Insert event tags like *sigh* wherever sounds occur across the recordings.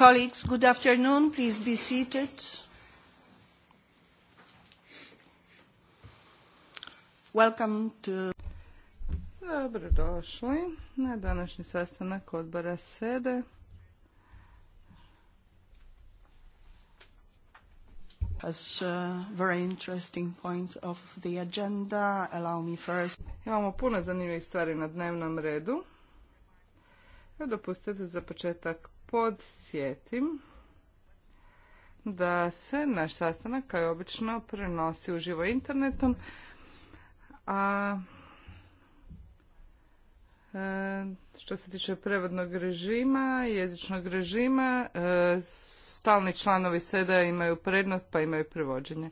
Colleagues, good afternoon. Please be seated. Welcome to... Dobrodošli na današnji sastanak odbora SEDE. As a uh, very interesting point of the agenda, allow me first. Imamo puno zanimljivih stvari na dnevnom redu. Dopustite za početak podsjetim da se naš sastanak kao i obično prenosi uživo internetom, a e, što se tiče prevodnog režima, jezičnog režima, e, stalni članovi SEDA imaju prednost pa imaju prevođenje.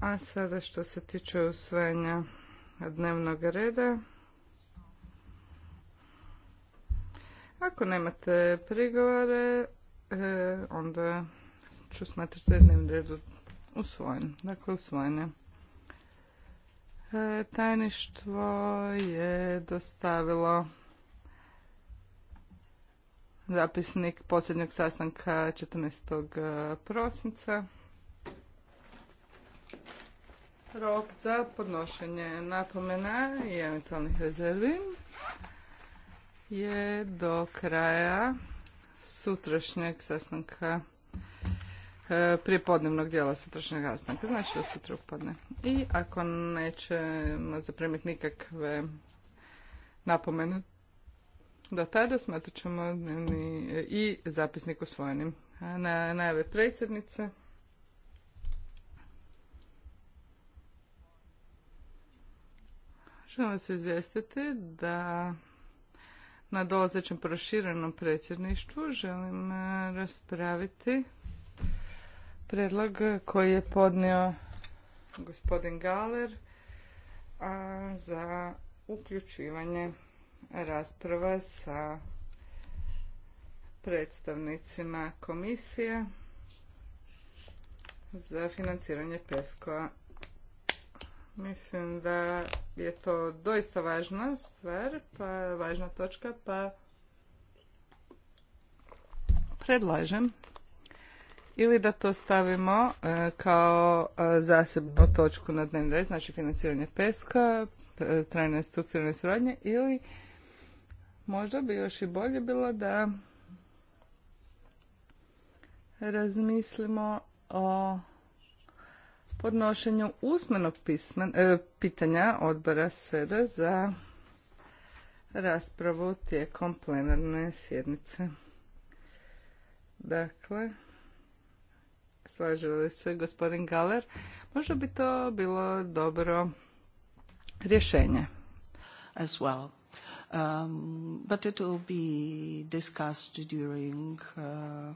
A sada što se tiče usvajanja dnevnog reda, Ako nemate prigovore, e, onda ću smatrati da je dnevni red usvojen. Dakle, usvojene. E, tajništvo je dostavilo zapisnik posljednjeg sastanka 14. E, prosinca. Rok za podnošenje napomena i eventualnih rezervi je do kraja sutrašnjeg sastanka e, prijepodnevnog dijela sutrašnjeg sastanka, znači da sutra upodne. I ako nećemo zaprimiti nikakve napomene do tada, smatrat ćemo dnevni i zapisnik usvojenim. Na najave predsjednice. Želim vas izvijestiti da na dolazećem proširenom predsjedništvu želim e, raspraviti predlog koji je podnio gospodin Galer za uključivanje rasprava sa predstavnicima komisije za financiranje PESCO-a Mislim da je to doista važna stvar, pa važna točka, pa predlažem ili da to stavimo e, kao e, zasebnu točku na dnevni red, znači financiranje peska, e, trajne strukturne suradnje ili možda bi još i bolje bilo da razmislimo o podnošenju usmenog e, pitanja odbora SEDA za raspravu tijekom plenarne sjednice. Dakle, slaže li se gospodin Galer? Možda bi to bilo dobro rješenje. As well. Um, but it will be discussed during uh,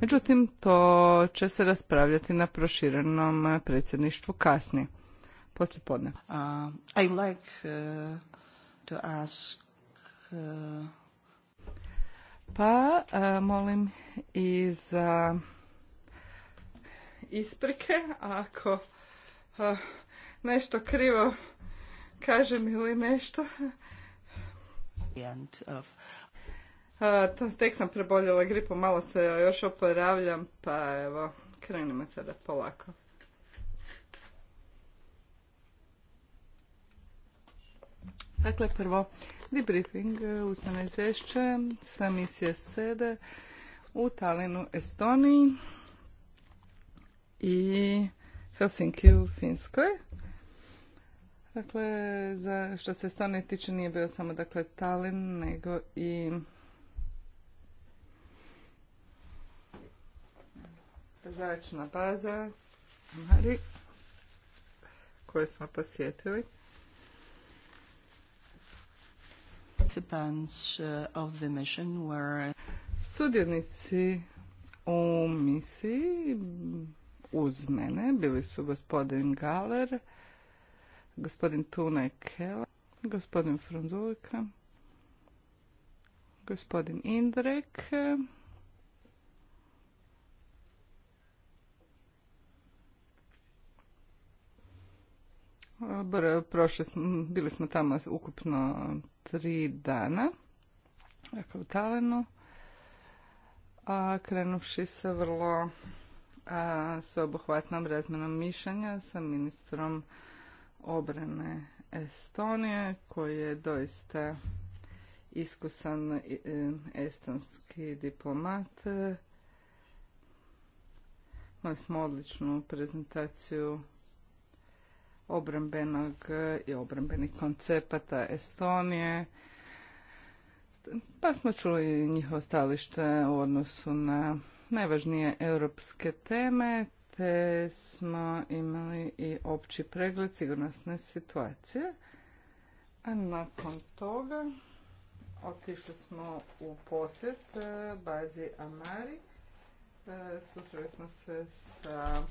Međutim, to će se raspravljati na proširenom predsjedništvu kasnije, poslije podne. Uh, I like, uh, to ask, uh, Pa, molim i za isprike, ako nešto krivo kažem ili nešto tek sam preboljela gripu, malo se još oporavljam, pa evo, krenimo sada polako. Dakle, prvo, debriefing e, usmeno izvješće sa misije sede u Talinu, Estoniji i Helsinki u Finskoj. Dakle, za što se Estonije tiče nije bio samo dakle Talin, nego i zračna baza Mari koju smo posjetili. Uh, of uh, u misiji uz mene bili su gospodin Galer, gospodin Tune Kela, gospodin Franzulika, gospodin Indrek, Br prošli bili smo tamo ukupno tri dana, dakle, u Talenu, a krenuši se vrlo a, sveobuhvatnom razmenom mišljenja sa ministrom obrane Estonije, koji je doista iskusan e, estonski diplomat. Imali smo odličnu prezentaciju obrambenog i obrambenih koncepata Estonije. Pa smo čuli njihovo stalište u odnosu na najvažnije europske teme, te smo imali i opći pregled sigurnosne situacije. A nakon toga otišli smo u posjet eh, bazi Amari. Eh, susreli smo se sa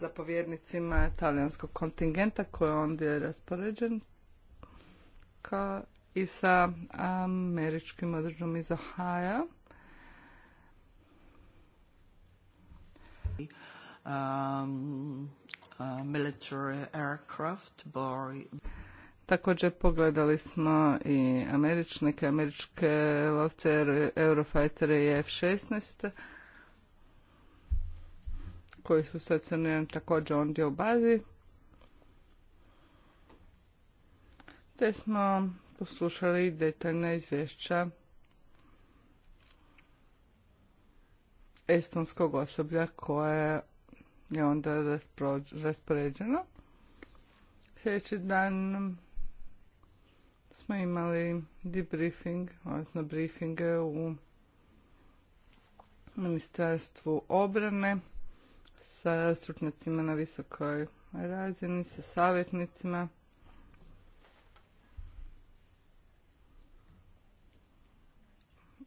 zapovjednicima talijanskog kontingenta koji je ondje raspoređen kao i sa američkim održom iz Ohaja. Um, uh, Također pogledali smo i američnike, američke lovce Eurofightere i F-16 koji su stacionirani također ondje u bazi. Te smo poslušali detaljna izvješća estonskog osoblja koje je onda raspoređeno. Sljedeći dan smo imali debriefing, odnosno briefinge u Ministarstvu obrane sa stručnjacima na visokoj razini, sa savjetnicima.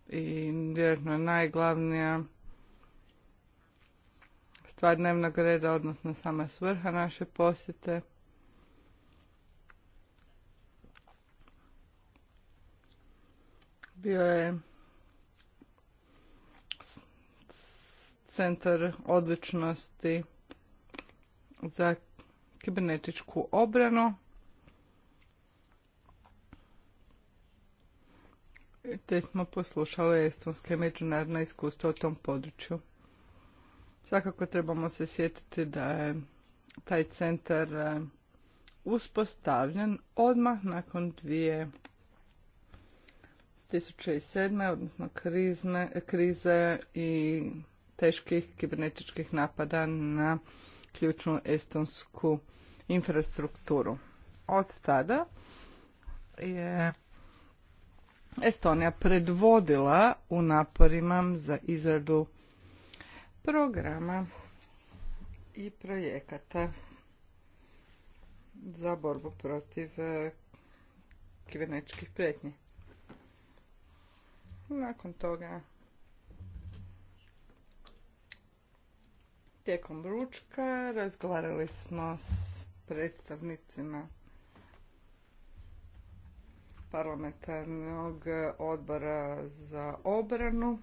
I vjerojatno najglavnija stvar dnevnog reda, odnosno sama svrha naše posjete. Bio je centar odličnosti za kibernetičku obranu. Te smo poslušali estonske međunarodne iskustva u tom području. Svakako trebamo se sjetiti da je taj centar e, uspostavljen odmah nakon dvije 2007. odnosno krize i teških kibernetičkih napada na ključnu estonsku infrastrukturu. Od tada je Estonija predvodila u naporima za izradu programa i projekata za borbu protiv e, kibernetičkih prijetnji. Nakon toga Tijekom ručka razgovarali smo s predstavnicima parlamentarnog odbora za obranu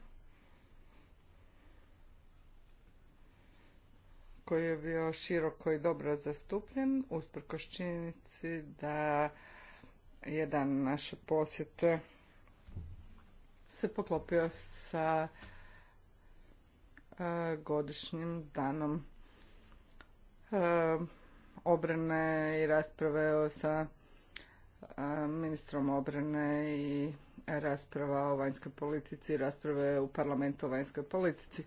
koji je bio široko i dobro zastupljen usprkos činjenici da jedan naš posjet se poklopio sa E, godišnjim danom e, obrane i rasprave sa e, ministrom obrane i rasprava o vanjskoj politici i rasprave u parlamentu o vanjskoj politici.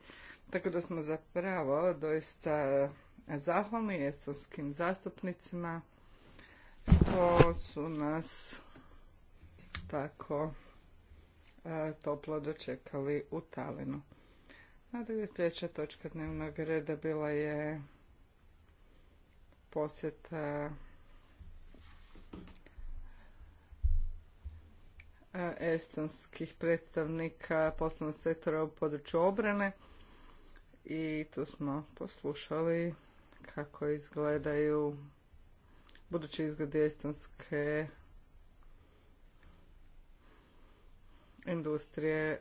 Tako da smo zapravo doista zahvalni estonskim zastupnicima što su nas tako toplo dočekali u Talinu. 23. točka dnevnog reda bila je posjeta e, estonskih predstavnika poslovnog sektora u području obrane i tu smo poslušali kako izgledaju budući izgledi estonske industrije e,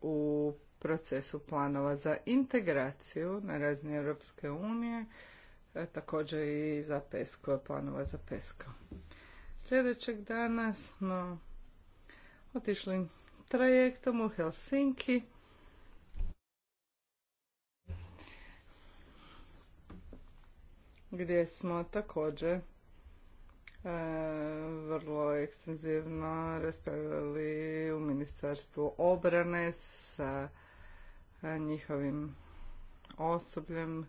u procesu planova za integraciju na razini Europske unije, također i za pesko planova za PESCO. Sljedećeg dana smo otišli trajektom u Helsinki. gdje smo također e, vrlo ekstenzivno raspravljali u Ministarstvu obrane sa njihovim osobljem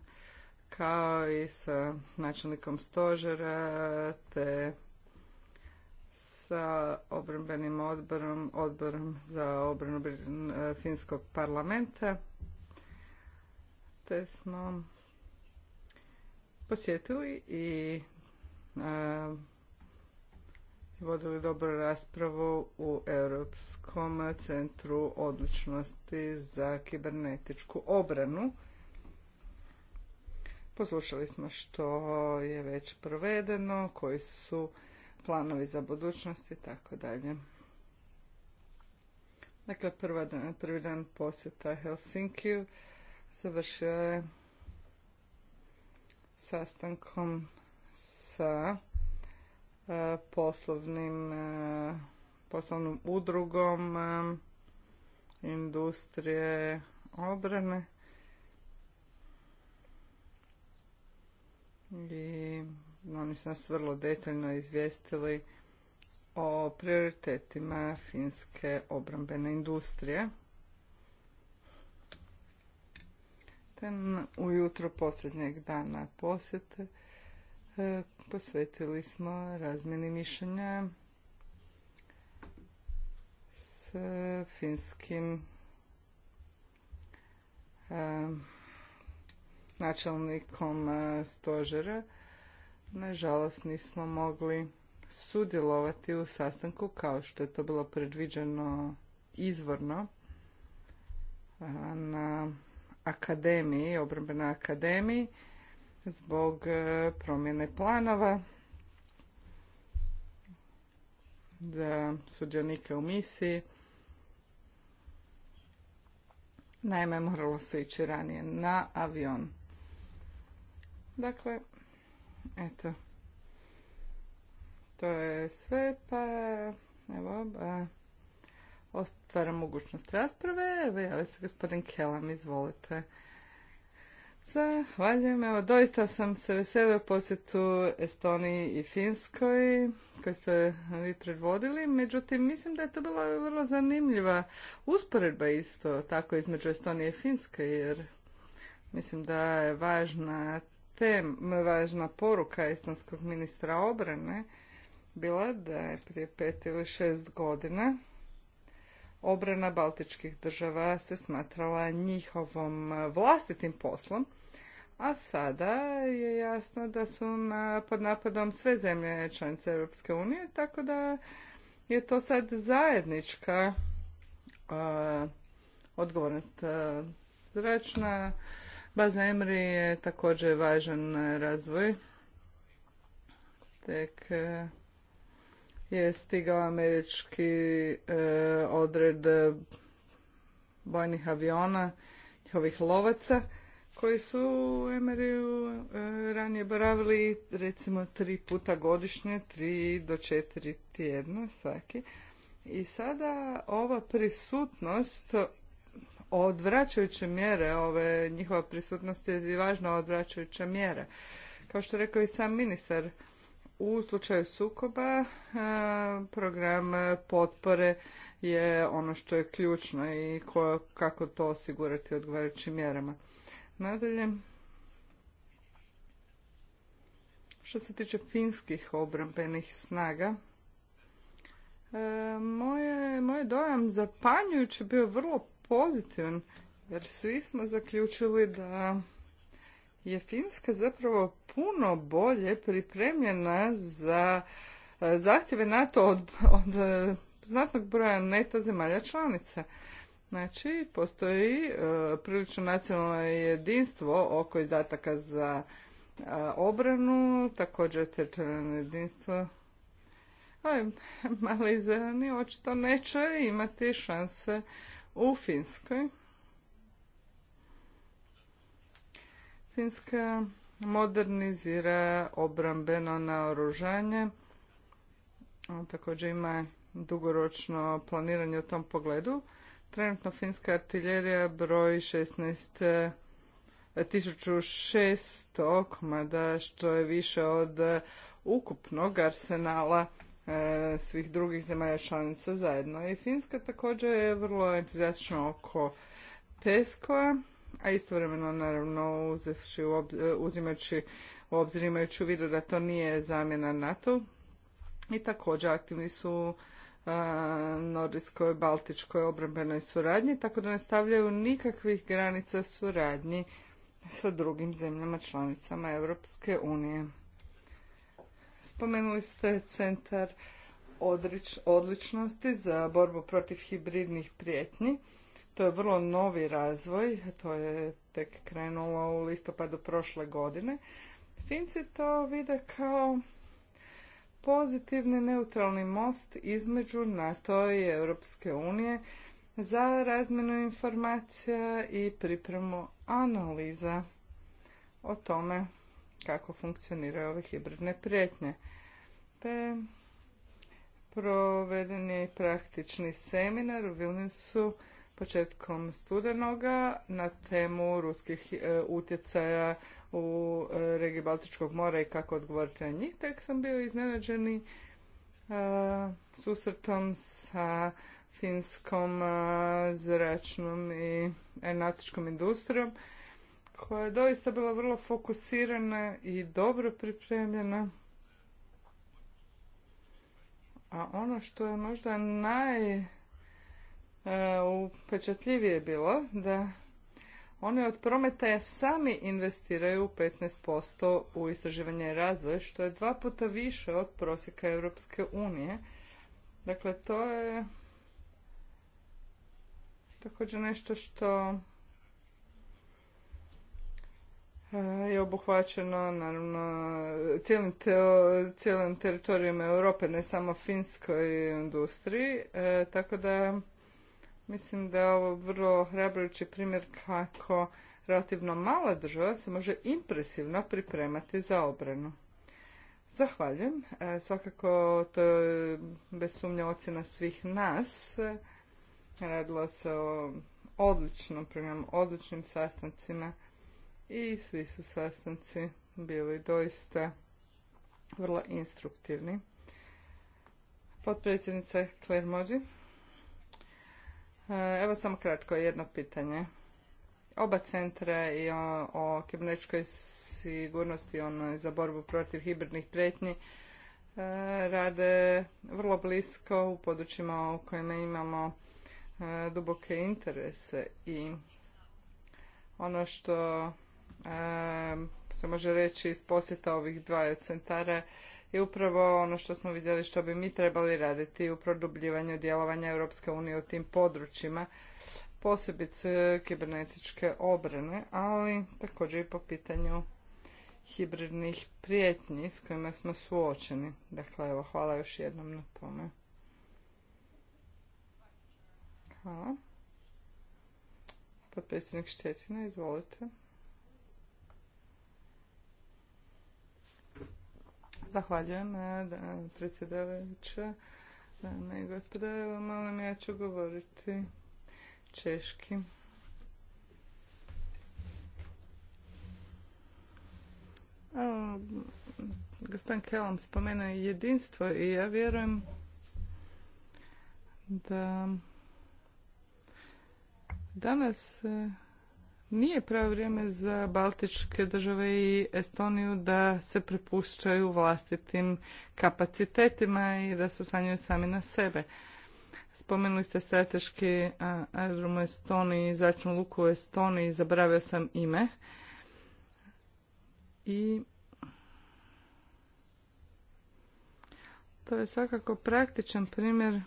kao i sa načelnikom stožera te sa obrambenim odborom, odborom za obranu finskog parlamenta te smo posjetili i vodili dobru raspravu u Europskom centru odličnosti za kibernetičku obranu. Poslušali smo što je već provedeno, koji su planovi za budućnost i tako dalje. Dakle, prvi dan posjeta Helsinki završio je sastankom sa E, poslovnim, e, poslovnom udrugom e, industrije obrane i oni su nas vrlo detaljno izvijestili o prioritetima finske obrambene industrije. Ten ujutro posljednjeg dana posjete E, posvetili smo razmjeni mišljenja s finskim e, načelnikom e, stožera. Nažalost nismo mogli sudjelovati u sastanku kao što je to bilo predviđeno izvorno na akademiji, obrambenoj akademiji zbog e, promjene planova za sudionike u misiji. Naime, moralo se ići ranije na avion. Dakle, eto, to je sve, pa evo, ba, ostvaram mogućnost rasprave. Evo, se gospodin Kelam, izvolite. Zahvaljujem. Evo, doista sam se veselio posjetu Estoniji i Finskoj koju ste vi predvodili. Međutim, mislim da je to bila vrlo zanimljiva usporedba isto tako između Estonije i Finske, jer mislim da je važna tem, važna poruka estonskog ministra obrane bila da je prije pet ili šest godina obrana baltičkih država se smatrala njihovom vlastitim poslom, a sada je jasno da su na, pod napadom sve zemlje članice Europske unije, tako da je to sad zajednička odgovornost. Zračna baza Emri je također važan razvoj. Tek je stigao američki e, odred bojnih aviona, njihovih lovaca koji su u Emeriju e, ranije boravili recimo tri puta godišnje, tri do četiri tjedna svaki. I sada ova prisutnost odvraćajuće mjere, ove, njihova prisutnost je važna odvraćajuća mjera. Kao što rekao i sam ministar, u slučaju sukoba e, program potpore je ono što je ključno i kako to osigurati odgovarajućim mjerama. Nadalje, što se tiče finskih obrambenih snaga, e, moje, moj dojam zapanjujući bio vrlo pozitivan, jer svi smo zaključili da je Finska zapravo puno bolje pripremljena za e, zahtjeve NATO od, od e, znatnog broja neta zemalja članica. Znači, postoji e, prilično nacionalno jedinstvo oko izdataka za e, obranu, također teritorijalno jedinstvo. aj mali zeleni očito neće imati šanse u Finskoj. Finska modernizira obrambeno naoružanje. Također ima dugoročno planiranje u tom pogledu. Trenutno finska artiljerija broji 16 1600 e, komada, što je više od e, ukupnog arsenala e, svih drugih zemalja članica zajedno. I Finska također je vrlo entuzijastična oko Peskova, a istovremeno naravno uzimajući u obzir imajući u vidu da to nije zamjena NATO i također aktivni su nordijskoj, baltičkoj obrambenoj suradnji, tako da ne stavljaju nikakvih granica suradnji sa drugim zemljama članicama Europske unije. Spomenuli ste centar odličnosti za borbu protiv hibridnih prijetnji. To je vrlo novi razvoj, to je tek krenulo u listopadu prošle godine. Finci to vide kao pozitivni neutralni most između NATO i Europske unije za razmjenu informacija i pripremu analiza o tome kako funkcioniraju ove hibridne prijetnje. Te proveden je praktični seminar u Vilniusu početkom studenoga na temu ruskih e, utjecaja u e, regiji Baltičkog mora i kako odgovoriti na njih, tek sam bio iznenađeni e, susretom sa finskom e, zračnom i aeronautičkom industrijom koja je doista bila vrlo fokusirana i dobro pripremljena. A ono što je možda naj upečatljivije bilo da oni od prometa sami investiraju 15% u istraživanje i razvoj, što je dva puta više od prosjeka Europske unije. Dakle, to je također nešto što eh, je obuhvaćeno naravno cijelim, teo, teritorijom Europe, ne samo finskoj industriji, eh, tako da Mislim da je ovo vrlo hrabrujući primjer kako relativno mala država se može impresivno pripremati za obranu. Zahvaljujem. E, svakako to je bez sumnja ocjena svih nas. Radilo se o odličnom primjeru, odličnim sastancima i svi su sastanci bili doista vrlo instruktivni. Potpredsjednica Claire Mođi. E, evo samo kratko jedno pitanje. Oba centra i o, o kibernetičkoj sigurnosti onoj za borbu protiv hibridnih prijetnji e, rade vrlo blisko u područjima u kojima imamo e, duboke interese i ono što se može reći iz posjeta ovih dva centara i upravo ono što smo vidjeli što bi mi trebali raditi u produbljivanju djelovanja Europske unije u tim područjima, posebice kibernetičke obrane, ali također i po pitanju hibridnih prijetnji s kojima smo suočeni. Dakle, evo, hvala još jednom na tome. Hvala. Potpredsjednik Štetina, izvolite. Zahvaljujem, e, predsjedavajuća. Dame i gospode, ja ću govoriti češki. gospodin Kelam spomenuo jedinstvo i ja vjerujem da danas e, nije pravo vrijeme za Baltičke države i Estoniju da se prepuštaju vlastitim kapacitetima i da se oslanjaju sami na sebe. Spomenuli ste strateški aerodrom u Estoniji, začnu luku u Estoniji, zaboravio sam ime. I to je svakako praktičan primjer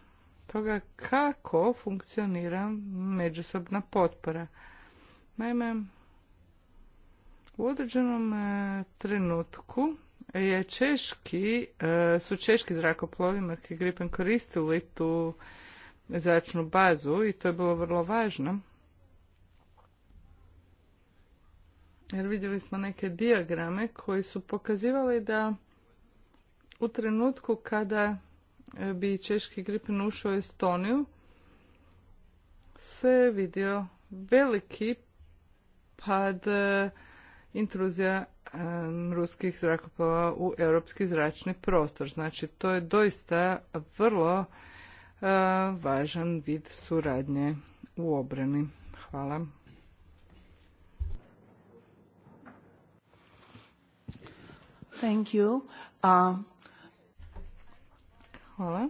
toga kako funkcionira međusobna potpora. Naime, u određenom e, trenutku je češki, e, su češki zrakoplovi Marki Gripen koristili tu zračnu bazu i to je bilo vrlo važno. Jer vidjeli smo neke diagrame koji su pokazivali da u trenutku kada e, bi češki Gripen ušao u Estoniju se vidio veliki pad e, intruzija e, ruskih zrakoplova u europski zračni prostor. Znači, to je doista vrlo e, važan vid suradnje u obrani. Hvala. Thank you. Uh... Hvala.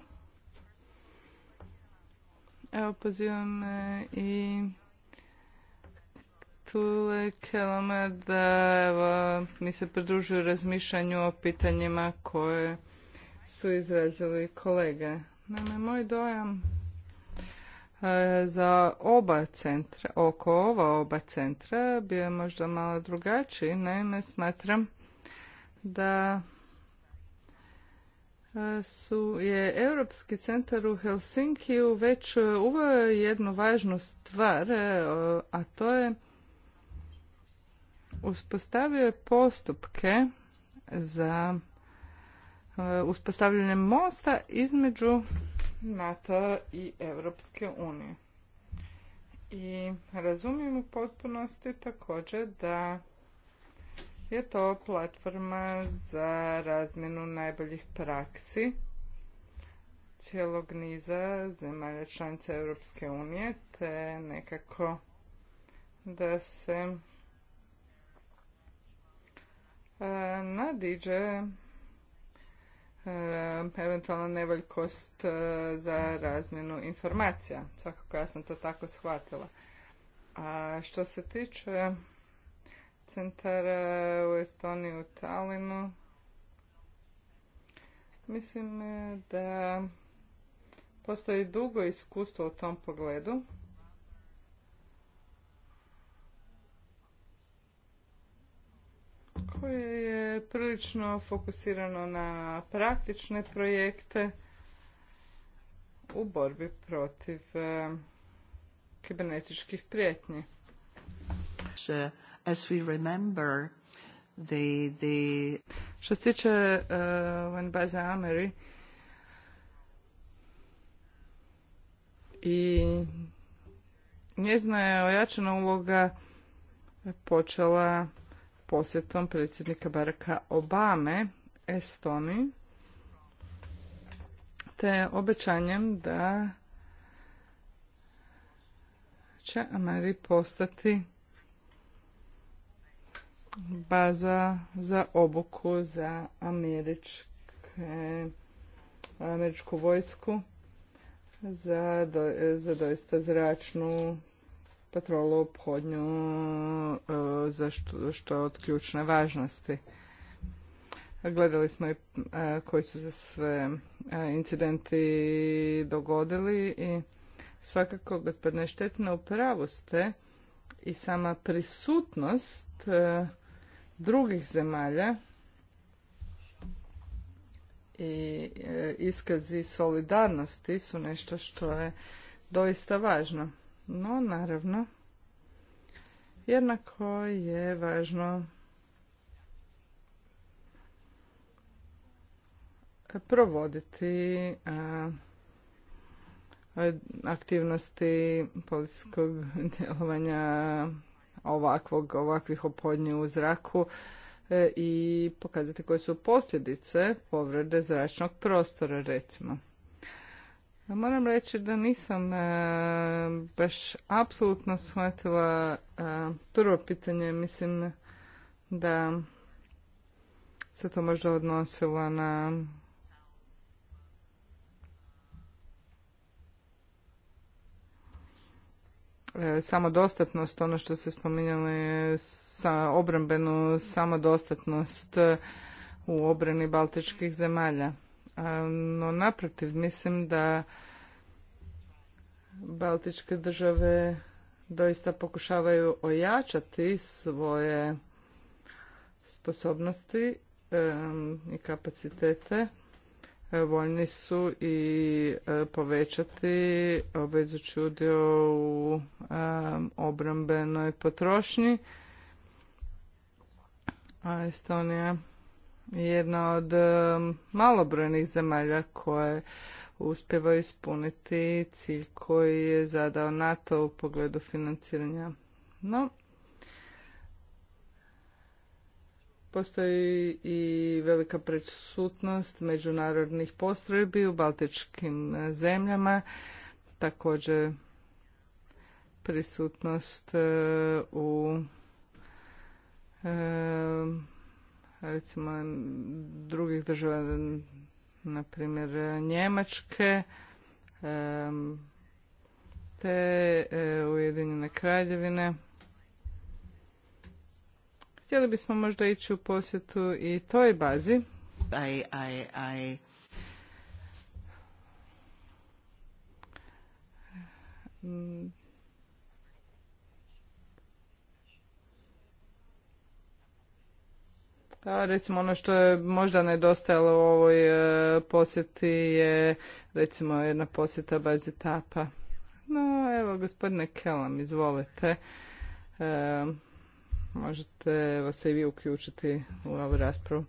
Evo pozivam i Tule da mi se pridružuju razmišljanju o pitanjima koje su izrazili kolege. Naime, moj dojam e, za oba centra, oko ova oba centra, bio je možda malo drugačiji. Naime, smatram da e, su je Europski centar u Helsinkiju već uveo jednu važnu stvar, e, a to je uspostavio je postupke za e, uspostavljanje mosta između NATO i Europske unije. I razumijem u potpunosti također da je to platforma za razmjenu najboljih praksi cijelog niza zemalja članica Europske unije, te nekako da se E, nadiđe eventualna nevoljkost e, za razmjenu informacija. Svakako ja sam to tako shvatila. A što se tiče centara u Estoniji u Talinu, mislim e, da postoji dugo iskustvo u tom pogledu. koje je prilično fokusirano na praktične projekte u borbi protiv e, kibernetičkih prijetnji. As we remember, Što se tiče uh, e, baze Ameri i njezina je ojačana uloga počela posjetom predsjednika Baracka Obame Estoniji te obećanjem da će Ameri postati baza za obuku za američke, američku vojsku za, za doista zračnu patrolu ophodnju e, za što, je od ključne važnosti. Gledali smo i e, koji su se sve e, incidenti dogodili i svakako gospodine Štetina u pravu ste i sama prisutnost drugih zemalja i iskazi solidarnosti su nešto što je doista važno. No, naravno, jednako je važno provoditi aktivnosti policijskog djelovanja ovakvog, ovakvih opodnje u zraku e, i pokazati koje su posljedice povrede zračnog prostora recimo. Moram reći da nisam e, baš apsolutno shvatila e, prvo pitanje, mislim da se to možda odnosilo na e, samodostatnost, ono što ste spominjali, sa obrambenu samodostatnost u obrani baltičkih zemalja. No naprotiv, mislim da Baltičke države doista pokušavaju ojačati svoje sposobnosti i kapacitete e, voljni su i e, povećati obvezući udio u obrambenoj potrošnji. A Estonija jedna od malobrojnih zemalja koje uspjeva ispuniti cilj koji je zadao NATO u pogledu financiranja. No, postoji i velika prisutnost međunarodnih postrojbi u baltičkim e, zemljama, također prisutnost e, u recimo drugih država, na primjer Njemačke, te e, Ujedinjene kraljevine. Htjeli bismo možda ići u posjetu i toj bazi. I, I, mm, Da, recimo ono što je možda nedostajalo u ovoj e, posjeti je recimo jedna posjeta bazi tapa. No evo gospodine Kelam, izvolite. E, možete vas se i vi uključiti u ovu raspravu.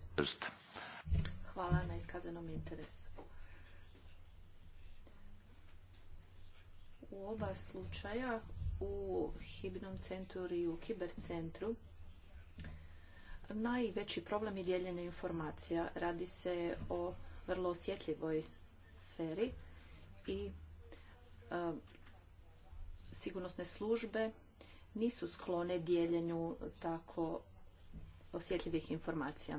Hvala na iskazanom interesu. U oba slučaja u hibnom centru i u kibercentru Najveći problem je dijeljenje informacija. Radi se o vrlo osjetljivoj sferi i e, sigurnosne službe nisu sklone dijeljenju tako osjetljivih informacija.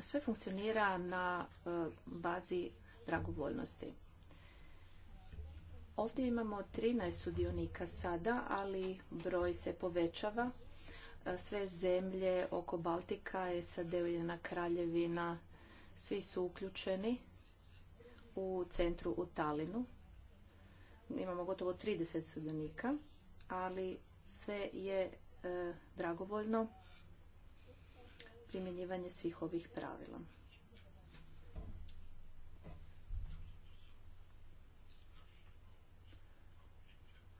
Sve funkcionira na e, bazi dragovoljnosti. Ovdje imamo 13 sudionika sada, ali broj se povećava sve zemlje oko Baltika, SAD, Ujedina Kraljevina, svi su uključeni u centru u Talinu. Imamo gotovo 30 sudionika, ali sve je e, dragovoljno primjenjivanje svih ovih pravila.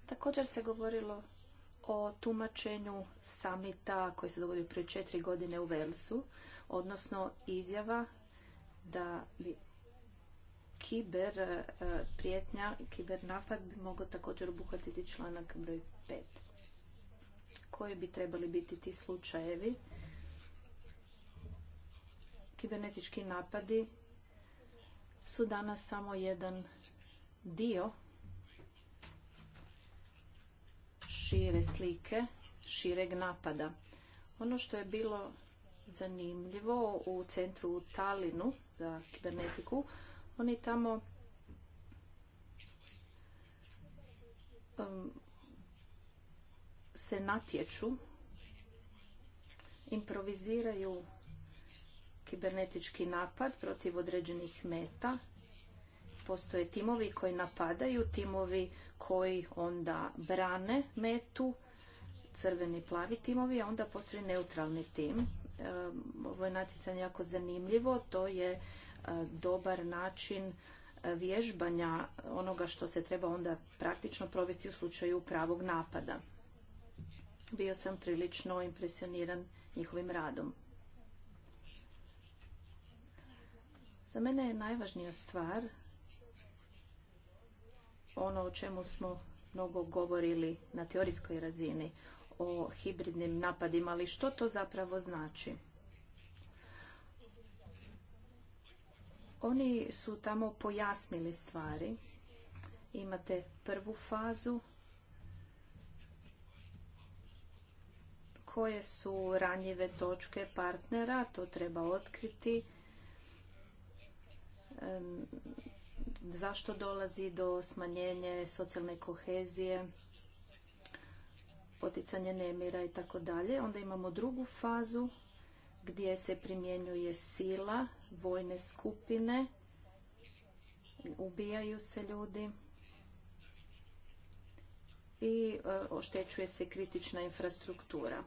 Također se govorilo o tumačenju samita koji se dogodio prije četiri godine u Velsu, odnosno izjava da bi kiber e, prijetnja, kiber napad bi mogao također obuhvatiti članak broj 5. Koji bi trebali biti ti slučajevi? Kibernetički napadi su danas samo jedan dio šire slike, šireg napada. Ono što je bilo zanimljivo u centru u Talinu za kibernetiku, oni tamo se natječu, improviziraju kibernetički napad protiv određenih meta. Postoje timovi koji napadaju, timovi koji onda brane metu, crveni i plavi timovi, a onda postoji neutralni tim. E, ovo je natjecanje jako zanimljivo, to je e, dobar način e, vježbanja onoga što se treba onda praktično provesti u slučaju pravog napada. Bio sam prilično impresioniran njihovim radom. Za mene je najvažnija stvar ono o čemu smo mnogo govorili na teorijskoj razini o hibridnim napadima, ali što to zapravo znači? Oni su tamo pojasnili stvari. Imate prvu fazu koje su ranjive točke partnera, to treba otkriti zašto dolazi do smanjenje socijalne kohezije, poticanje nemira i tako dalje. Onda imamo drugu fazu gdje se primjenjuje sila, vojne skupine, ubijaju se ljudi i e, oštećuje se kritična infrastruktura.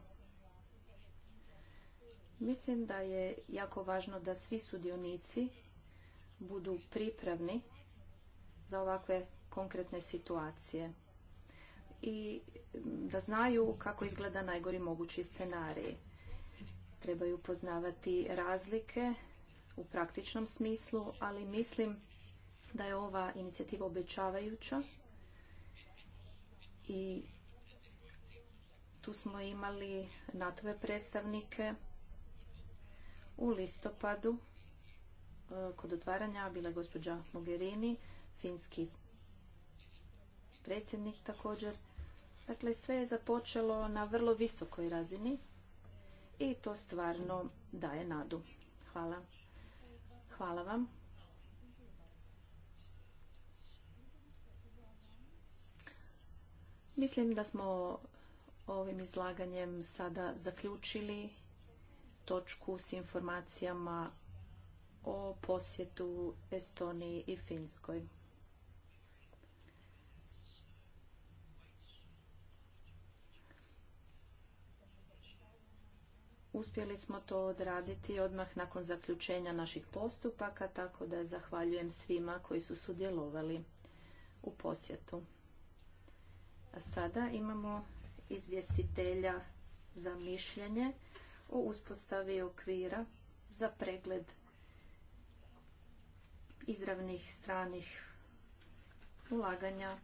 Mislim da je jako važno da svi sudionici budu pripravni za ovakve konkretne situacije i da znaju kako izgleda najgori mogući scenarij. Trebaju poznavati razlike u praktičnom smislu, ali mislim da je ova inicijativa obećavajuća i tu smo imali NATO-ve predstavnike u listopadu e, kod otvaranja bila je gospođa Mogherini finski predsjednik također. Dakle, sve je započelo na vrlo visokoj razini i to stvarno daje nadu. Hvala. Hvala vam. Mislim da smo ovim izlaganjem sada zaključili točku s informacijama o posjetu Estoniji i Finskoj. Uspjeli smo to odraditi odmah nakon zaključenja naših postupaka, tako da zahvaljujem svima koji su sudjelovali u posjetu. A sada imamo izvjestitelja za mišljenje o uspostavi okvira za pregled izravnih stranih ulaganja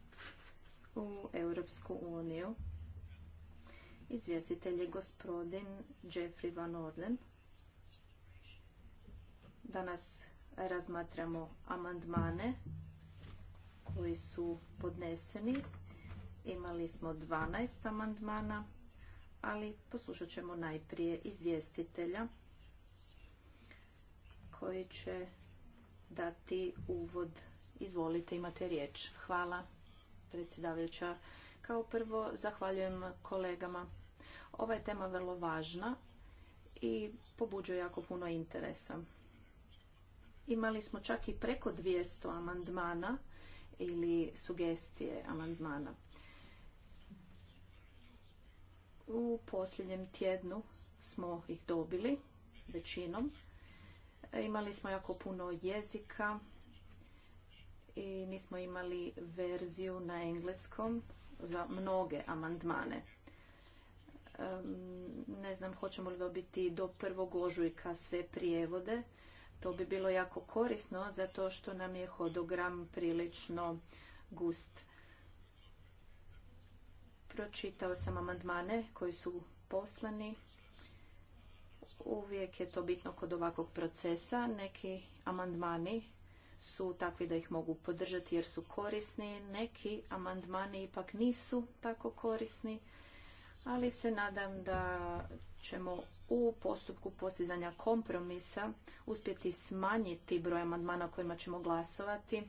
u eu uniju. Izvjestitelj je gospodin Jeffrey Van Orden. Danas razmatramo amandmane koji su podneseni. Imali smo 12 amandmana, ali poslušat ćemo najprije izvjestitelja koji će dati uvod. Izvolite, imate riječ. Hvala, predsjedavajuća. Kao prvo, zahvaljujem kolegama ova je tema vrlo važna i pobuđuje jako puno interesa. Imali smo čak i preko 200 amandmana ili sugestije amandmana. U posljednjem tjednu smo ih dobili većinom. Imali smo jako puno jezika i nismo imali verziju na engleskom za mnoge amandmane ne znam hoćemo li dobiti do prvog ožujka sve prijevode. To bi bilo jako korisno zato što nam je hodogram prilično gust. Pročitao sam amandmane koji su poslani. Uvijek je to bitno kod ovakvog procesa. Neki amandmani su takvi da ih mogu podržati jer su korisni. Neki amandmani ipak nisu tako korisni ali se nadam da ćemo u postupku postizanja kompromisa uspjeti smanjiti broj amandmana kojima ćemo glasovati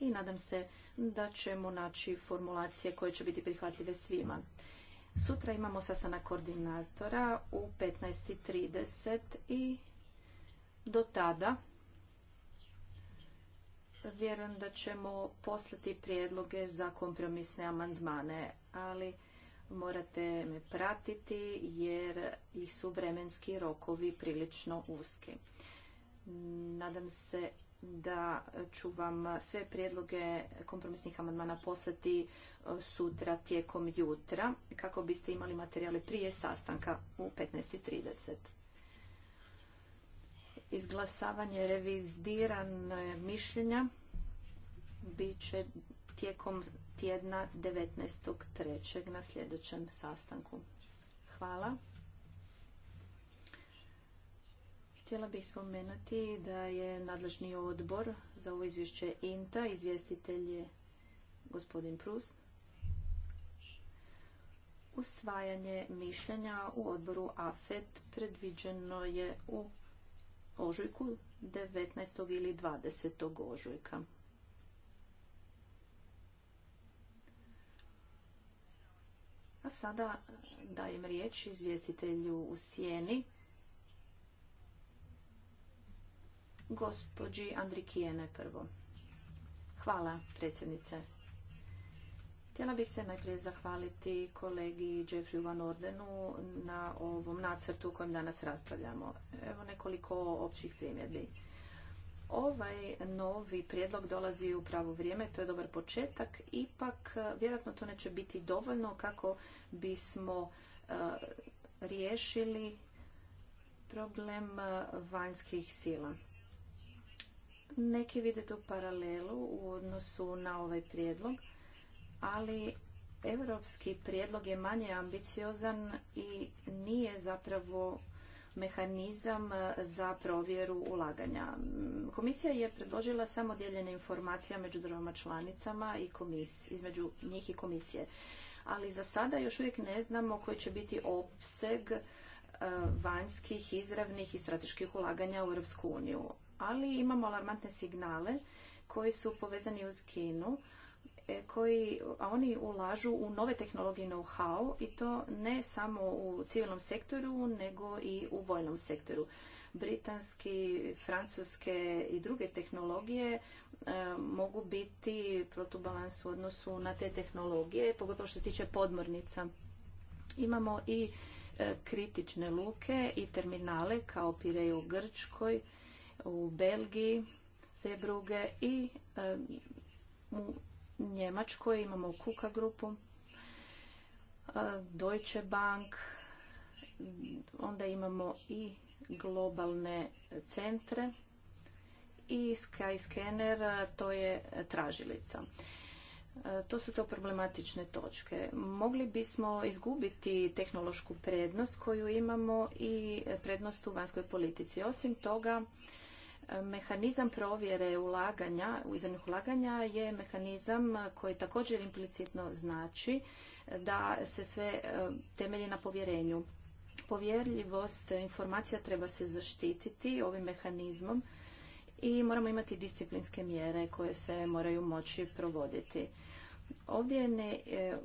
i nadam se da ćemo naći formulacije koje će biti prihvatljive svima. Sutra imamo sastanak koordinatora u 15.30 i do tada vjerujem da ćemo poslati prijedloge za kompromisne amandmane, ali morate me pratiti jer i su vremenski rokovi prilično uski. Nadam se da ću vam sve prijedloge kompromisnih amandmana poslati e, sutra tijekom jutra kako biste imali materijale prije sastanka u 15.30. Izglasavanje revizdirane mišljenja bit će tijekom tjedna 19.3. na sljedećem sastanku. Hvala. Htjela bih spomenuti da je nadležni odbor za ovo izvješće INTA, izvjestitelj je gospodin Prust. Usvajanje mišljenja u odboru AFET predviđeno je u ožujku 19. ili 20. ožujka. A sada dajem riječ izvjestitelju u sjeni, gospođi Andrikijene prvo. Hvala, predsjednice. Htjela bih se najprije zahvaliti kolegi Jeffrey Van Ordenu na ovom nacrtu u kojem danas raspravljamo. Evo nekoliko općih primjedbi ovaj novi prijedlog dolazi u pravo vrijeme, to je dobar početak, ipak eh, vjerojatno to neće biti dovoljno kako bismo eh, riješili problem eh, vanjskih sila. Neki vide tu paralelu u odnosu na ovaj prijedlog, ali europski prijedlog je manje ambiciozan i nije zapravo mehanizam e, za provjeru ulaganja. Komisija je predložila samo dijeljene informacija među državama članicama i između njih i komisije. Ali za sada još uvijek ne znamo koji će biti opseg e, vanjskih, izravnih i strateških ulaganja u Europsku uniju. Ali imamo alarmantne signale koji su povezani uz Kinu E, koji, a oni ulažu u nove tehnologije know-how i to ne samo u civilnom sektoru nego i u vojnom sektoru. Britanski, francuske i druge tehnologije e, mogu biti protubalans u odnosu na te tehnologije, pogotovo što se tiče podmornica. Imamo i e, kritične luke i terminale kao Pireju u Grčkoj, u Belgiji, Zebruge i u Njemačkoj, imamo Kuka grupu, e, Deutsche Bank, onda imamo i globalne centre i Skyscanner, to je tražilica. E, to su to problematične točke. Mogli bismo izgubiti tehnološku prednost koju imamo i prednost u vanjskoj politici. Osim toga, Mehanizam provjere ulaganja, izravnih ulaganja je mehanizam koji također implicitno znači da se sve e, temelji na povjerenju. Povjerljivost informacija treba se zaštititi ovim mehanizmom i moramo imati disciplinske mjere koje se moraju moći provoditi. Ovdje ne e,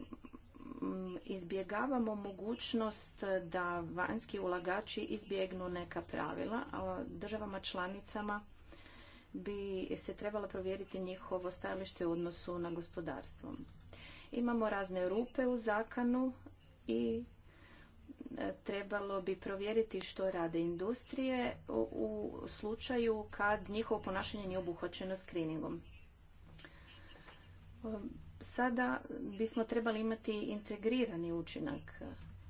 Mm, izbjegavamo mogućnost da vanjski ulagači izbjegnu neka pravila, a državama članicama bi se trebalo provjeriti njihovo stajalište u odnosu na gospodarstvo. Imamo razne rupe u zakanu i e, trebalo bi provjeriti što rade industrije u slučaju kad njihovo ponašanje nije obuhvaćeno screeningom sada bismo trebali imati integrirani učinak.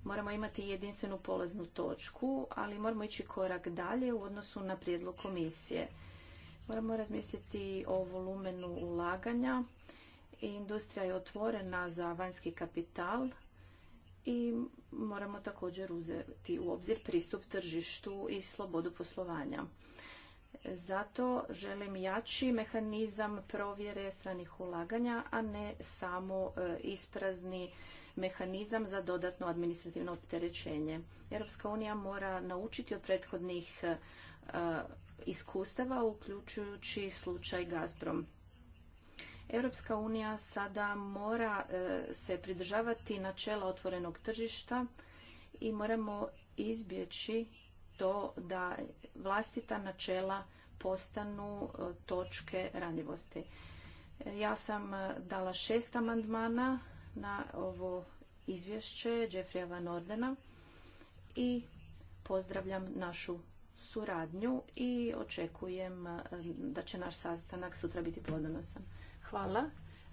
Moramo imati jedinstvenu polaznu točku, ali moramo ići korak dalje u odnosu na prijedlog komisije. Moramo razmisliti o volumenu ulaganja. Industrija je otvorena za vanjski kapital i moramo također uzeti u obzir pristup tržištu i slobodu poslovanja. Zato želim jači mehanizam provjere stranih ulaganja, a ne samo e, isprazni mehanizam za dodatno administrativno opterećenje. Europska unija mora naučiti od prethodnih e, iskustava, uključujući slučaj Gazprom. Europska unija sada mora e, se pridržavati načela otvorenog tržišta i moramo izbjeći to da vlastita načela postanu e, točke ranjivosti. Ja sam e, dala šest amandmana na ovo izvješće Jeffreya Van Ordena i pozdravljam našu suradnju i očekujem e, da će naš sastanak sutra biti plodonosan. Hvala.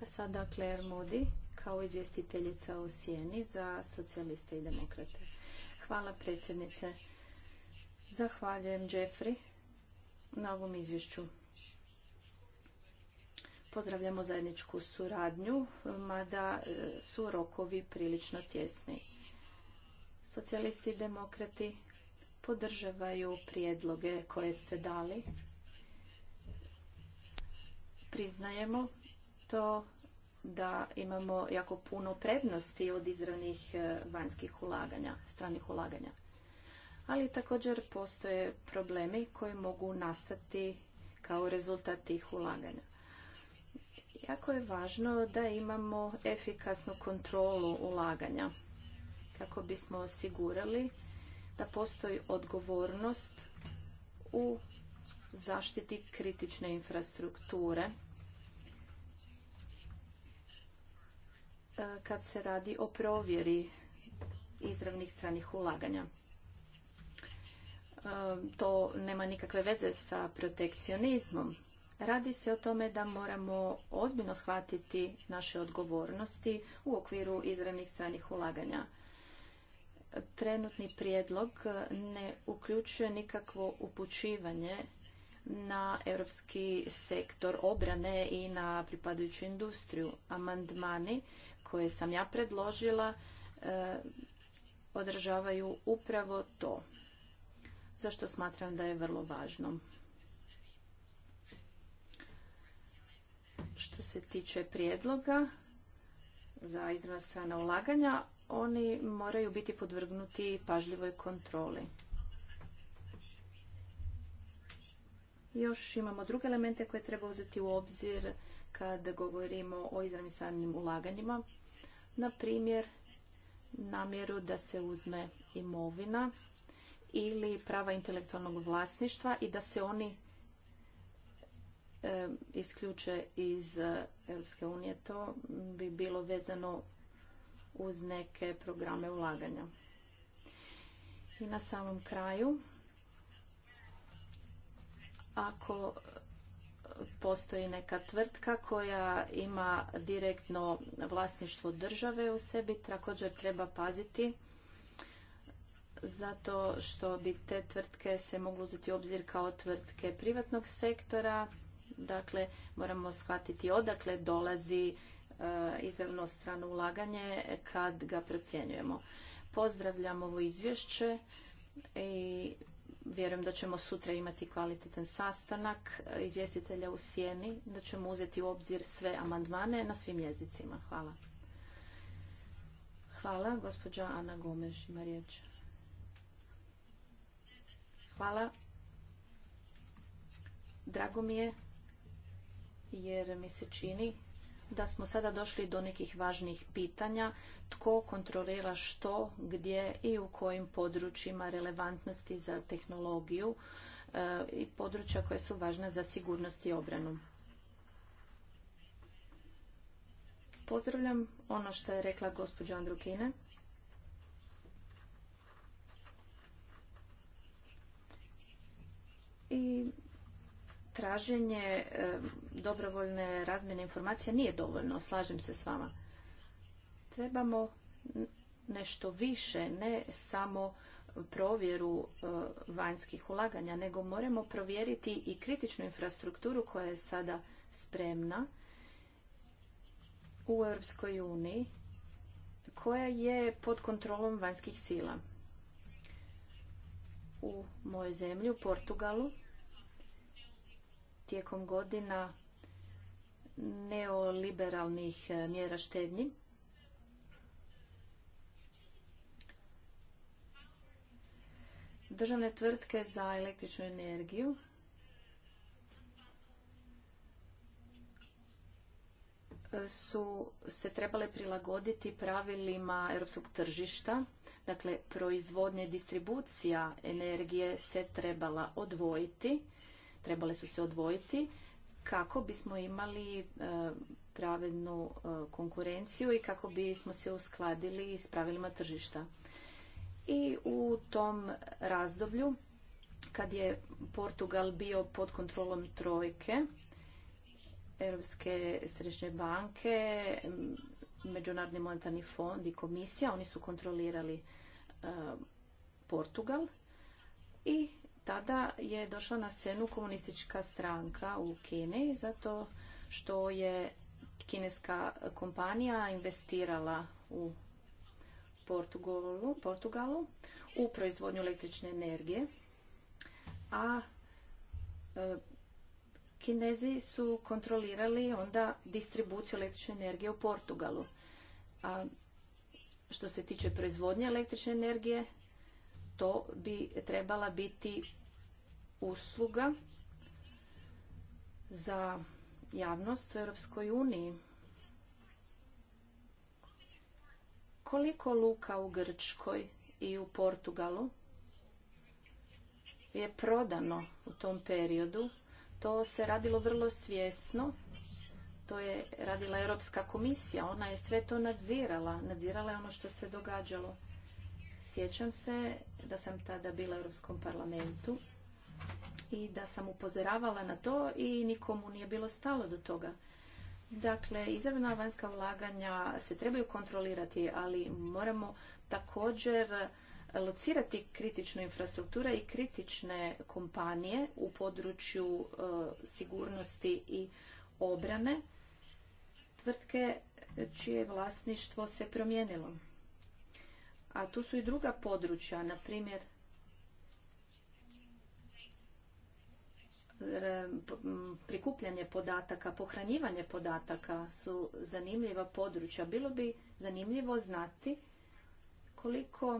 sada Claire Moody kao izvjestiteljica u Sijeni za socijaliste i demokrate. Hvala predsjednice. Zahvaljujem Jeffrey na ovom izvješću. Pozdravljamo zajedničku suradnju, mada e, su rokovi prilično tjesni. Socijalisti i demokrati podržavaju prijedloge koje ste dali. Priznajemo to da imamo jako puno prednosti od izravnih e, vanjskih ulaganja, stranih ulaganja ali također postoje problemi koji mogu nastati kao rezultat tih ulaganja. Jako je važno da imamo efikasnu kontrolu ulaganja kako bismo osigurali da postoji odgovornost u zaštiti kritične infrastrukture e, kad se radi o provjeri izravnih stranih ulaganja to nema nikakve veze sa protekcionizmom. Radi se o tome da moramo ozbiljno shvatiti naše odgovornosti u okviru izravnih stranih ulaganja. Trenutni prijedlog ne uključuje nikakvo upućivanje na europski sektor obrane i na pripadajuću industriju. Amandmani koje sam ja predložila e, održavaju upravo to za što smatram da je vrlo važno. Što se tiče prijedloga za izravna strana ulaganja, oni moraju biti podvrgnuti pažljivoj kontroli. Još imamo druge elemente koje treba uzeti u obzir kad govorimo o izravnim stranim ulaganjima. Na primjer, namjeru da se uzme imovina ili prava intelektualnog vlasništva i da se oni isključe iz e, Europske unije. To bi bilo vezano uz neke programe ulaganja. I na samom kraju, ako postoji neka tvrtka koja ima direktno vlasništvo države u sebi, također treba paziti zato što bi te tvrtke se mogli uzeti u obzir kao tvrtke privatnog sektora. Dakle, moramo shvatiti odakle dolazi e, izravno strano ulaganje kad ga procjenjujemo. Pozdravljam ovo izvješće i vjerujem da ćemo sutra imati kvalitetan sastanak izvjestitelja u sjeni, da ćemo uzeti u obzir sve amandmane na svim jezicima. Hvala. Hvala. Gospođa Ana Gomež ima riječ. Hvala. Drago mi je jer mi se čini da smo sada došli do nekih važnih pitanja. Tko kontrolira što, gdje i u kojim područjima relevantnosti za tehnologiju e, i područja koja su važna za sigurnost i obranu. Pozdravljam ono što je rekla gospođa Andrukine i traženje e, dobrovoljne razmjene informacija nije dovoljno, slažem se s vama. Trebamo nešto više, ne samo provjeru e, vanjskih ulaganja, nego moramo provjeriti i kritičnu infrastrukturu koja je sada spremna u Europskoj uniji koja je pod kontrolom vanjskih sila. U mojoj zemlji, u Portugalu, tijekom godina neoliberalnih e, mjera štednji. Državne tvrtke za električnu energiju e, su se trebale prilagoditi pravilima europskog tržišta. Dakle, proizvodnje i distribucija energije se trebala odvojiti trebale su se odvojiti kako bismo imali e, pravednu e, konkurenciju i kako bismo se uskladili s pravilima tržišta. I u tom razdoblju kad je Portugal bio pod kontrolom trojke, Europske središnje banke, Međunarodni monetarni fond i komisija, oni su kontrolirali e, Portugal i tada je došla na scenu komunistička stranka u Kini zato što je kineska kompanija investirala u Portugalu, Portugalu u proizvodnju električne energije, a e, Kinezi su kontrolirali onda distribuciju električne energije u Portugalu. A što se tiče proizvodnje električne energije, to bi trebala biti usluga za javnost u Europskoj uniji. Koliko luka u Grčkoj i u Portugalu je prodano u tom periodu? To se radilo vrlo svjesno. To je radila Europska komisija. Ona je sve to nadzirala. Nadzirala je ono što se događalo. Sjećam se da sam tada bila u Europskom parlamentu i da sam upozoravala na to i nikomu nije bilo stalo do toga. Dakle, izravna vanjska ulaganja se trebaju kontrolirati, ali moramo također locirati kritičnu infrastrukturu i kritične kompanije u području e, sigurnosti i obrane tvrtke čije vlasništvo se promijenilo. A tu su i druga područja, na primjer prikupljanje podataka, pohranjivanje podataka su zanimljiva područja. Bilo bi zanimljivo znati koliko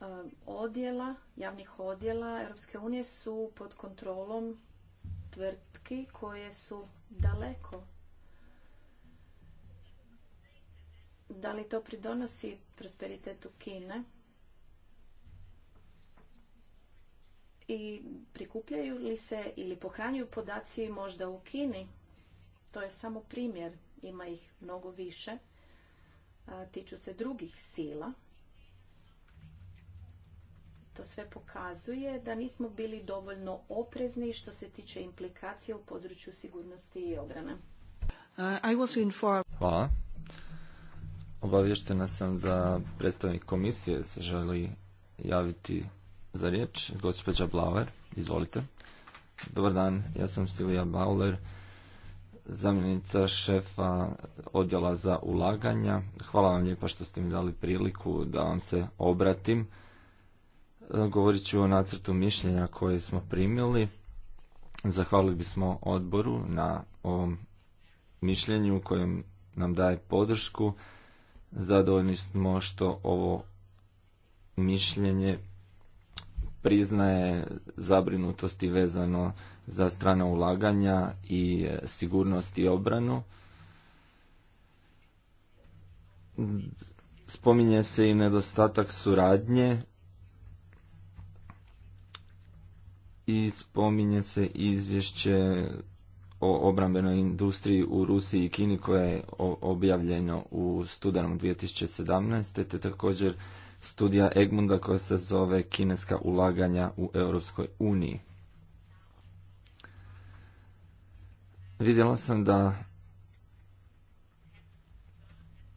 e, odjela, javnih odjela Europske unije su pod kontrolom tvrtki koje su daleko da li to pridonosi prosperitetu Kine i prikupljaju li se ili pohranjuju podaci možda u Kini. To je samo primjer, ima ih mnogo više. tiču se drugih sila. To sve pokazuje da nismo bili dovoljno oprezni što se tiče implikacija u području sigurnosti i obrane. Uh, Hvala. Obavještena sam da predstavnik komisije se želi javiti za riječ. Gospođa Blauer, izvolite. Dobar dan, ja sam Silija Bauler, zamjenica šefa odjela za ulaganja. Hvala vam lijepa što ste mi dali priliku da vam se obratim. Govorit ću o nacrtu mišljenja koje smo primili. Zahvalili bismo odboru na ovom mišljenju kojem nam daje podršku. Zadovoljni smo što ovo mišljenje priznaje zabrinutosti vezano za strana ulaganja i sigurnost i obranu. Spominje se i nedostatak suradnje i spominje se izvješće o obrambenoj industriji u Rusiji i Kini koje je objavljeno u studenom 2017. te također studija Egmunda koja se zove Kineska ulaganja u Europskoj uniji. Vidjela sam da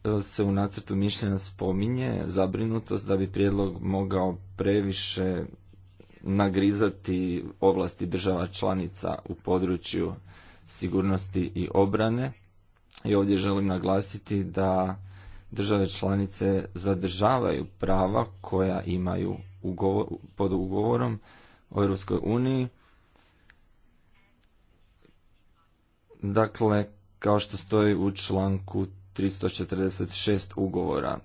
e, se u nacrtu mišljenja spominje zabrinutost da bi prijedlog mogao previše nagrizati ovlasti država članica u području sigurnosti i obrane. I ovdje želim naglasiti da države članice zadržavaju prava koja imaju pod ugovorom o Europskoj uniji. Dakle, kao što stoji u članku 346 ugovora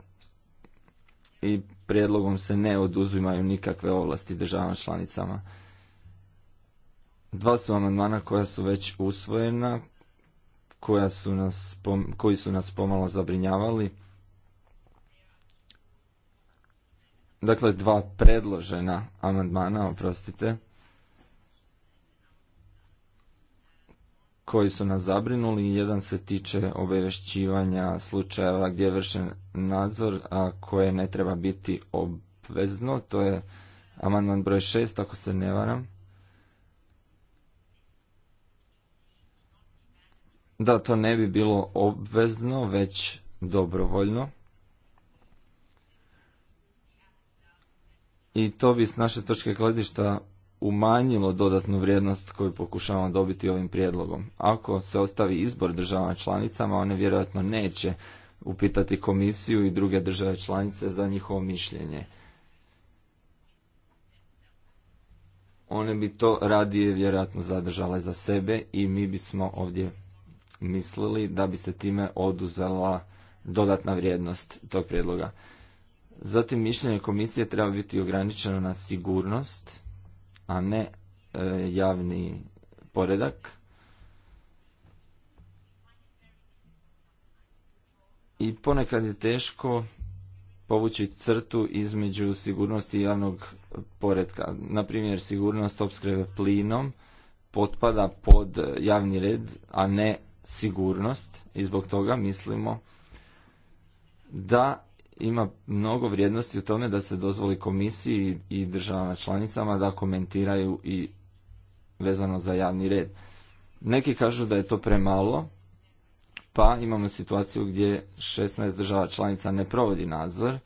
i prijedlogom se ne oduzimaju nikakve ovlasti državama članicama. Dva su amandmana koja su već usvojena, koja koji su nas pomalo zabrinjavali. Dakle, dva predložena amandmana, oprostite, koji su nas zabrinuli. Jedan se tiče obevešćivanja slučajeva gdje je vršen nadzor, a koje ne treba biti obvezno. To je amandman broj šest, ako se ne varam. da to ne bi bilo obvezno, već dobrovoljno. I to bi s naše točke gledišta umanjilo dodatnu vrijednost koju pokušavamo dobiti ovim prijedlogom. Ako se ostavi izbor državama članicama, one vjerojatno neće upitati komisiju i druge države članice za njihovo mišljenje. One bi to radije vjerojatno zadržale za sebe i mi bismo ovdje mislili da bi se time oduzela dodatna vrijednost tog prijedloga. Zatim mišljenje komisije treba biti ograničeno na sigurnost, a ne e, javni poredak. I ponekad je teško povući crtu između sigurnosti i javnog poredka. Na primjer, sigurnost opskrbe plinom potpada pod javni red, a ne sigurnost i zbog toga mislimo da ima mnogo vrijednosti u tome da se dozvoli komisiji i državama članicama da komentiraju i vezano za javni red. Neki kažu da je to premalo, pa imamo situaciju gdje 16 država članica ne provodi nadzor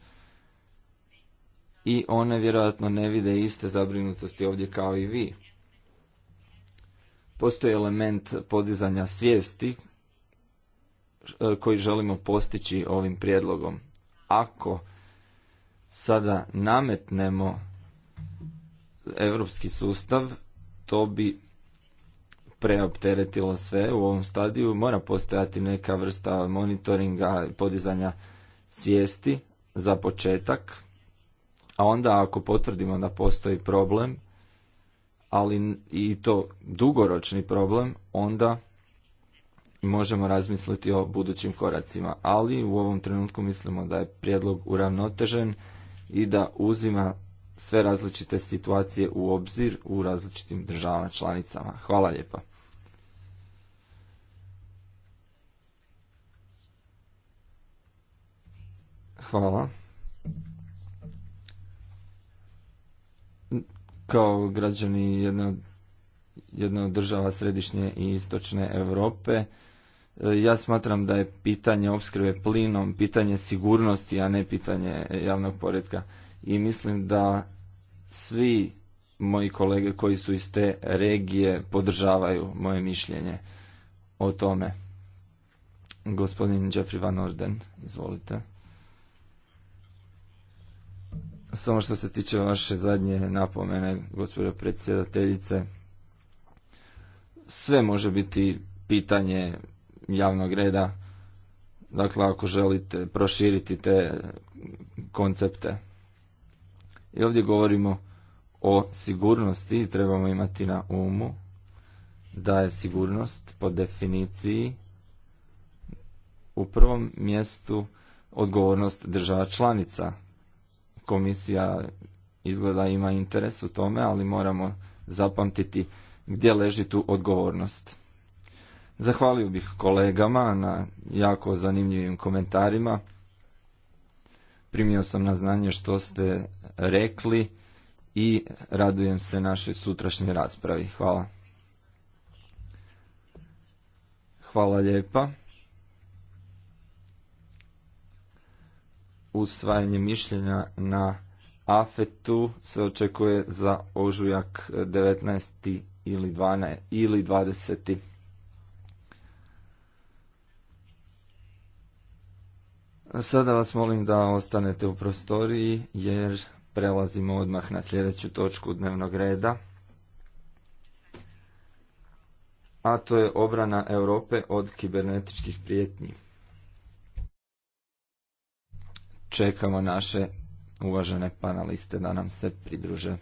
i one vjerojatno ne vide iste zabrinutosti ovdje kao i vi. Postoji element podizanja svijesti e, koji želimo postići ovim prijedlogom. Ako sada nametnemo europski sustav, to bi preopteretilo sve u ovom stadiju. Mora postojati neka vrsta monitoringa i podizanja svijesti za početak, a onda ako potvrdimo da postoji problem, ali i to dugoročni problem, onda možemo razmisliti o budućim koracima. Ali u ovom trenutku mislimo da je prijedlog uravnotežen i da uzima sve različite situacije u obzir u različitim državama članicama. Hvala lijepa. Hvala. kao građani jedne od, država središnje i istočne Europe, e, ja smatram da je pitanje opskrbe plinom pitanje sigurnosti, a ne pitanje javnog poretka. I mislim da svi moji kolege koji su iz te regije podržavaju moje mišljenje o tome. Gospodin Jeffrey Van Orden, izvolite. Samo što se tiče vaše zadnje napomene, gospođo predsjedateljice, sve može biti pitanje javnog reda, dakle ako želite proširiti te koncepte. I ovdje govorimo o sigurnosti i trebamo imati na umu da je sigurnost po definiciji u prvom mjestu odgovornost država članica komisija izgleda ima interes u tome, ali moramo zapamtiti gdje leži tu odgovornost. Zahvalio bih kolegama na jako zanimljivim komentarima. Primio sam na znanje što ste rekli i radujem se našoj sutrašnjoj raspravi. Hvala. Hvala lijepa. usvajanje mišljenja na afetu se očekuje za ožujak 19. E, ili 12. ili 20. Sada vas molim da ostanete u prostoriji jer prelazimo odmah na sljedeću točku dnevnog reda. A to je obrana Europe od kibernetičkih prijetnji čekamo naše uvažene panaliste da nam se pridruže.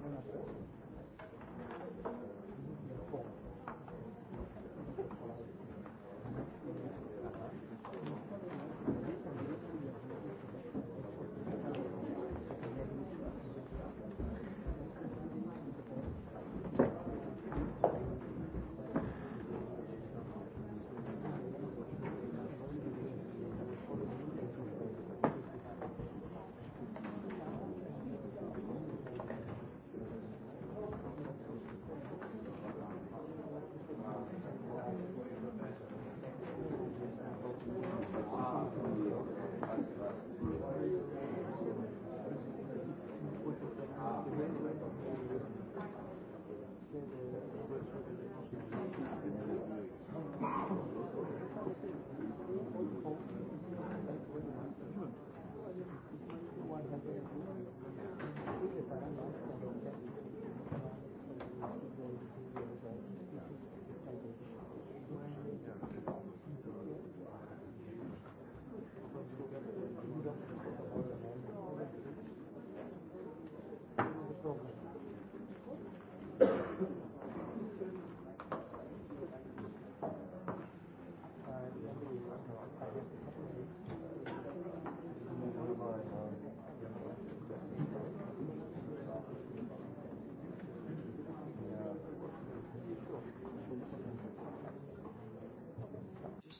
Hvala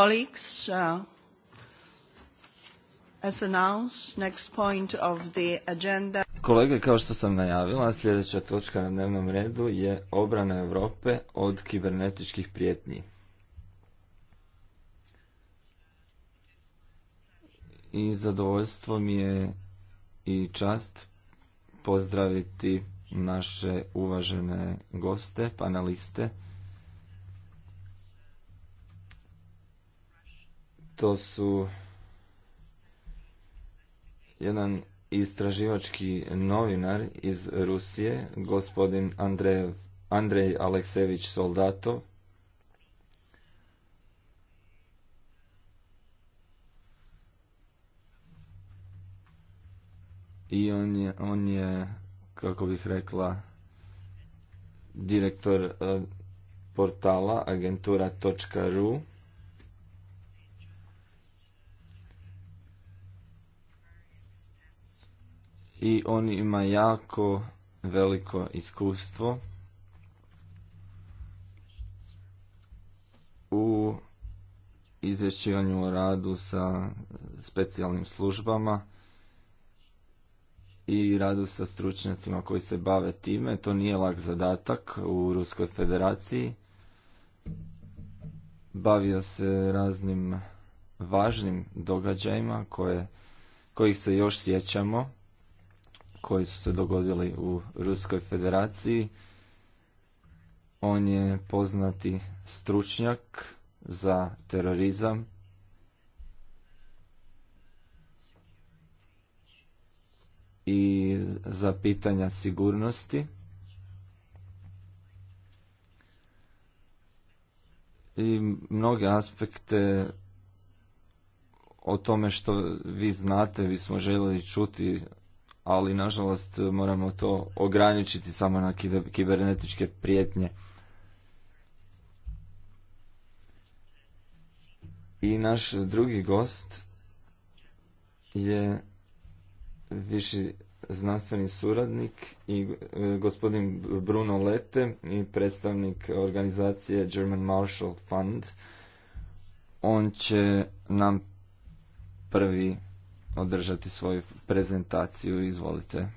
Colleagues, uh, as announced, agenda. Kolege, kao što sam najavila, sljedeća točka na dnevnom redu je obrana Europe od kibernetičkih prijetnji. I zadovoljstvo mi je i čast pozdraviti naše uvažene goste, panaliste. To su jedan istraživački novinar iz Rusije, gospodin Andrej, Aleksević Soldatov, i on je, on je kako bih rekla, direktor eh, portala agentura.ru i on ima jako veliko iskustvo u izvješćivanju o radu sa specijalnim službama i radu sa stručnjacima koji se bave time. To nije lak zadatak u Ruskoj federaciji. Bavio se raznim važnim događajima koje, kojih se još sjećamo koji su se dogodili u Ruskoj federaciji. On je poznati stručnjak za terorizam. i za pitanja sigurnosti. I mnoge aspekte o tome što vi znate, vi smo željeli čuti ali nažalost moramo to ograničiti samo na kibernetičke prijetnje. I naš drugi gost je viši znanstveni suradnik i e, gospodin Bruno Lete i predstavnik organizacije German Marshall Fund. On će nam prvi održati svoju prezentaciju. Izvolite.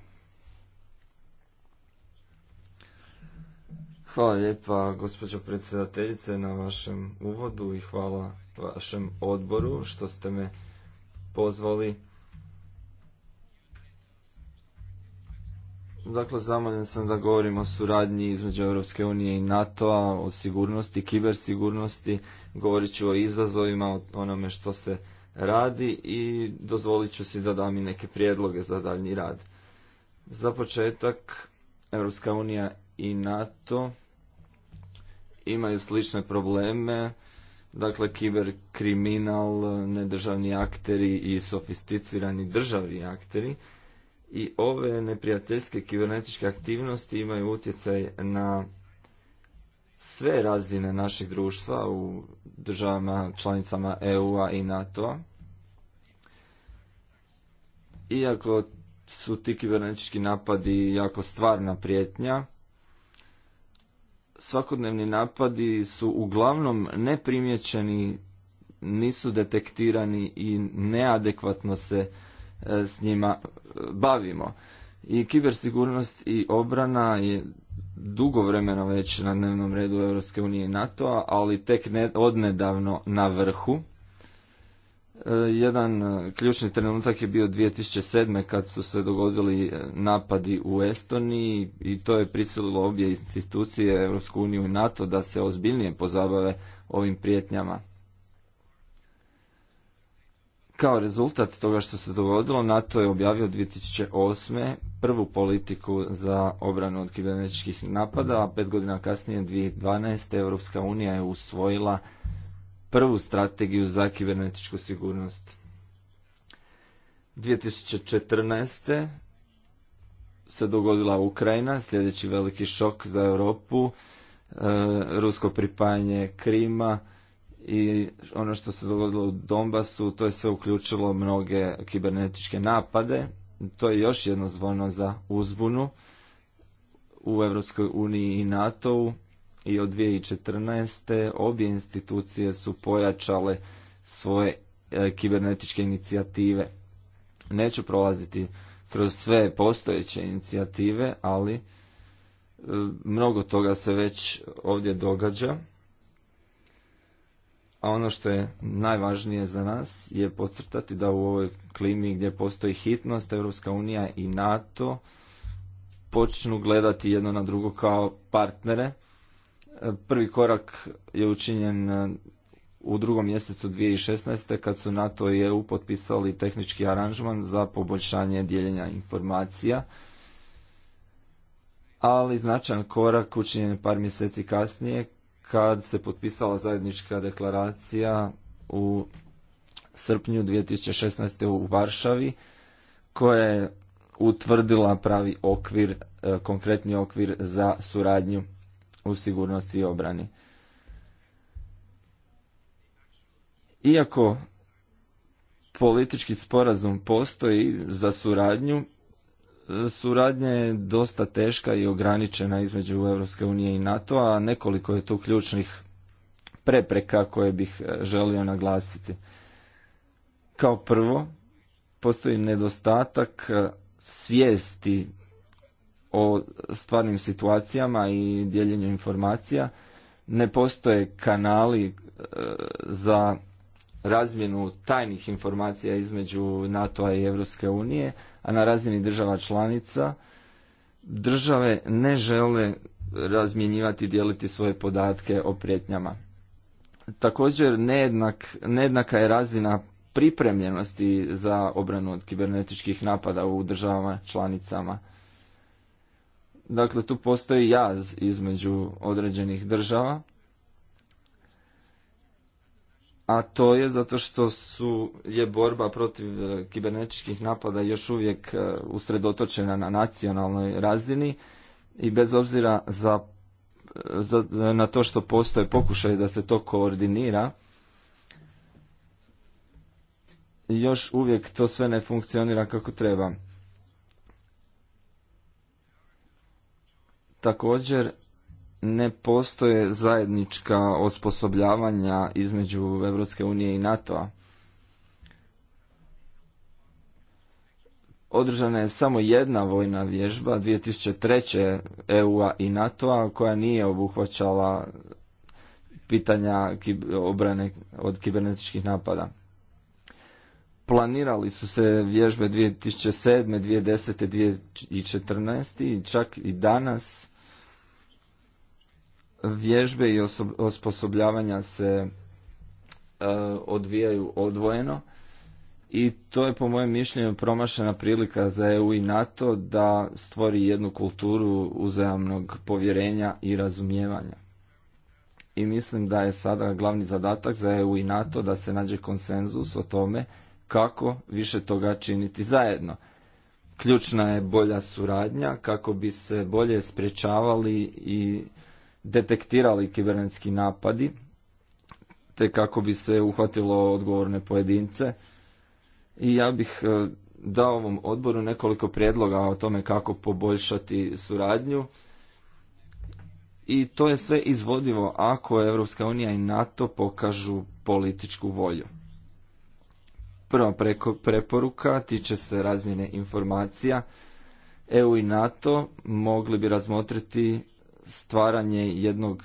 Hvala lijepa gospođo predsjedateljice na vašem uvodu i hvala vašem odboru što ste me pozvali. Dakle, zamoljen sam da govorim o suradnji između Europske unije i NATO-a, o sigurnosti, kibersigurnosti. Govorit ću o izazovima, o onome što se radi i dozvolit ću si da dam i neke prijedloge za daljnji rad. Za početak, Europska unija i NATO imaju slične probleme, dakle kiberkriminal, nedržavni akteri i sofisticirani državni akteri i ove neprijateljske kibernetičke aktivnosti imaju utjecaj na sve razine našeg društva u državama članicama EU-a i NATO-a. Iako su ti kibernetički napadi jako stvarna prijetnja, svakodnevni napadi su uglavnom neprimjećeni, nisu detektirani i neadekvatno se e, s njima e, bavimo. I kibersigurnost i obrana je dugo vremena već na dnevnom redu Europske unije i NATO-a, ali tek odnedavno na vrhu. E, jedan e, ključni trenutak je bio 2007. kad su se dogodili e, napadi u Estoniji i to je prisililo obje institucije Europsku uniju i NATO da se ozbiljnije pozabave ovim prijetnjama. Kao rezultat toga što se dogodilo, NATO je objavio 2008. prvu politiku za obranu od kibernetičkih napada, a pet godina kasnije, 2012. Europska unija je usvojila prvu strategiju za kibernetičku sigurnost. 2014. se dogodila Ukrajina, sljedeći veliki šok za Europu, e, rusko pripajanje Krima, i ono što se dogodilo u Donbasu, to je sve uključilo mnoge kibernetičke napade. To je još jedno zvono za uzbunu u Europskoj uniji i NATO-u i od 2014. obje institucije su pojačale svoje e, kibernetičke inicijative. Neću prolaziti kroz sve postojeće inicijative, ali e, mnogo toga se već ovdje događa a ono što je najvažnije za nas je podcrtati da u ovoj klimi gdje postoji hitnost, Europska unija i NATO počnu gledati jedno na drugo kao partnere. E, prvi korak je učinjen e, u drugom mjesecu 2016. kad su NATO i EU potpisali tehnički aranžman za poboljšanje dijeljenja informacija. Ali značajan korak učinjen je par mjeseci kasnije kad se potpisala zajednička deklaracija u srpnju 2016. u Varšavi koja je utvrdila pravi okvir, e, konkretni okvir za suradnju u sigurnosti i obrani. Iako politički sporazum postoji za suradnju, suradnja je dosta teška i ograničena između Europske unije i NATO-a, nekoliko je tu ključnih prepreka koje bih e, želio naglasiti. Kao prvo, postoji nedostatak e, svijesti o stvarnim situacijama i dijeljenju informacija. Ne postoje kanali e, za razmjenu tajnih informacija između NATO-a i Europske unije, a na razini država članica države ne žele razmjenjivati i dijeliti svoje podatke o prijetnjama. Također nejednak, nejednaka je razina pripremljenosti za obranu od kibernetičkih napada u državama članicama. Dakle, tu postoji jaz između određenih država a to je zato što su, je borba protiv e, kibernetičkih napada još uvijek e, usredotočena na nacionalnoj razini i bez obzira za, za, na to što postoje pokušaj da se to koordinira, još uvijek to sve ne funkcionira kako treba. Također ne postoje zajednička osposobljavanja između Europske unije i NATO-a. Održana je samo jedna vojna vježba 2003. EU-a i NATO-a koja nije obuhvaćala pitanja obrane od kibernetičkih napada. Planirali su se vježbe 2007. 2010. 2014. i čak i danas vježbe i osposobljavanja se e, odvijaju odvojeno i to je po mojem mišljenju promašena prilika za EU i NATO da stvori jednu kulturu uzajamnog povjerenja i razumijevanja. I mislim da je sada glavni zadatak za EU i NATO da se nađe konsenzus o tome kako više toga činiti zajedno. Ključna je bolja suradnja kako bi se bolje sprječavali i detektirali kibernetski napadi, te kako bi se uhvatilo odgovorne pojedince. I ja bih e, dao ovom odboru nekoliko prijedloga o tome kako poboljšati suradnju. I to je sve izvodivo ako Europska unija i NATO pokažu političku volju. Prva preporuka tiče se razmjene informacija. EU i NATO mogli bi razmotriti stvaranje jednog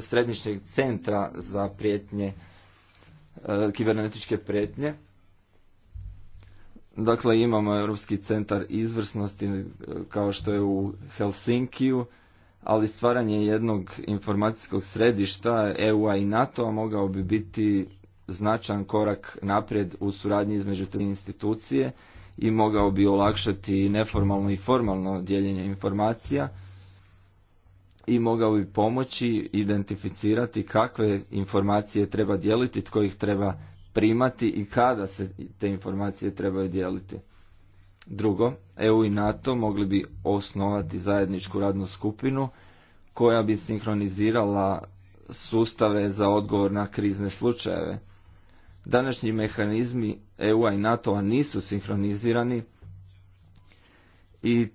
središnjeg centra za prijetnje, e, kibernetičke prijetnje. Dakle, imamo Europski centar izvrsnosti e, kao što je u Helsinkiju, ali stvaranje jednog informacijskog središta EU-a i NATO-a mogao bi biti značan korak naprijed u suradnji između te institucije i mogao bi olakšati neformalno i formalno dijeljenje informacija i mogao bi pomoći identificirati kakve informacije treba dijeliti, tko ih treba primati i kada se te informacije trebaju dijeliti. Drugo, EU i NATO mogli bi osnovati zajedničku radnu skupinu koja bi sinhronizirala sustave za odgovor na krizne slučajeve. Današnji mehanizmi EU-a i NATO-a nisu sinhronizirani i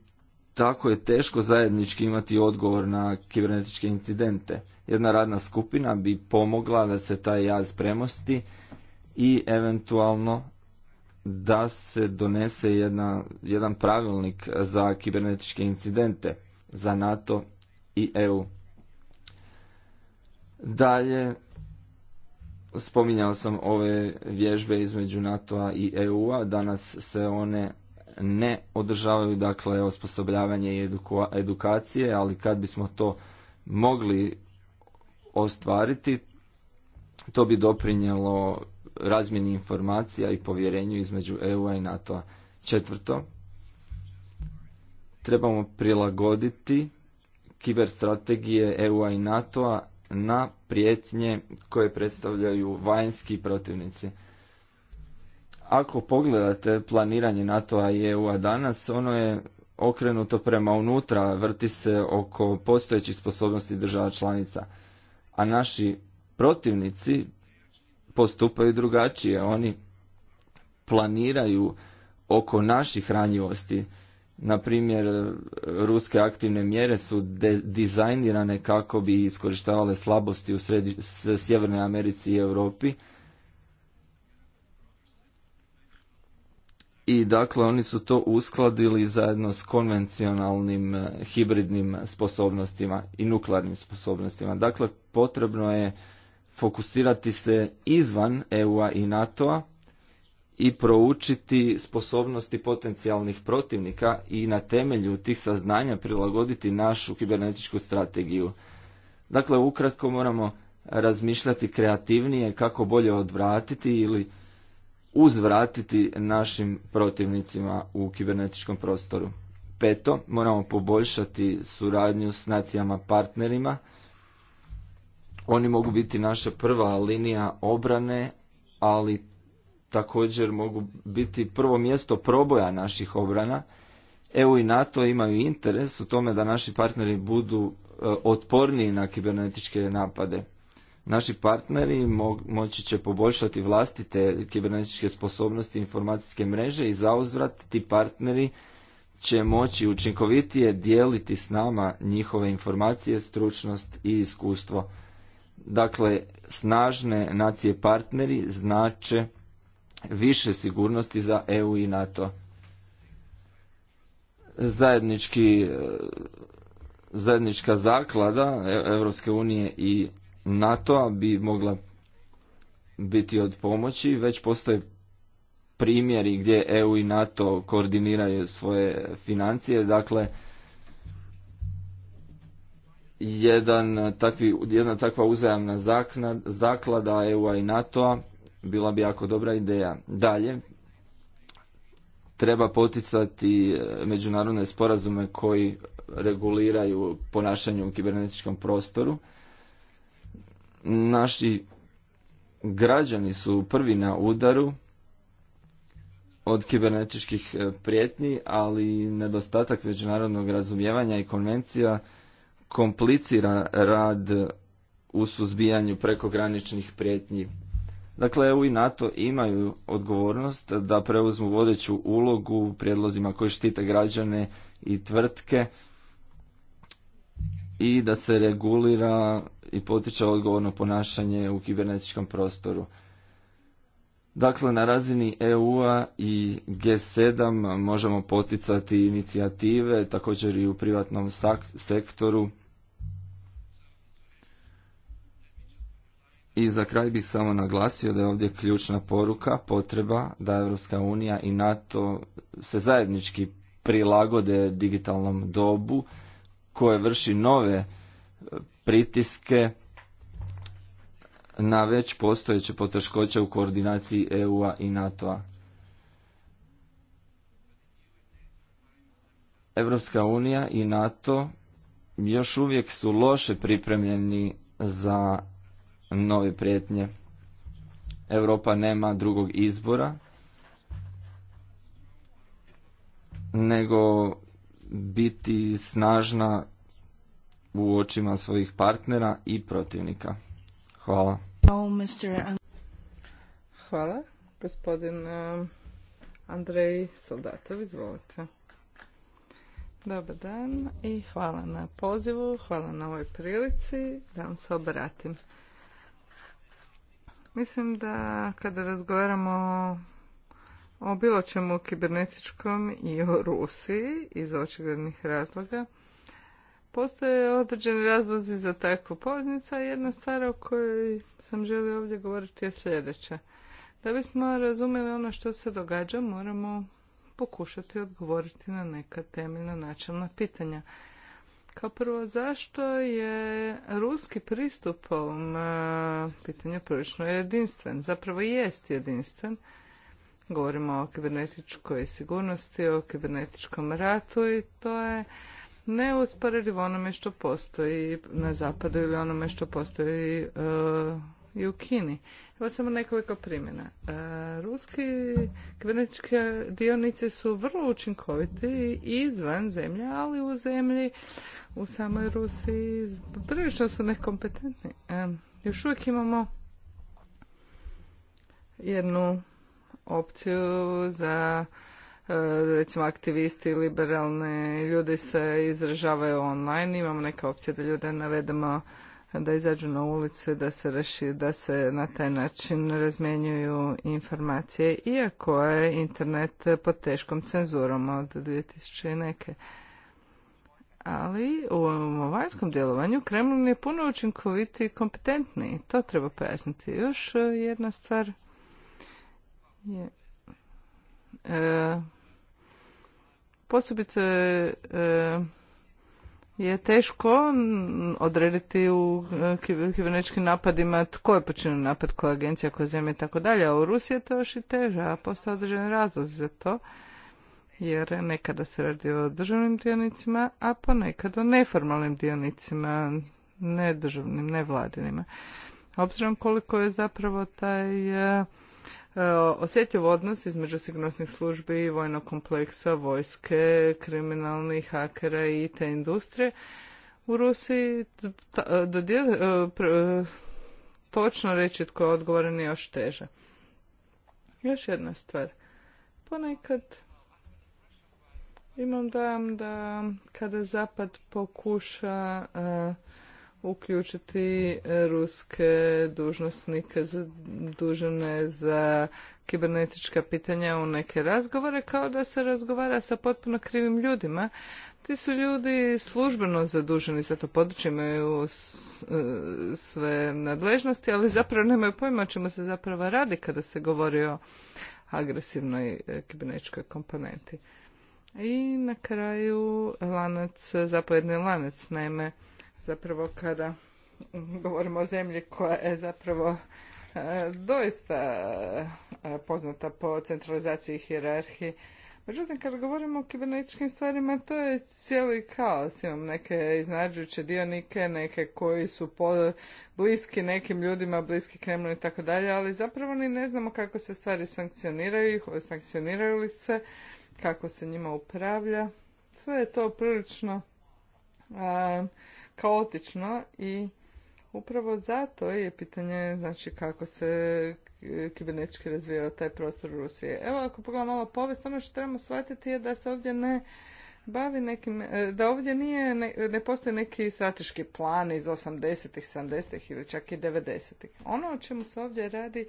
tako je teško zajednički imati odgovor na kibernetičke incidente. Jedna radna skupina bi pomogla da se taj jaz premosti i eventualno da se donese jedan pravilnik za kibernetičke incidente za NATO i EU. Dalje, spominjao sam ove vježbe između NATO-a i EU-a, danas se one ne održavaju dakle osposobljavanje i edukacije, ali kad bismo to mogli ostvariti, to bi doprinjelo razmjeni informacija i povjerenju između EU-a i NATO-a. Četvrto, trebamo prilagoditi kiberstrategije EU-a i NATO-a na prijetnje koje predstavljaju vanjski protivnici. Ako pogledate planiranje NATO-a i EU-a danas, ono je okrenuto prema unutra, vrti se oko postojećih sposobnosti država članica. A naši protivnici postupaju drugačije. Oni planiraju oko naših ranjivosti. Na primjer, ruske aktivne mjere su de dizajnirane kako bi iskorištavale slabosti u Sjevernoj Americi i Europi, i dakle oni su to uskladili zajedno s konvencionalnim eh, hibridnim sposobnostima i nuklearnim sposobnostima. Dakle, potrebno je fokusirati se izvan EU-a i NATO-a i proučiti sposobnosti potencijalnih protivnika i na temelju tih saznanja prilagoditi našu kibernetičku strategiju. Dakle, ukratko moramo razmišljati kreativnije kako bolje odvratiti ili uzvratiti našim protivnicima u kibernetičkom prostoru. Peto, moramo poboljšati suradnju s nacijama partnerima. Oni mogu biti naša prva linija obrane, ali također mogu biti prvo mjesto proboja naših obrana. EU i NATO imaju interes u tome da naši partneri budu e, otporniji na kibernetičke napade. Naši partneri moći će poboljšati vlastite kibernetičke sposobnosti informacijske mreže i zauzvrat ti partneri će moći učinkovitije dijeliti s nama njihove informacije, stručnost i iskustvo. Dakle, snažne nacije partneri znače više sigurnosti za EU i NATO. Zajednički, e, zajednička zaklada Europske unije i NATO-a bi mogla biti od pomoći, već postoje primjeri gdje EU i NATO koordiniraju svoje financije, dakle jedan takvi, jedna takva uzajamna zaklada EU-a i NATO-a bila bi jako dobra ideja. Dalje, treba poticati e, međunarodne sporazume koji reguliraju ponašanje u kibernetičkom prostoru. Naši građani su prvi na udaru od kibernetičkih e, prijetnji, ali nedostatak međunarodnog razumijevanja i konvencija komplicira rad u suzbijanju prekograničnih prijetnji. Dakle, EU i NATO imaju odgovornost da preuzmu vodeću ulogu u prijedlozima koji štite građane i tvrtke i da se regulira i potiče odgovorno ponašanje u kibernetičkom prostoru. Dakle, na razini EU-a i G7 možemo poticati inicijative, također i u privatnom sektoru. I za kraj bih samo naglasio da je ovdje ključna poruka, potreba da Europska unija i NATO se zajednički prilagode digitalnom dobu koje vrši nove pritiske na već postojeće poteškoće u koordinaciji EU-a i NATO-a. Evropska unija i NATO još uvijek su loše pripremljeni za nove prijetnje. Europa nema drugog izbora nego biti snažna u očima svojih partnera i protivnika. Hvala. Oh, hvala. Gospodin um, Andrej Soldatov, izvolite. Dobar dan i hvala na pozivu, hvala na ovoj prilici da vam se obratim. Mislim da kada razgovaramo o bilo čemu kibernetičkom i o Rusiji iz očiglednih razloga, Postoje određeni razlozi za takvu a Jedna stvar o kojoj sam želio ovdje govoriti je sljedeća. Da bismo razumjeli ono što se događa, moramo pokušati odgovoriti na neka temeljna načelna pitanja. Kao prvo, zašto je ruski pristup ovom pitanju prilično jedinstven? Zapravo jest jedinstven. Govorimo o kibernetičkoj sigurnosti, o kibernetičkom ratu i to je neusporedivo onome što postoji na zapadu ili onome što postoji e, i u Kini. Evo samo nekoliko primjena. E, ruski kibernetički dionici su vrlo učinkoviti izvan zemlje, ali u zemlji u samoj Rusiji prilično su nekompetentni. E, još uvijek imamo jednu opciju za E, recimo aktivisti, liberalne ljudi se izražavaju online, imamo neke opcije da ljude navedemo da izađu na ulice, da se, reši, da se na taj način razmjenjuju informacije, iako je internet pod teškom cenzurom od 2000 i neke. Ali u vanjskom djelovanju Kremlin je puno učinkoviti i kompetentni. To treba pojasniti. Još jedna stvar je... E, posebice e, je teško odrediti u e, kibernetičkim napadima tko je počinio napad, koja agencija, koja zemlja i tako dalje. A u Rusiji je to još i teže, a postoje određeni razlozi za to. Jer nekada se radi o državnim dionicima, a ponekad o neformalnim dionicima, nedržavnim, nevladinima. Obzirom koliko je zapravo taj e, E, osjetljiv odnos između sigurnosnih službi i vojnog kompleksa, vojske, kriminalnih hakera i te industrije. U Rusiji e, e, točno reći tko je odgovoran je još teže. Još jedna stvar. Ponekad imam dojam da kada Zapad pokuša uključiti e, ruske dužnosnike zadužene za kibernetička pitanja u neke razgovore kao da se razgovara sa potpuno krivim ljudima. Ti su ljudi službeno zaduženi za to područje, imaju e, sve nadležnosti, ali zapravo nemaju pojma čemu se zapravo radi kada se govori o agresivnoj e, kibernetičkoj komponenti. I na kraju lanac, zapovjedni lanac, naime, zapravo kada govorimo o zemlji koja je zapravo e, doista e, poznata po centralizaciji i Međutim, kad govorimo o kibernetičkim stvarima, to je cijeli kaos. Imam neke iznađujuće dionike, neke koji su bliski nekim ljudima, bliski Kremlu i tako dalje, ali zapravo ni ne znamo kako se stvari sankcioniraju, sankcioniraju li se, kako se njima upravlja. Sve je to prilično e, kaotično i upravo zato je pitanje znači kako se e, kibernetički razvijao taj prostor u Rusiji. Evo ako pogledamo malo povijest, ono što trebamo shvatiti je da se ovdje ne bavi nekim, e, da ovdje nije, ne, postoji neki strateški plan iz 80-ih, 70-ih ili čak i 90-ih. Ono o čemu se ovdje radi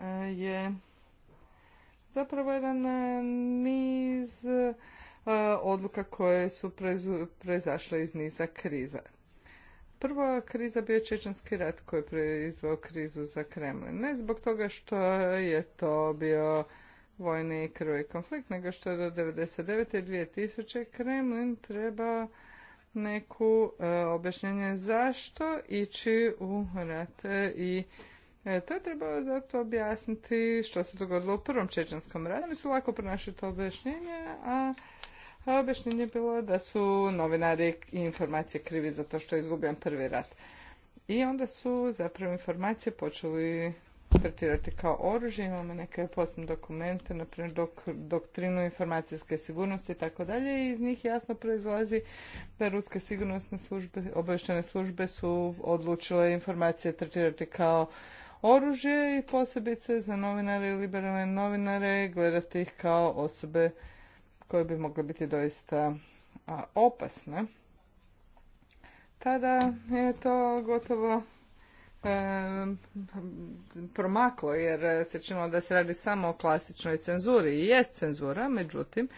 e, je zapravo jedan niz E, odluka koje su proizašle iz niza kriza. Prva kriza bio Čečanski rat koji je proizveo krizu za Kremlin. Ne zbog toga što je to bio vojni i krvi konflikt, nego što je do 1999. i 2000. Kremlin treba neku e, objašnjenje zašto ići u rat i e, to je trebao zato objasniti što se dogodilo u prvom Čečanskom ratu. Mi su lako pronašli to objašnjenje, a Objašnjenje je bilo da su novinari i informacije krivi za to što je izgubljen prvi rat. I onda su zapravo informacije počeli tretirati kao oružje, imamo neke posebne dokumente, na primjer doktrinu informacijske sigurnosti i tako dalje i iz njih jasno proizlazi da ruske sigurnosne službe, obavještajne službe su odlučile informacije tretirati kao oružje i posebice za novinare liberalne novinare gledati ih kao osobe koje bi mogle biti doista opasne, tada je to gotovo promaklo jer se činilo da se radi samo o klasičnoj cenzuri i jest cenzura, međutim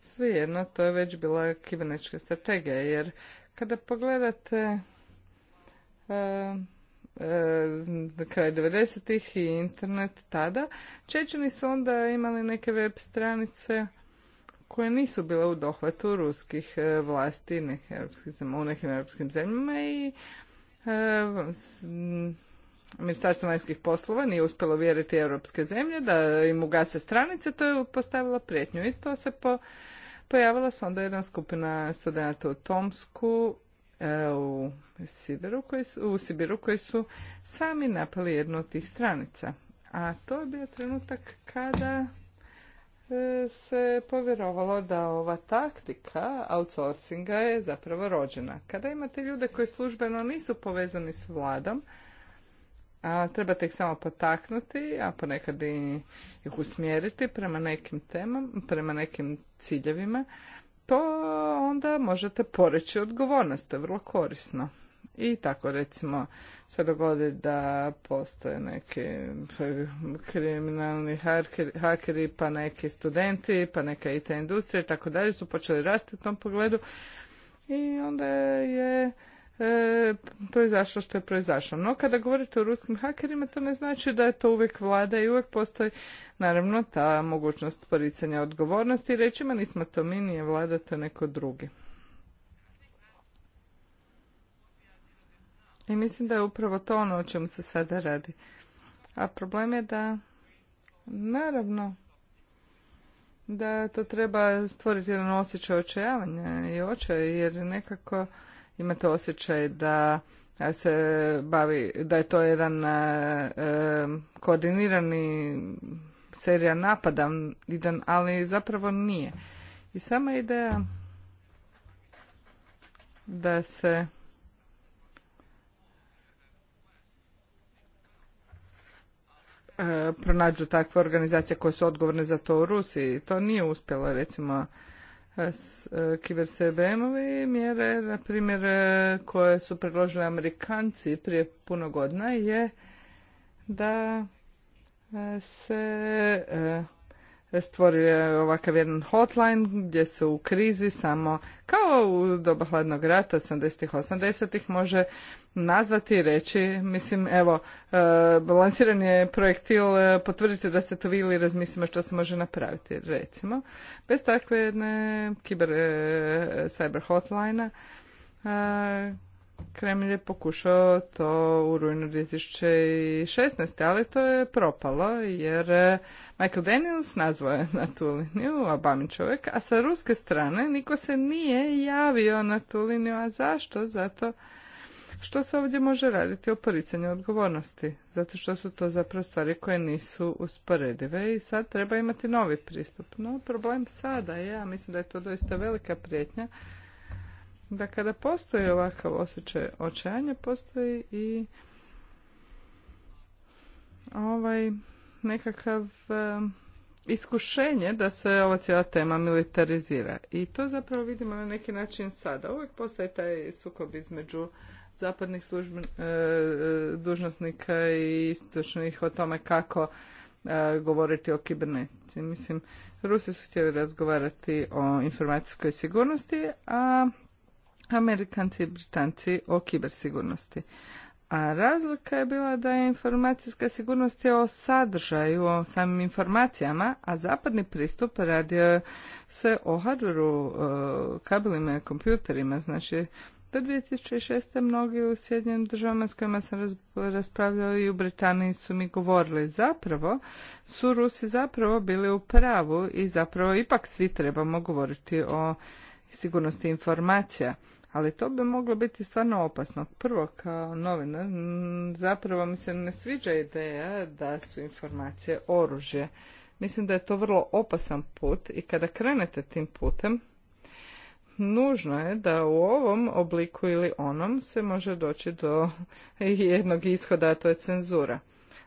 svejedno to je već bila kibernetička strategija jer kada pogledate kraj 90 i internet tada. Čečeni su onda imali neke web stranice koje nisu bile u dohvatu ruskih e, vlasti u nekim europskim zemljama i e, Ministarstvo vanjskih poslova nije uspjelo vjeriti europske zemlje da im ugase stranice, to je postavilo prijetnju i to se pojavila se onda jedna skupina studenta u Tomsku e, u Sibiru, koji su, u Sibiru koji su sami napali jednu od tih stranica. A to je bio trenutak kada E, se povjerovalo da ova taktika outsourcinga je zapravo rođena. Kada imate ljude koji službeno nisu povezani s vladom, a trebate ih samo potaknuti, a ponekad i ih usmjeriti prema nekim temama, prema nekim ciljevima, to onda možete poreći odgovornost, to je vrlo korisno. I tako recimo se dogodi da postoje neki kriminalni hakeri, pa neki studenti, pa neka IT industrija i tako dalje su počeli rasti u tom pogledu i onda je e, proizašlo što je proizašlo. No kada govorite o ruskim hakerima to ne znači da je to uvijek vlada i uvijek postoji naravno ta mogućnost poricanja odgovornosti i reći nismo to mi, nije vlada, to je neko drugi. I mislim da je upravo to ono o čemu se sada radi. A problem je da, naravno, da to treba stvoriti jedan osjećaj očajavanja i očaj, jer nekako imate osjećaj da se bavi, da je to jedan e, koordinirani serija napada, ali zapravo nije. I sama ideja da se E, pronađu takve organizacije koje su odgovorne za to u Rusiji. To nije uspjelo, recimo, e, s e, kiber mjere, na primjer, koje su predložili Amerikanci prije puno godina je da se stvorio je ovakav jedan hotline gdje se u krizi samo kao u doba hladnog rata 70-ih, 80-ih može nazvati i reći, mislim evo, balansiran e, je projektil, e, potvrdite da ste to vi ili razmislimo što se može napraviti, recimo. Bez takve jedne kiber, e, cyber hotline Kremlj je pokušao to u rujnu 2016. ali to je propalo jer e, Michael Daniels nazvao je na tu liniju Obamin čovjek, a sa ruske strane niko se nije javio na tu liniju. A zašto? Zato što se ovdje može raditi o poricanju odgovornosti. Zato što su to zapravo stvari koje nisu usporedive i sad treba imati novi pristup. No problem sada je, ja mislim da je to doista velika prijetnja, da kada postoji ovakav osjećaj očajanja, postoji i ovaj nekakav iskušenje da se ova cijela tema militarizira. I to zapravo vidimo na neki način sada. Uvijek postoji taj sukob između zapadnih služben, e, e, dužnosnika i istočnih o tome kako e, govoriti o kibernetici. Mislim, Rusi su htjeli razgovarati o informacijskoj sigurnosti, a Amerikanci i Britanci o kibersigurnosti. A razlika je bila da je informacijska sigurnost je o sadržaju, o samim informacijama, a zapadni pristup radio se o hardwareu, kabelima i kompjuterima. Znači, do 2006. mnogi u Sjedinjenim državama s kojima sam raspravljao i u Britaniji su mi govorili zapravo, su Rusi zapravo bili u pravu i zapravo ipak svi trebamo govoriti o sigurnosti informacija ali to bi moglo biti stvarno opasno. Prvo, kao novinar, zapravo mi se ne sviđa ideja da su informacije oružje. Mislim da je to vrlo opasan put i kada krenete tim putem, nužno je da u ovom obliku ili onom se može doći do *laughs* jednog ishoda, a to je cenzura.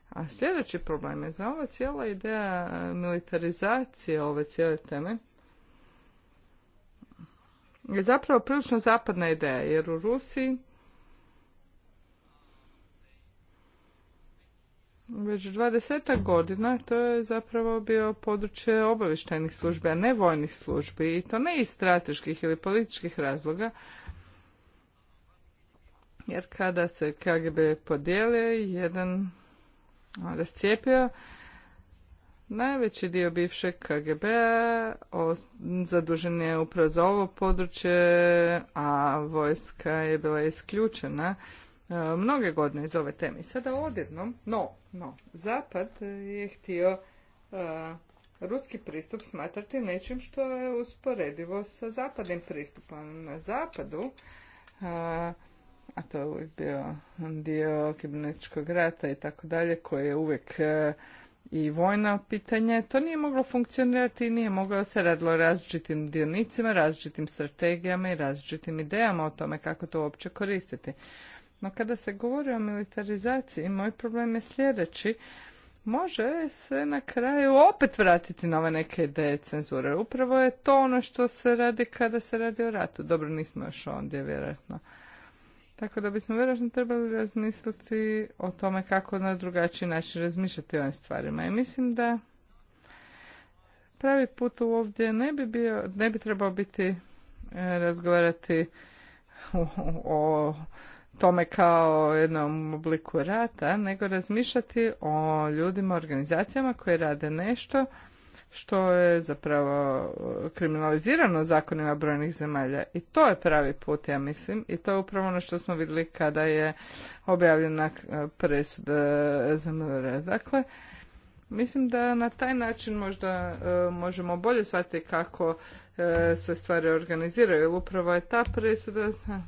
A sljedeći problem je za ova cijela ideja militarizacije ove cijele teme, je zapravo prilično zapadna ideja, jer u Rusiji već 20 godina to je zapravo bio područje obavještajnih službi, a ne vojnih službi i to ne iz strateških ili političkih razloga, jer kada se KGB podijelio, jedan rascijepio, Najveći dio bivšeg KGB-a zadužen je upravo za ovo područje, a vojska je bila isključena e, mnoge godine iz ove teme. Sada odjednom, no, no, Zapad je htio e, ruski pristup smatrati nečim što je usporedivo sa zapadnim pristupom. Na zapadu, e, a, to je uvijek bio dio kibernetičkog rata i tako dalje, koji je uvijek i vojna pitanje, to nije moglo funkcionirati i nije moglo se radilo o različitim dionicima, različitim strategijama i različitim idejama o tome kako to uopće koristiti. No kada se govori o militarizaciji, moj problem je sljedeći. Može se na kraju opet vratiti na ove neke ideje cenzure. Upravo je to ono što se radi kada se radi o ratu. Dobro, nismo još ondje, vjerojatno. Tako da bismo vjerojatno trebali razmisliti o tome kako na drugačiji način razmišljati o ovim stvarima. I mislim da pravi put ovdje ne bi, bio, ne bi trebao biti e, razgovarati o, o tome kao jednom obliku rata, nego razmišljati o ljudima, organizacijama koje rade nešto što je zapravo e, kriminalizirano zakonima brojnih zemalja. I to je pravi put, ja mislim. I to je upravo ono što smo vidjeli kada je objavljena e, presuda e, za Dakle, mislim da na taj način možda možemo bolje shvatiti kako se stvari organiziraju. upravo je ta presuda za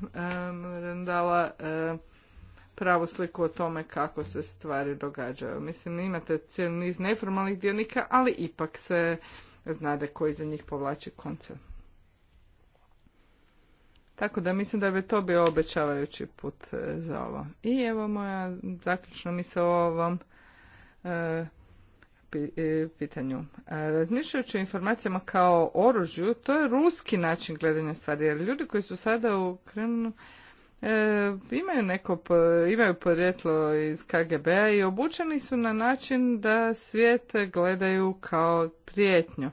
pravu sliku o tome kako se stvari događaju. Mislim, imate cijeli niz neformalnih dionika, ali ipak se znade koji za njih povlači konce. Tako da mislim da bi to bio obećavajući put e, za ovo. I evo moja zaključna misla o ovom e, e pitanju. E, razmišljajući o informacijama kao oružju, to je ruski način gledanja stvari. Jer ljudi koji su sada u krenu. E, imaju neko, imaju podrijetlo iz KGB-a i obučeni su na način da svijet gledaju kao prijetnju.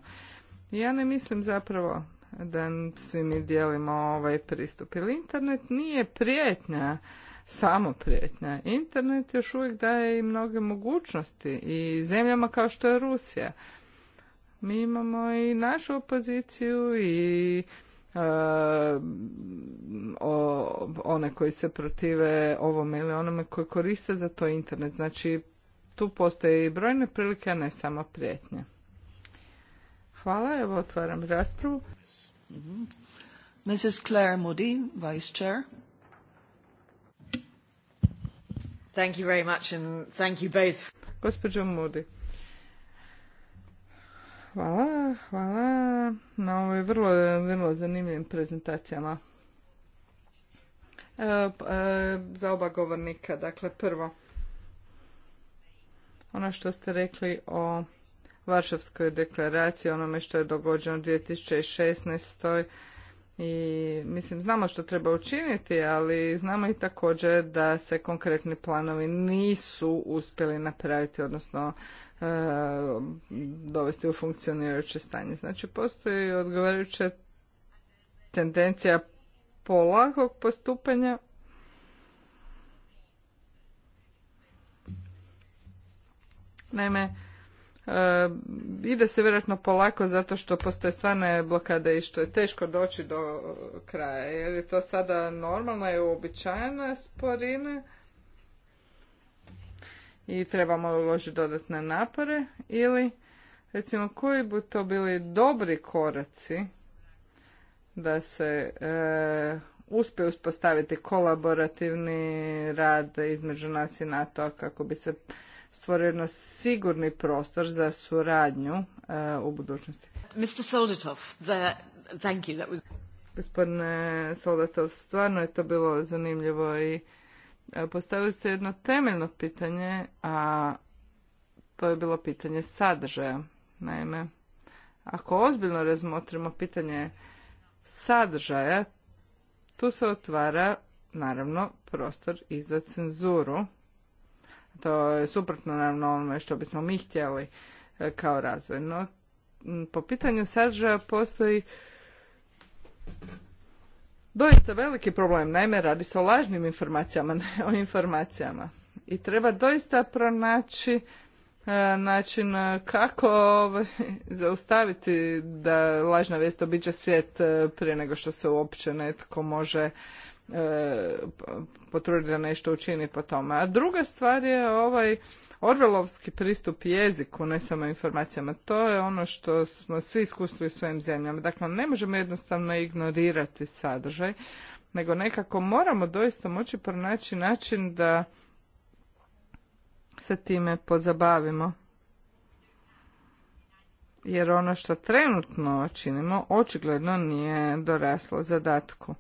Ja ne mislim zapravo da svi mi dijelimo ovaj pristup. Jer internet nije prijetnja, samo prijetnja. Internet još uvijek daje i mnoge mogućnosti i zemljama kao što je Rusija. Mi imamo i našu opoziciju i o, one koji se protive ovome ili onome koji koriste za to internet. Znači, tu postoje i brojne prilike, a ne samo prijetnje. Hvala, evo otvaram raspravu. Mrs. Claire Moody, Vice Chair. Thank you very much and thank you both. Hvala, hvala na ovoj vrlo, vrlo zanimljivim prezentacijama. E, za oba govornika, dakle prvo, ono što ste rekli o Varšavskoj deklaraciji, onome što je dogođeno u 2016. I mislim, znamo što treba učiniti, ali znamo i također da se konkretni planovi nisu uspjeli napraviti, odnosno E, dovesti u funkcionirajuće stanje. Znači postoji odgovarajuća tendencija polakog postupanja Naime, e, ide se vjerojatno polako zato što postoje stvarne blokade i što je teško doći do kraja. Je li to sada normalna i uobičajena sporina i trebamo uložiti dodatne napore ili recimo koji bi to bili dobri koraci da se e, uspije uspostaviti kolaborativni rad između nas i nato kako bi se stvorio sigurni prostor za suradnju e, u budućnosti. Mr. Soldatov, thank you, that was... Gospodine Soldatov, stvarno je to bilo zanimljivo i E, postavili ste jedno temeljno pitanje, a to je bilo pitanje sadržaja. Naime, ako ozbiljno razmotrimo pitanje sadržaja, tu se otvara naravno prostor i za cenzuru. To je suprotno naravno onome što bismo mi htjeli e, kao razvoj. po pitanju sadržaja postoji doista veliki problem. Naime, radi se o lažnim informacijama, *laughs* ne o informacijama. I treba doista pronaći e, način e, kako ovaj, *laughs* zaustaviti da lažna vijest obiđe svijet e, prije nego što se uopće netko može E, potruditi da nešto učini po tome. A druga stvar je ovaj Orvelovski pristup jeziku, ne samo informacijama. To je ono što smo svi u svojim zemljama. Dakle, ne možemo jednostavno ignorirati sadržaj, nego nekako moramo doista moći pronaći način da se time pozabavimo. Jer ono što trenutno činimo očigledno nije doraslo zadatku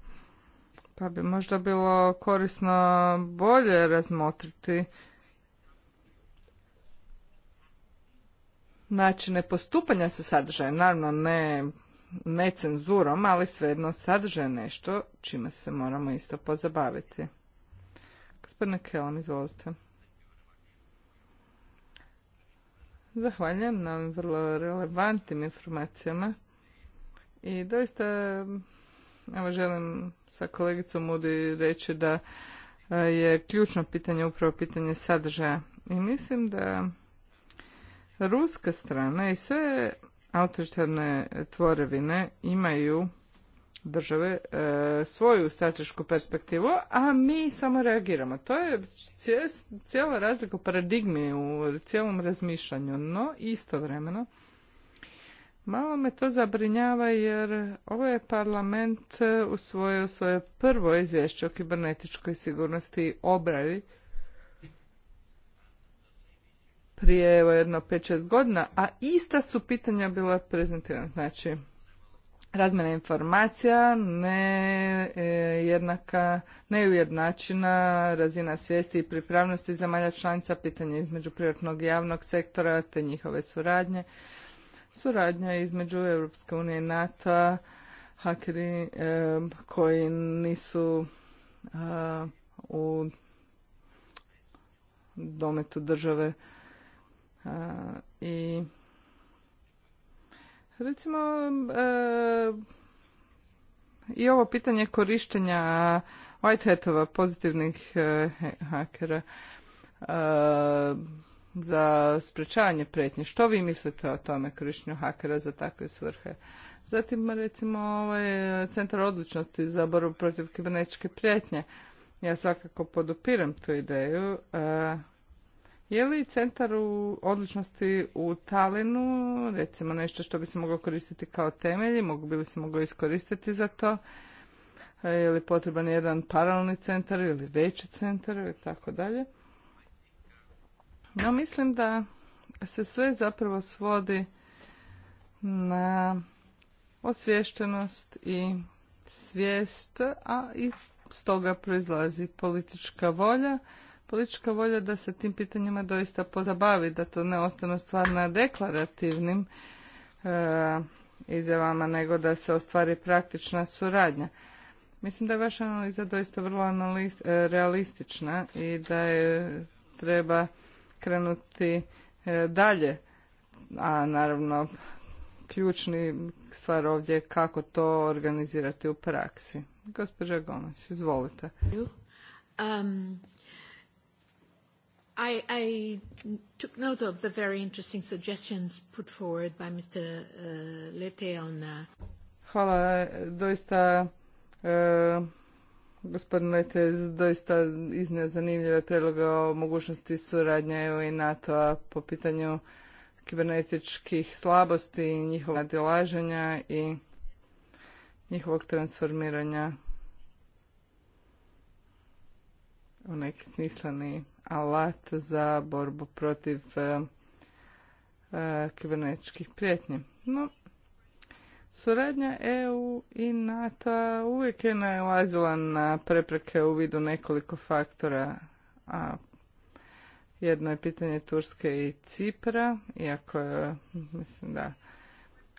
pa bi možda bilo korisno bolje razmotriti načine postupanja sa sadržajem. Naravno, ne, ne cenzurom, ali svejedno sadržaj nešto čime se moramo isto pozabaviti. Gospodine Kelam, izvolite. Zahvaljujem na vrlo relevantnim informacijama i doista Evo želim sa kolegicom Mudi reći da e, je ključno pitanje upravo pitanje sadržaja. I mislim da ruska strana i sve autoritarne tvorevine imaju države e, svoju stratešku perspektivu, a mi samo reagiramo. To je cijela razlika u paradigmi, u cijelom razmišljanju, no istovremeno Malo me to zabrinjava jer ovo ovaj je parlament e, usvojio svoje prvo izvješće o kibernetičkoj sigurnosti i prije evo jedno 5-6 godina, a ista su pitanja bila prezentirana. Znači, razmjena informacija, ne e, jednaka, neujednačina, razina svijesti i pripravnosti zemalja članica, pitanje između privatnog i javnog sektora te njihove suradnje, suradnja između Europske unije i NATO, hakeri eh, koji nisu eh, u dometu države eh, i recimo i ovo pitanje korištenja Hatova, pozitivnih hakera za sprečavanje pretnje. Što vi mislite o tome korištenju hakera za takve svrhe? Zatim recimo ovaj centar odličnosti za borbu protiv kibernetičke prijetnje. Ja svakako podupiram tu ideju. E, je li centar u odličnosti u Talinu, recimo nešto što bi se moglo koristiti kao temelji, mogu bi li se moglo iskoristiti za to? E, je li potreban jedan paralelni centar ili veći centar i tako dalje? No mislim da se sve zapravo svodi na osviještenost i svijest, a i stoga proizlazi politička volja, politička volja da se tim pitanjima doista pozabavi, da to ne ostane stvar na deklarativnim e, izjavama, nego da se ostvari praktična suradnja. Mislim da je vaša analiza doista vrlo e, realistična i da je treba krenuti e, dalje. A naravno, ključni stvar ovdje je kako to organizirati u praksi. Gospođa Gomes, izvolite. Um, I, I took note of the very interesting suggestions put forward by Mr. Uh, Lete on... Uh, Hvala, e, doista e, Gospodin je doista iznio zanimljive prijedloge o mogućnosti suradnje EU i NATO-a po pitanju kibernetičkih slabosti i njihovog nadilaženja i njihovog transformiranja u neki smisleni alat za borbu protiv eh, eh, kibernetičkih prijetnji. No, Suradnja EU i NATO uvijek je nalazila na prepreke u vidu nekoliko faktora, a jedno je pitanje Turske i Cipra, iako je, mislim da,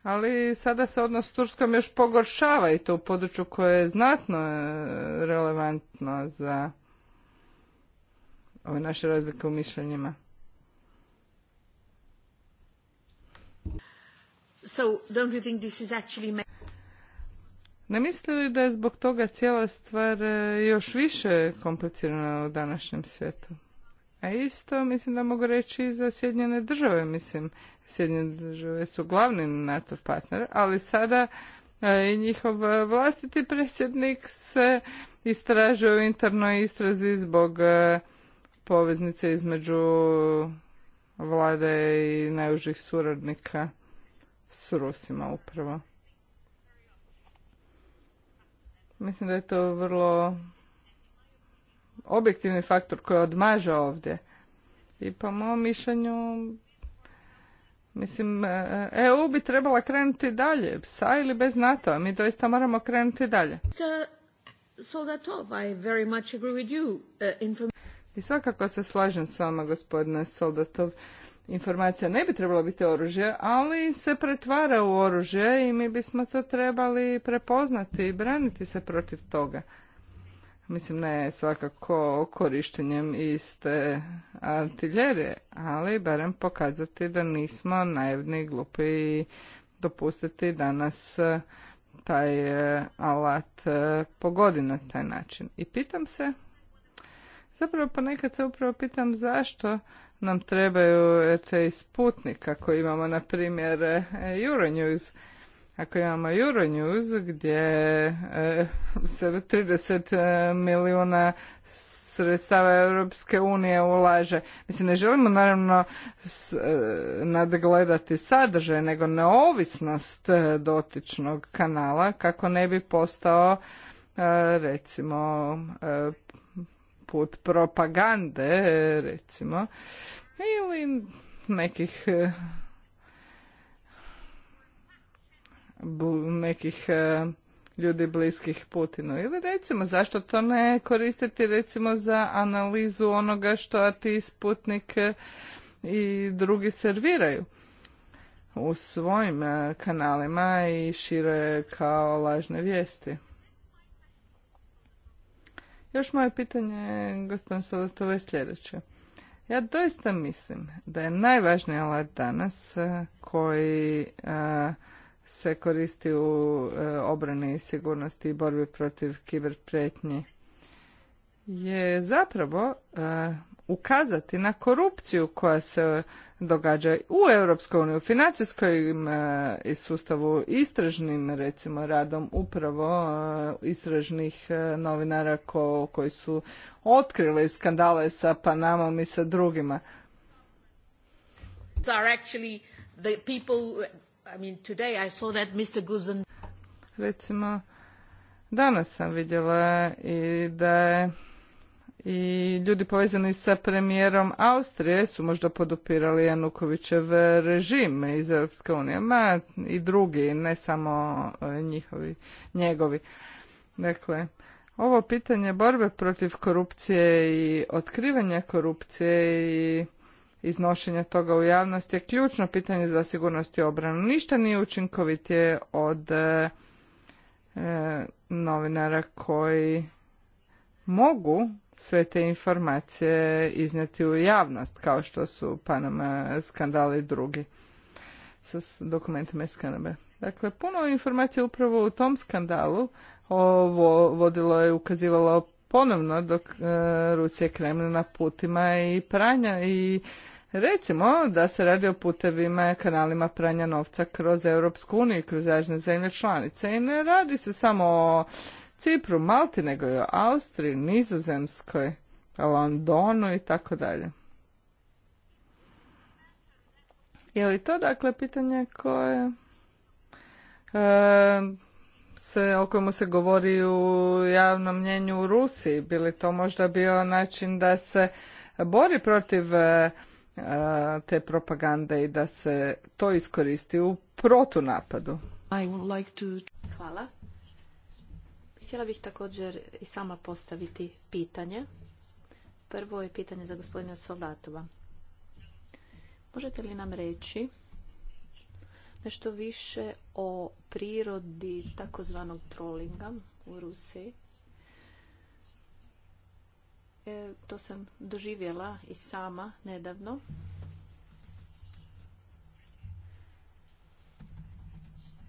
ali sada se odnos s Turskom još pogoršava i to u području koje je znatno e, relevantno za ove naše razlike u mišljenjima. So, don't Ne mislite li da je zbog toga cijela stvar e, još više komplicirana u današnjem svijetu? A isto mislim da mogu reći i za Sjedinjene države, mislim. Sjedinjene države su glavni NATO partner, ali sada e, i njihov vlastiti predsjednik se istražuje u internoj istrazi zbog e, poveznice između vlade i najužih suradnika s Rusima upravo. Mislim da je to vrlo objektivni faktor koji odmaže ovdje. I po mom mišljenju, mislim, e, e, EU bi trebala krenuti dalje, sa ili bez NATO, a mi doista moramo krenuti dalje. I svakako se slažem s vama, gospodine Soldatov informacija ne bi trebalo biti oružje, ali se pretvara u oružje i mi bismo to trebali prepoznati i braniti se protiv toga. Mislim, ne svakako korištenjem iste artiljerije, ali barem pokazati da nismo naivni, glupi i dopustiti da nas taj e, alat e, pogodi na taj način. I pitam se, zapravo ponekad se upravo pitam zašto nam trebaju te isputnika ako imamo na primjer e, Euronews. Ako imamo Euronews gdje e, se 30 e, milijuna sredstava Europske unije ulaže. Mislim, ne želimo naravno nadgledati sadržaj, nego neovisnost dotičnog kanala kako ne bi postao recimo od propagande, recimo, ili nekih e, nekih e, ljudi bliskih Putinu. Ili recimo, zašto to ne koristiti recimo za analizu onoga što ti Sputnik e, i drugi serviraju u svojim kanalima i šire kao lažne vijesti. Još moje pitanje, gospodin Solotova, je sljedeće. Ja doista mislim da je najvažniji alat danas e, koji e, se koristi u e, obrani i sigurnosti i borbi protiv kiberprijetnji je zapravo ukazati na korupciju koja se događa u Europskoj uniji, u financijskom e, i sustavu istražnim recimo radom upravo e, istražnih e, novinara koji su otkrili skandale sa Panamom i sa drugima. Recimo, danas sam vidjela i da je i ljudi povezani sa premijerom Austrije su možda podupirali Janukovićev režim iz Europske unije, ma i drugi, ne samo e, njihovi, njegovi. Dakle, ovo pitanje borbe protiv korupcije i otkrivanja korupcije i iznošenja toga u javnost je ključno pitanje za sigurnost i obranu. Ništa nije učinkovitije od e, e novinara koji mogu sve te informacije iznijeti u javnost, kao što su Panama skandali drugi sa dokumentima iz Kanabe. Dakle, puno informacija upravo u tom skandalu ovo vodilo je ukazivalo ponovno dok e, Rusija kremlja na putima i pranja i recimo da se radi o putevima kanalima pranja novca kroz Europsku uniju i kroz zemlje članice i ne radi se samo o Cipru, Malti, nego i o Austriji, Nizozemskoj, Londonu i tako dalje. Je li to dakle pitanje koje e, se, o kojemu se govori u javnom mnjenju u Rusiji? Bi li to možda bio način da se bori protiv e, te propagande i da se to iskoristi u protunapadu? napadu? Hvala. Htjela bih također i sama postaviti pitanje. Prvo je pitanje za gospodina Solatova. Možete li nam reći nešto više o prirodi takozvanog trollinga u Rusiji? E, to sam doživjela i sama nedavno.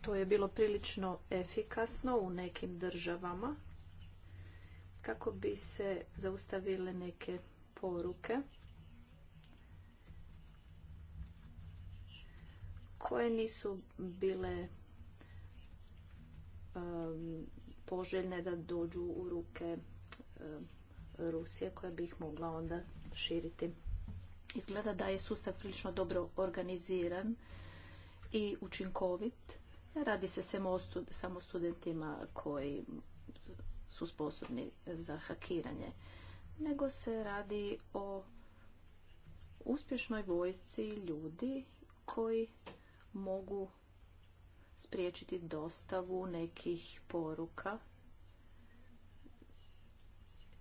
To je bilo prilično efikasno u nekim državama kako bi se zaustavile neke poruke koje nisu bile um, poželjne da dođu u ruke um, Rusije koja bi ih mogla onda širiti. Izgleda da je sustav prilično dobro organiziran i učinkovit Radi se samo studentima koji su sposobni za hakiranje, nego se radi o uspješnoj vojsci ljudi koji mogu spriječiti dostavu nekih poruka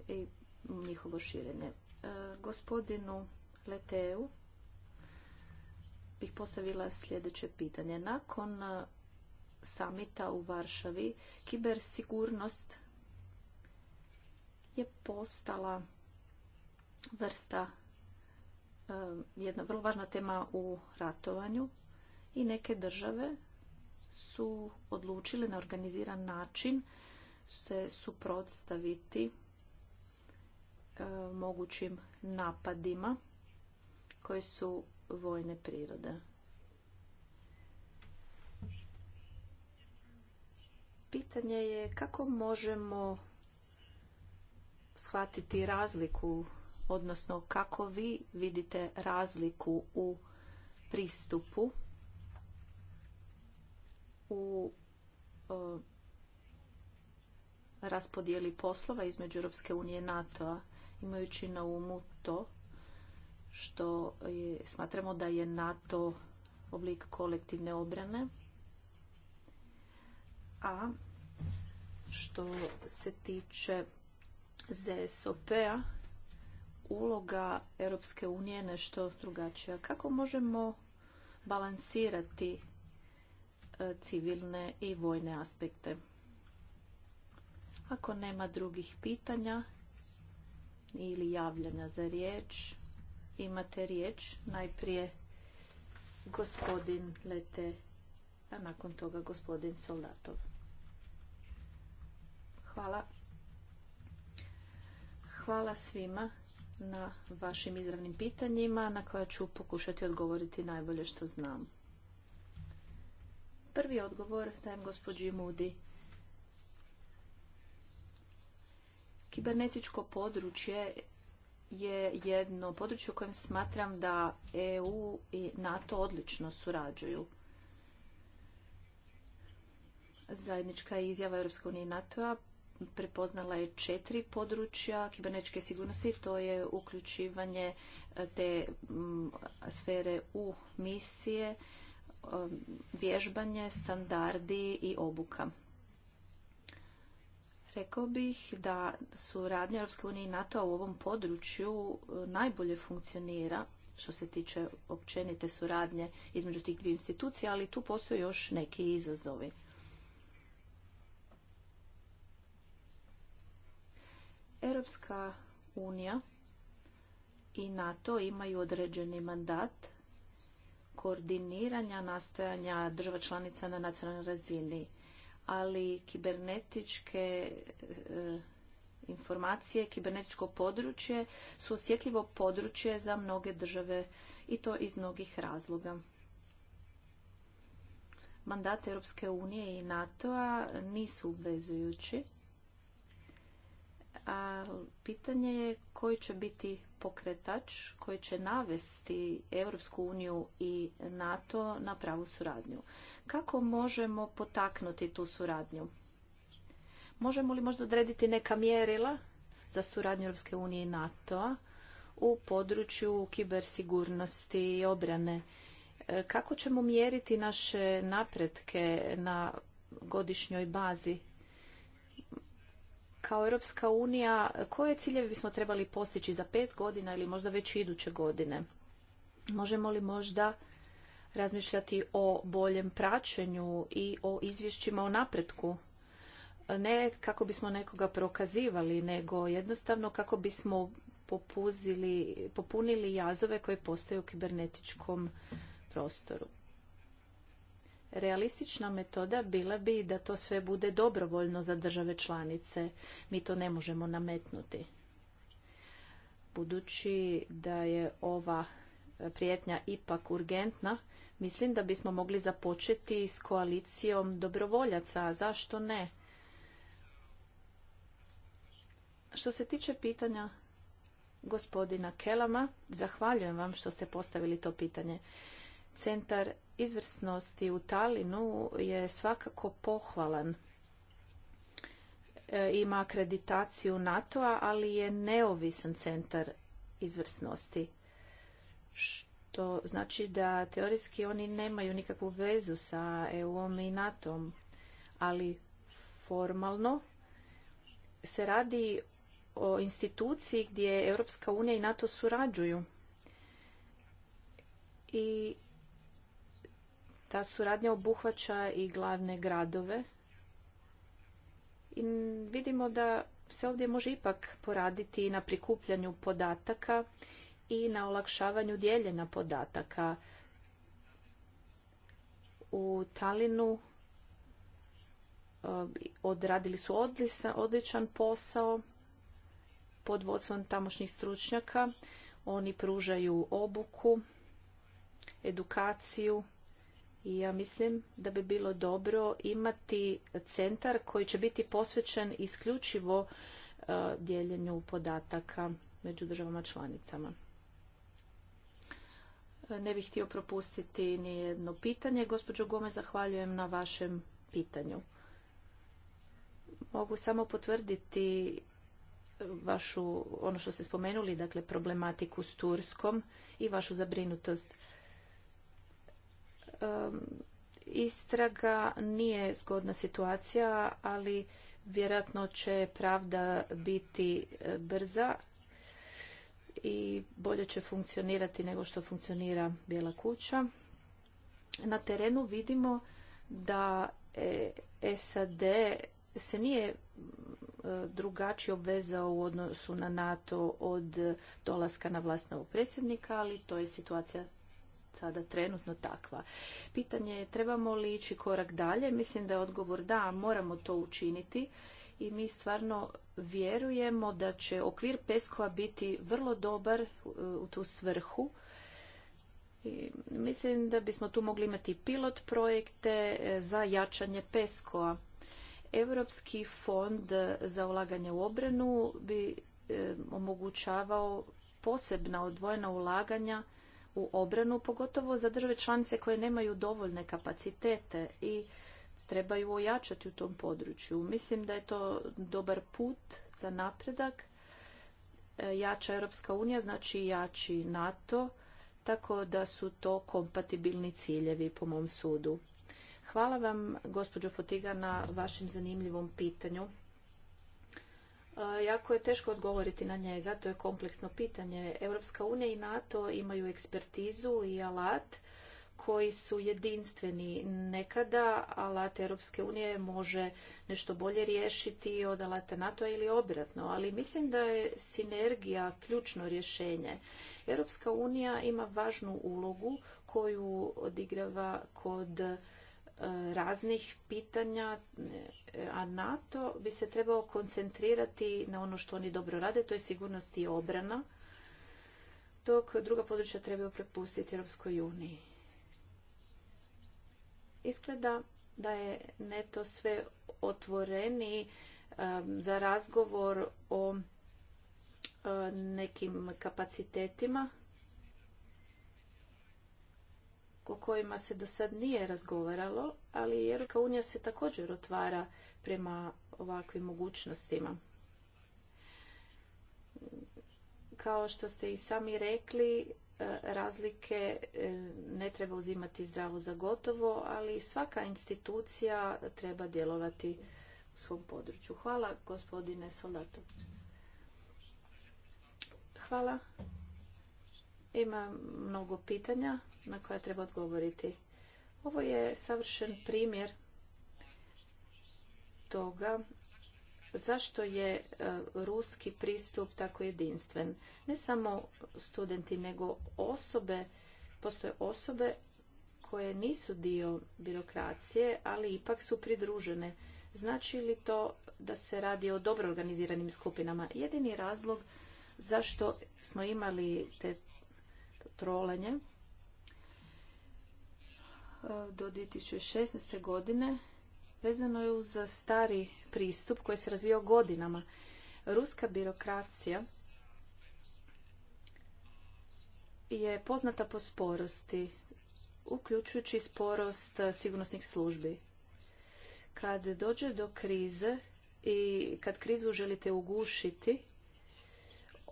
i njihovo širenje. E, gospodinu Leteu bih postavila sljedeće pitanje. Nakon samita u Varšavi kibersigurnost je postala vrsta jedna vrlo važna tema u ratovanju i neke države su odlučile na organiziran način se suprotstaviti mogućim napadima koje su vojne prirode. pitanje je kako možemo shvatiti razliku, odnosno kako vi vidite razliku u pristupu u e, raspodjeli poslova između Europske unije i NATO-a, imajući na umu to što smatramo da je NATO oblik kolektivne obrane, a što se tiče ZSOP-a, uloga Europske unije nešto drugačija. Kako možemo balansirati e, civilne i vojne aspekte? Ako nema drugih pitanja ili javljanja za riječ, imate riječ. Najprije gospodin Lete, a nakon toga gospodin Soldatov. Hvala. Hvala svima na vašim izravnim pitanjima na koja ću pokušati odgovoriti najbolje što znam. Prvi odgovor dajem gospođi Mudi. Kibernetičko područje je jedno područje u kojem smatram da EU i NATO odlično surađuju. Zajednička izjava EU i NATO-a prepoznala je četiri područja kibernetičke sigurnosti, to je uključivanje e, te sfere u misije, e, vježbanje, standardi i obuka. Rekao bih da suradnja Europske unije i NATO u ovom području e, najbolje funkcionira što se tiče općenite suradnje između tih dvije institucije, ali tu postoje još neki izazovi. Europska unija i NATO imaju određeni mandat koordiniranja nastojanja država članica na nacionalnoj razini, ali kibernetičke e, informacije, kibernetičko područje su osjetljivo područje za mnoge države i to iz mnogih razloga. Mandat Europske unije i NATO-a nisu obvezujući a pitanje je koji će biti pokretač koji će navesti Europsku uniju i NATO na pravu suradnju. Kako možemo potaknuti tu suradnju? Možemo li možda odrediti neka mjerila za suradnju Europske unije i nato u području kibersigurnosti i obrane? E, kako ćemo mjeriti naše napretke na godišnjoj bazi? kao Europska unija koje ciljeve bismo trebali postići za pet godina ili možda već iduće godine? Možemo li možda razmišljati o boljem praćenju i o izvješćima o napretku? Ne kako bismo nekoga prokazivali, nego jednostavno kako bismo popunili jazove koje postoje u kibernetičkom prostoru. Realistična metoda bila bi da to sve bude dobrovoljno za države članice. Mi to ne možemo nametnuti. Budući da je ova prijetnja ipak urgentna, mislim da bismo mogli započeti s koalicijom dobrovoljaca. Zašto ne? Što se tiče pitanja gospodina Kelama, zahvaljujem vam što ste postavili to pitanje. Centar izvrsnosti u Talinu je svakako pohvalan. E, ima akreditaciju NATO-a, ali je neovisan centar izvrsnosti. Što znači da teorijski oni nemaju nikakvu vezu sa EU-om i NATO-om, ali formalno se radi o instituciji gdje Europska unija i NATO surađuju. I ta suradnja obuhvaća i glavne gradove. I vidimo da se ovdje može ipak poraditi i na prikupljanju podataka i na olakšavanju dijeljena podataka. U Talinu eh, odradili su odličan posao pod vodstvom tamošnjih stručnjaka. Oni pružaju obuku, edukaciju i ja mislim da bi bilo dobro imati centar koji će biti posvećen isključivo e, dijeljenju podataka među državama članicama. Ne bih htio propustiti ni jedno pitanje. Gospođo Gome, zahvaljujem na vašem pitanju. Mogu samo potvrditi vašu, ono što ste spomenuli, dakle problematiku s Turskom i vašu zabrinutost istraga nije zgodna situacija, ali vjerojatno će pravda biti e, brza i bolje će funkcionirati nego što funkcionira Bijela kuća. Na terenu vidimo da e, SAD se nije e, drugačije obvezao u odnosu na NATO od dolaska na vlast predsjednika, ali to je situacija sada trenutno takva. Pitanje je trebamo li ići korak dalje? Mislim da je odgovor da, moramo to učiniti i mi stvarno vjerujemo da će okvir Peskova biti vrlo dobar e, u tu svrhu. I mislim da bismo tu mogli imati pilot projekte e, za jačanje Peskova. Europski fond za ulaganje u obranu bi e, omogućavao posebna odvojena ulaganja u obranu, pogotovo za države članice koje nemaju dovoljne kapacitete i trebaju ojačati u tom području. Mislim da je to dobar put za napredak. E, jača Europska unija znači jači NATO, tako da su to kompatibilni ciljevi po mom sudu. Hvala vam, gospođo Fotiga, na vašem zanimljivom pitanju. E, jako je teško odgovoriti na njega, to je kompleksno pitanje. Europska unija i NATO imaju ekspertizu i alat koji su jedinstveni. Nekada alat Europske unije može nešto bolje riješiti od alata NATO ili obratno, ali mislim da je sinergija ključno rješenje. Europska unija ima važnu ulogu koju odigrava kod raznih pitanja, a NATO bi se trebao koncentrirati na ono što oni dobro rade, to je sigurnost i obrana, dok druga područja trebaju prepustiti Europskoj uniji. Izgleda da je neto sve otvoreni za razgovor o nekim kapacitetima o kojima se do sad nije razgovaralo, ali Europska unija se također otvara prema ovakvim mogućnostima. Kao što ste i sami rekli, e, razlike e, ne treba uzimati zdravo za gotovo, ali svaka institucija treba djelovati u svom području. Hvala gospodine Solato. Hvala. Ima mnogo pitanja na koja treba odgovoriti. Ovo je savršen primjer toga zašto je e, ruski pristup tako jedinstven. Ne samo studenti, nego osobe, postoje osobe koje nisu dio birokracije, ali ipak su pridružene. Znači li to da se radi o dobro organiziranim skupinama? Jedini razlog zašto smo imali te trolanje E, do 2016. godine vezano je uz stari pristup koji se razvio godinama. Ruska birokracija je poznata po sporosti, uključujući sporost e, sigurnosnih službi. Kad dođe do krize i kad krizu želite ugušiti,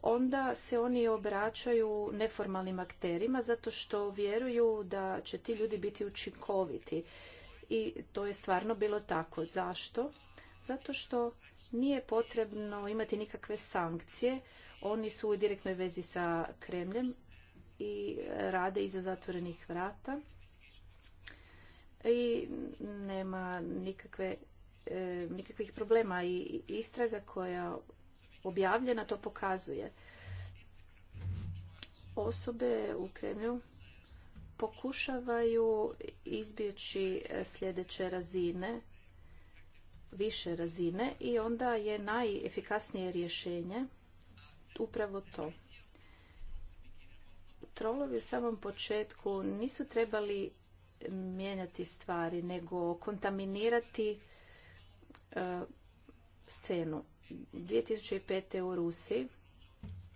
onda se oni obraćaju neformalnim akterima zato što vjeruju da će ti ljudi biti učinkoviti. I to je stvarno bilo tako. Zašto? Zato što nije potrebno imati nikakve sankcije. Oni su u direktnoj vezi sa Kremljem i rade iza zatvorenih vrata. I nema nikakve, e, nikakvih problema i istraga koja objavljena, to pokazuje. Osobe u Kremlju pokušavaju izbjeći sljedeće razine, više razine i onda je najefikasnije rješenje upravo to. Trolovi u samom početku nisu trebali mijenjati stvari, nego kontaminirati e, scenu. 2005. u Rusiji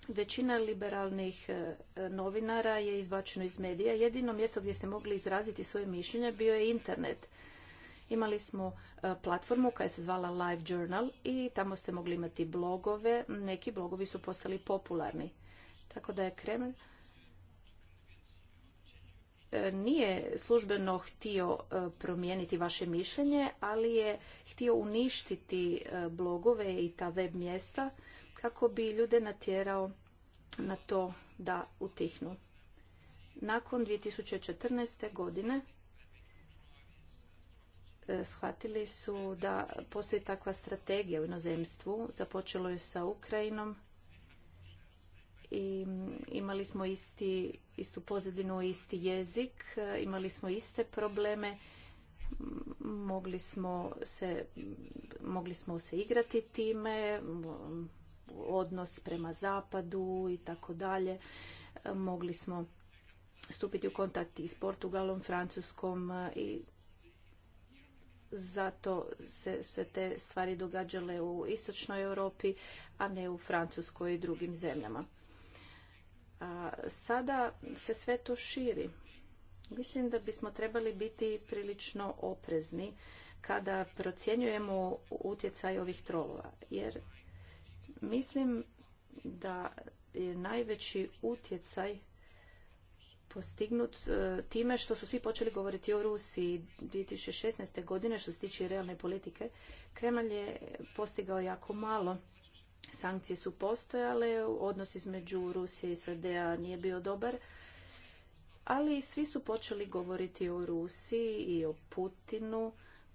većina liberalnih e, novinara je izbačeno iz medija. Jedino mjesto gdje ste mogli izraziti svoje mišljenje bio je internet. Imali smo e, platformu koja se zvala Live Journal i tamo ste mogli imati blogove. Neki blogovi su postali popularni. Tako da je Kreml E, nije službeno htio e, promijeniti vaše mišljenje, ali je htio uništiti e, blogove i ta web mjesta kako bi ljude natjerao na to da utihnu. Nakon 2014. godine shvatili su da postoji takva strategija u inozemstvu. Započelo je sa Ukrajinom, i imali smo isti, istu pozadinu, isti jezik, imali smo iste probleme, mogli smo se, mogli smo se igrati time, odnos prema zapadu i tako dalje. Mogli smo stupiti u kontakt i s Portugalom, Francuskom e, i zato se, se te stvari događale u istočnoj Europi, a ne u Francuskoj i drugim zemljama. A sada se sve to širi. Mislim da bismo trebali biti prilično oprezni kada procjenjujemo utjecaj ovih trolova. Jer mislim da je najveći utjecaj postignut e, time što su svi počeli govoriti o Rusiji 2016. godine što se tiče realne politike. Kremlj je postigao jako malo Sankcije su postojale, odnos između Rusije i SAD-a nije bio dobar, ali svi su počeli govoriti o Rusiji i o Putinu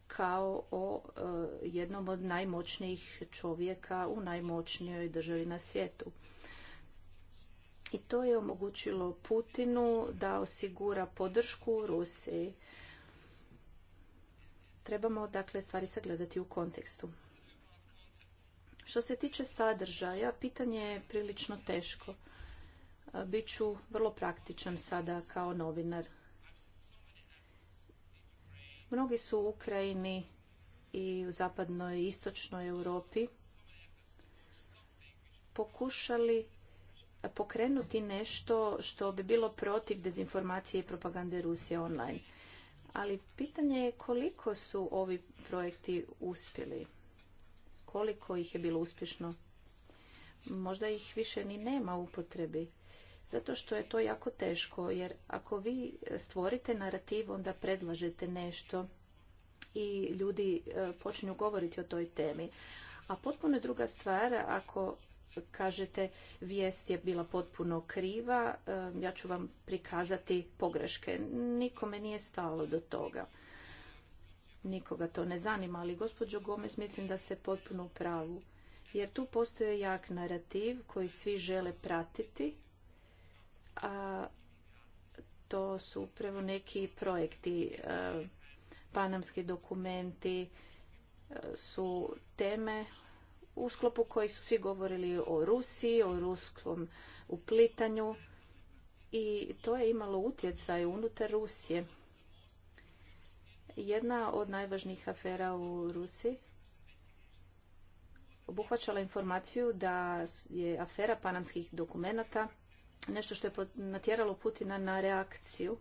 kao o e, jednom od najmoćnijih čovjeka u najmoćnijoj državi na svijetu. I to je omogućilo Putinu da osigura podršku Rusiji. Trebamo dakle stvari sagledati u kontekstu. Što se tiče sadržaja, pitanje je prilično teško. E, Biću vrlo praktičan sada kao novinar. Mnogi su u Ukrajini i u zapadnoj i istočnoj Europi pokušali pokrenuti nešto što bi bilo protiv dezinformacije i propagande Rusije online. Ali pitanje je koliko su ovi projekti uspjeli koliko ih je bilo uspješno. Možda ih više ni nema u upotrebi. Zato što je to jako teško, jer ako vi stvorite narativ, onda predlažete nešto i ljudi e, počinju govoriti o toj temi. A potpuno druga stvar ako kažete vijest je bila potpuno kriva, e, ja ću vam prikazati pogreške. Nikome nije stalo do toga nikoga to ne zanima, ali gospođo Gomez mislim da ste potpuno u pravu. Jer tu postoji jak narativ koji svi žele pratiti, a to su upravo neki projekti, e, panamski dokumenti e, su teme u sklopu kojih su svi govorili o Rusiji, o ruskom uplitanju i to je imalo utjecaj unutar Rusije. Jedna od najvažnijih afera u Rusiji obuhvaćala informaciju da je afera panamskih dokumenata nešto što je natjeralo Putina na reakciju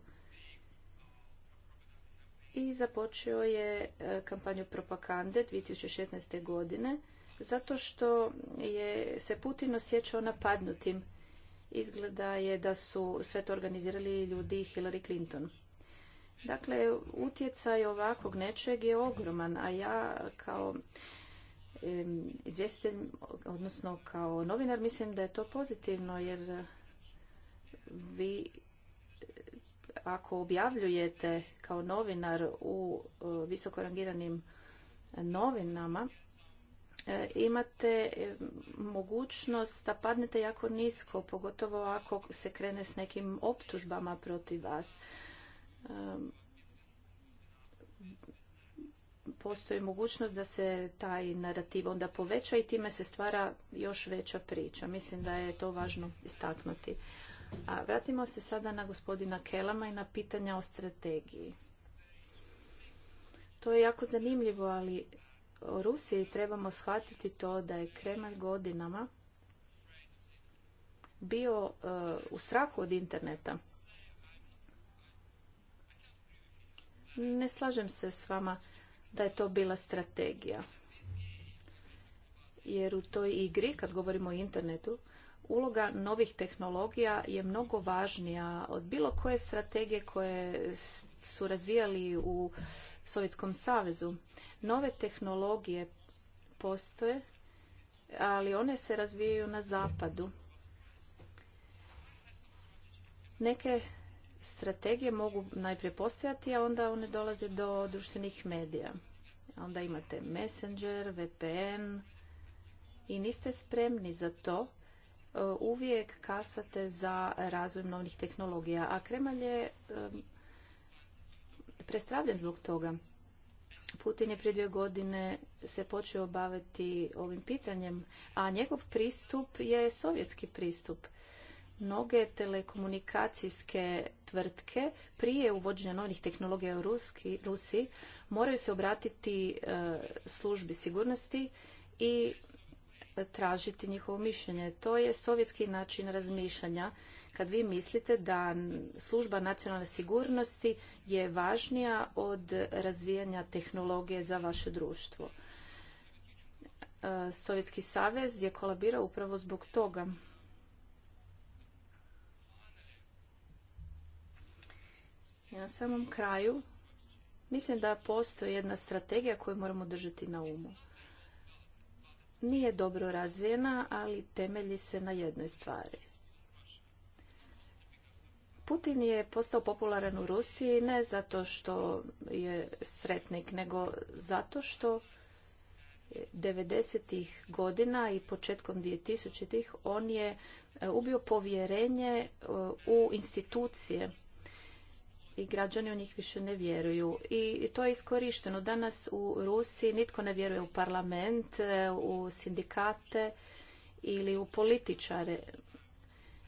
i započeo je e, kampanju propagande 2016. godine zato što je se Putin osjećao napadnutim. Izgleda je da su sve to organizirali ljudi Hillary Clinton. Dakle, utjecaj ovakvog nečeg je ogroman, a ja kao izvjestitelj, odnosno kao novinar, mislim da je to pozitivno, jer vi ako objavljujete kao novinar u e, visoko rangiranim novinama, e, imate e, mogućnost da padnete jako nisko, pogotovo ako se krene s nekim optužbama protiv vas postoji mogućnost da se taj narativ onda poveća i time se stvara još veća priča. Mislim da je to važno istaknuti. A vratimo se sada na gospodina Kelama i na pitanja o strategiji. To je jako zanimljivo, ali o Rusiji trebamo shvatiti to da je Kreml godinama bio eh, u strahu od interneta. Ne slažem se s vama da je to bila strategija. Jer u toj igri, kad govorimo o internetu, uloga novih tehnologija je mnogo važnija od bilo koje strategije koje su razvijali u Sovjetskom savezu. Nove tehnologije postoje, ali one se razvijaju na zapadu. Neke strategije mogu najprije postojati, a onda one dolaze do društvenih medija. Onda imate Messenger, VPN i niste spremni za to. E, uvijek kasate za razvoj novih tehnologija, a Kremalj je e, prestravljen zbog toga. Putin je prije dvije godine se počeo baviti ovim pitanjem, a njegov pristup je sovjetski pristup mnoge telekomunikacijske tvrtke prije uvođenja novih tehnologija u Rusiji moraju se obratiti e, službi sigurnosti i tražiti njihovo mišljenje. To je sovjetski način razmišljanja kad vi mislite da služba nacionalne sigurnosti je važnija od razvijanja tehnologije za vaše društvo. E, sovjetski savez je kolabirao upravo zbog toga. I na samom kraju mislim da postoji jedna strategija koju moramo držati na umu. Nije dobro razvijena, ali temelji se na jednoj stvari. Putin je postao popularan u Rusiji ne zato što je sretnik, nego zato što 90 godina i početkom 2000 on je e, ubio povjerenje e, u institucije i građani u njih više ne vjeruju. I to je iskorišteno. Danas u Rusiji nitko ne vjeruje u parlament, e, u sindikate ili u političare.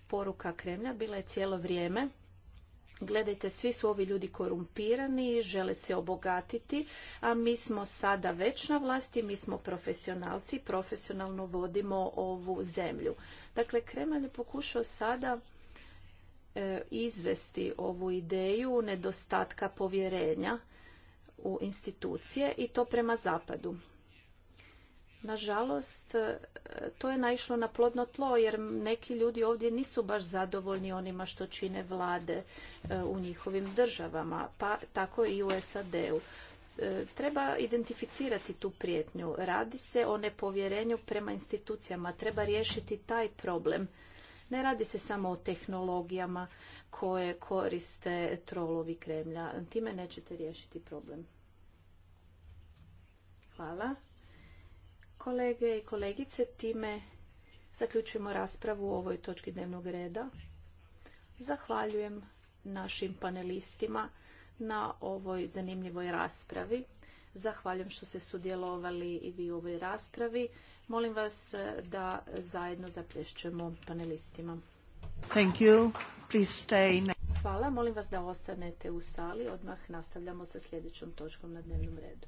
Poruka Kremlja bila je cijelo vrijeme gledajte, svi su ovi ljudi korumpirani, žele se obogatiti, a mi smo sada već na vlasti, mi smo profesionalci, profesionalno vodimo ovu zemlju. Dakle, Kremlj je pokušao sada E, izvesti ovu ideju nedostatka povjerenja u institucije i to prema zapadu. Nažalost, e, to je naišlo na plodno tlo jer neki ljudi ovdje nisu baš zadovoljni onima što čine vlade e, u njihovim državama, pa tako i u SAD-u. Treba identificirati tu prijetnju. Radi se o nepovjerenju prema institucijama. Treba riješiti taj problem ne radi se samo o tehnologijama koje koriste trolovi Kremlja. Time nećete riješiti problem. Hvala. Kolege i kolegice, time zaključujemo raspravu o ovoj točki dnevnog reda. Zahvaljujem našim panelistima na ovoj zanimljivoj raspravi. Zahvaljujem što ste sudjelovali i vi u ovoj raspravi. Molim vas e, da zajedno zaplješćemo panelistima. Thank you. Please stay. Hvala. Molim vas da ostanete u sali. Odmah nastavljamo sa sljedećom točkom na dnevnom redu.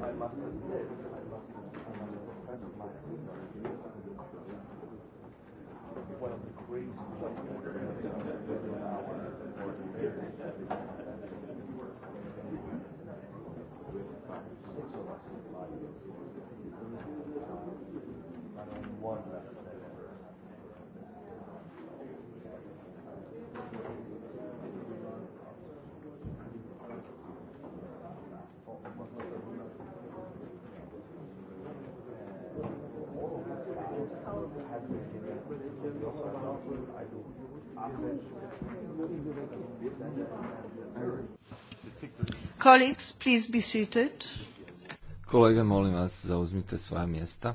one of the Colleagues, please be seated. Kolege, molim vas, zauzmite svoja mjesta.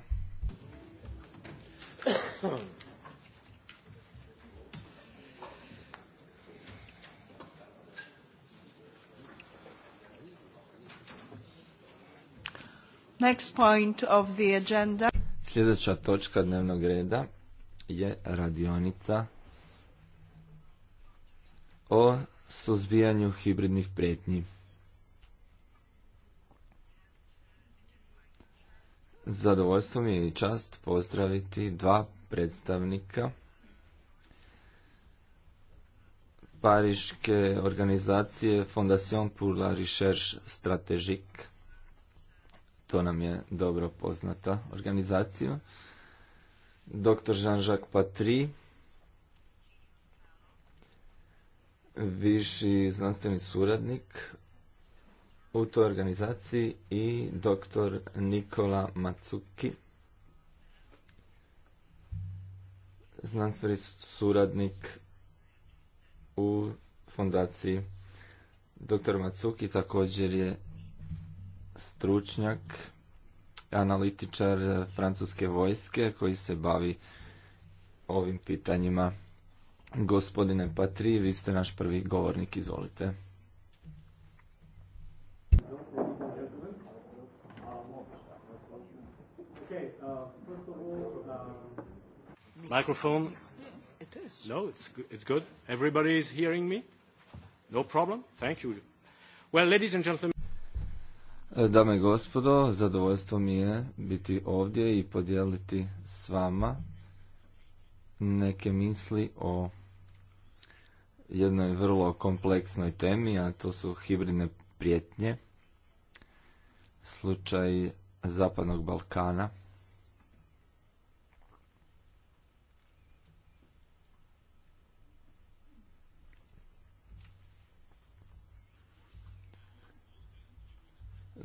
Next point of the agenda. Sljedeća točka dnevnog reda je radionica o suzbijanju hibridnih prijetnji. Zadovoljstvo mi je i čast pozdraviti dva predstavnika Pariške organizacije Fondation pour la Recherche Stratégique. To nam je dobro poznata organizacija. Dr. Jean-Jacques Patry, viši znanstveni suradnik u toj organizaciji i dr. Nikola Macuki, znanstveni suradnik u fondaciji. Dr. Macuki također je stručnjak analitičar eh, francuske vojske koji se bavi ovim pitanjima. Gospodine Patri, vi ste naš prvi govornik, izvolite. Mikrofon? It is. No, it's good. It's good. Everybody is hearing me. No problem. Thank you. Well, ladies and gentlemen. Dame i gospodo, zadovoljstvo mi je biti ovdje i podijeliti s vama neke misli o jednoj vrlo kompleksnoj temi, a to su hibridne prijetnje, slučaj Zapadnog Balkana.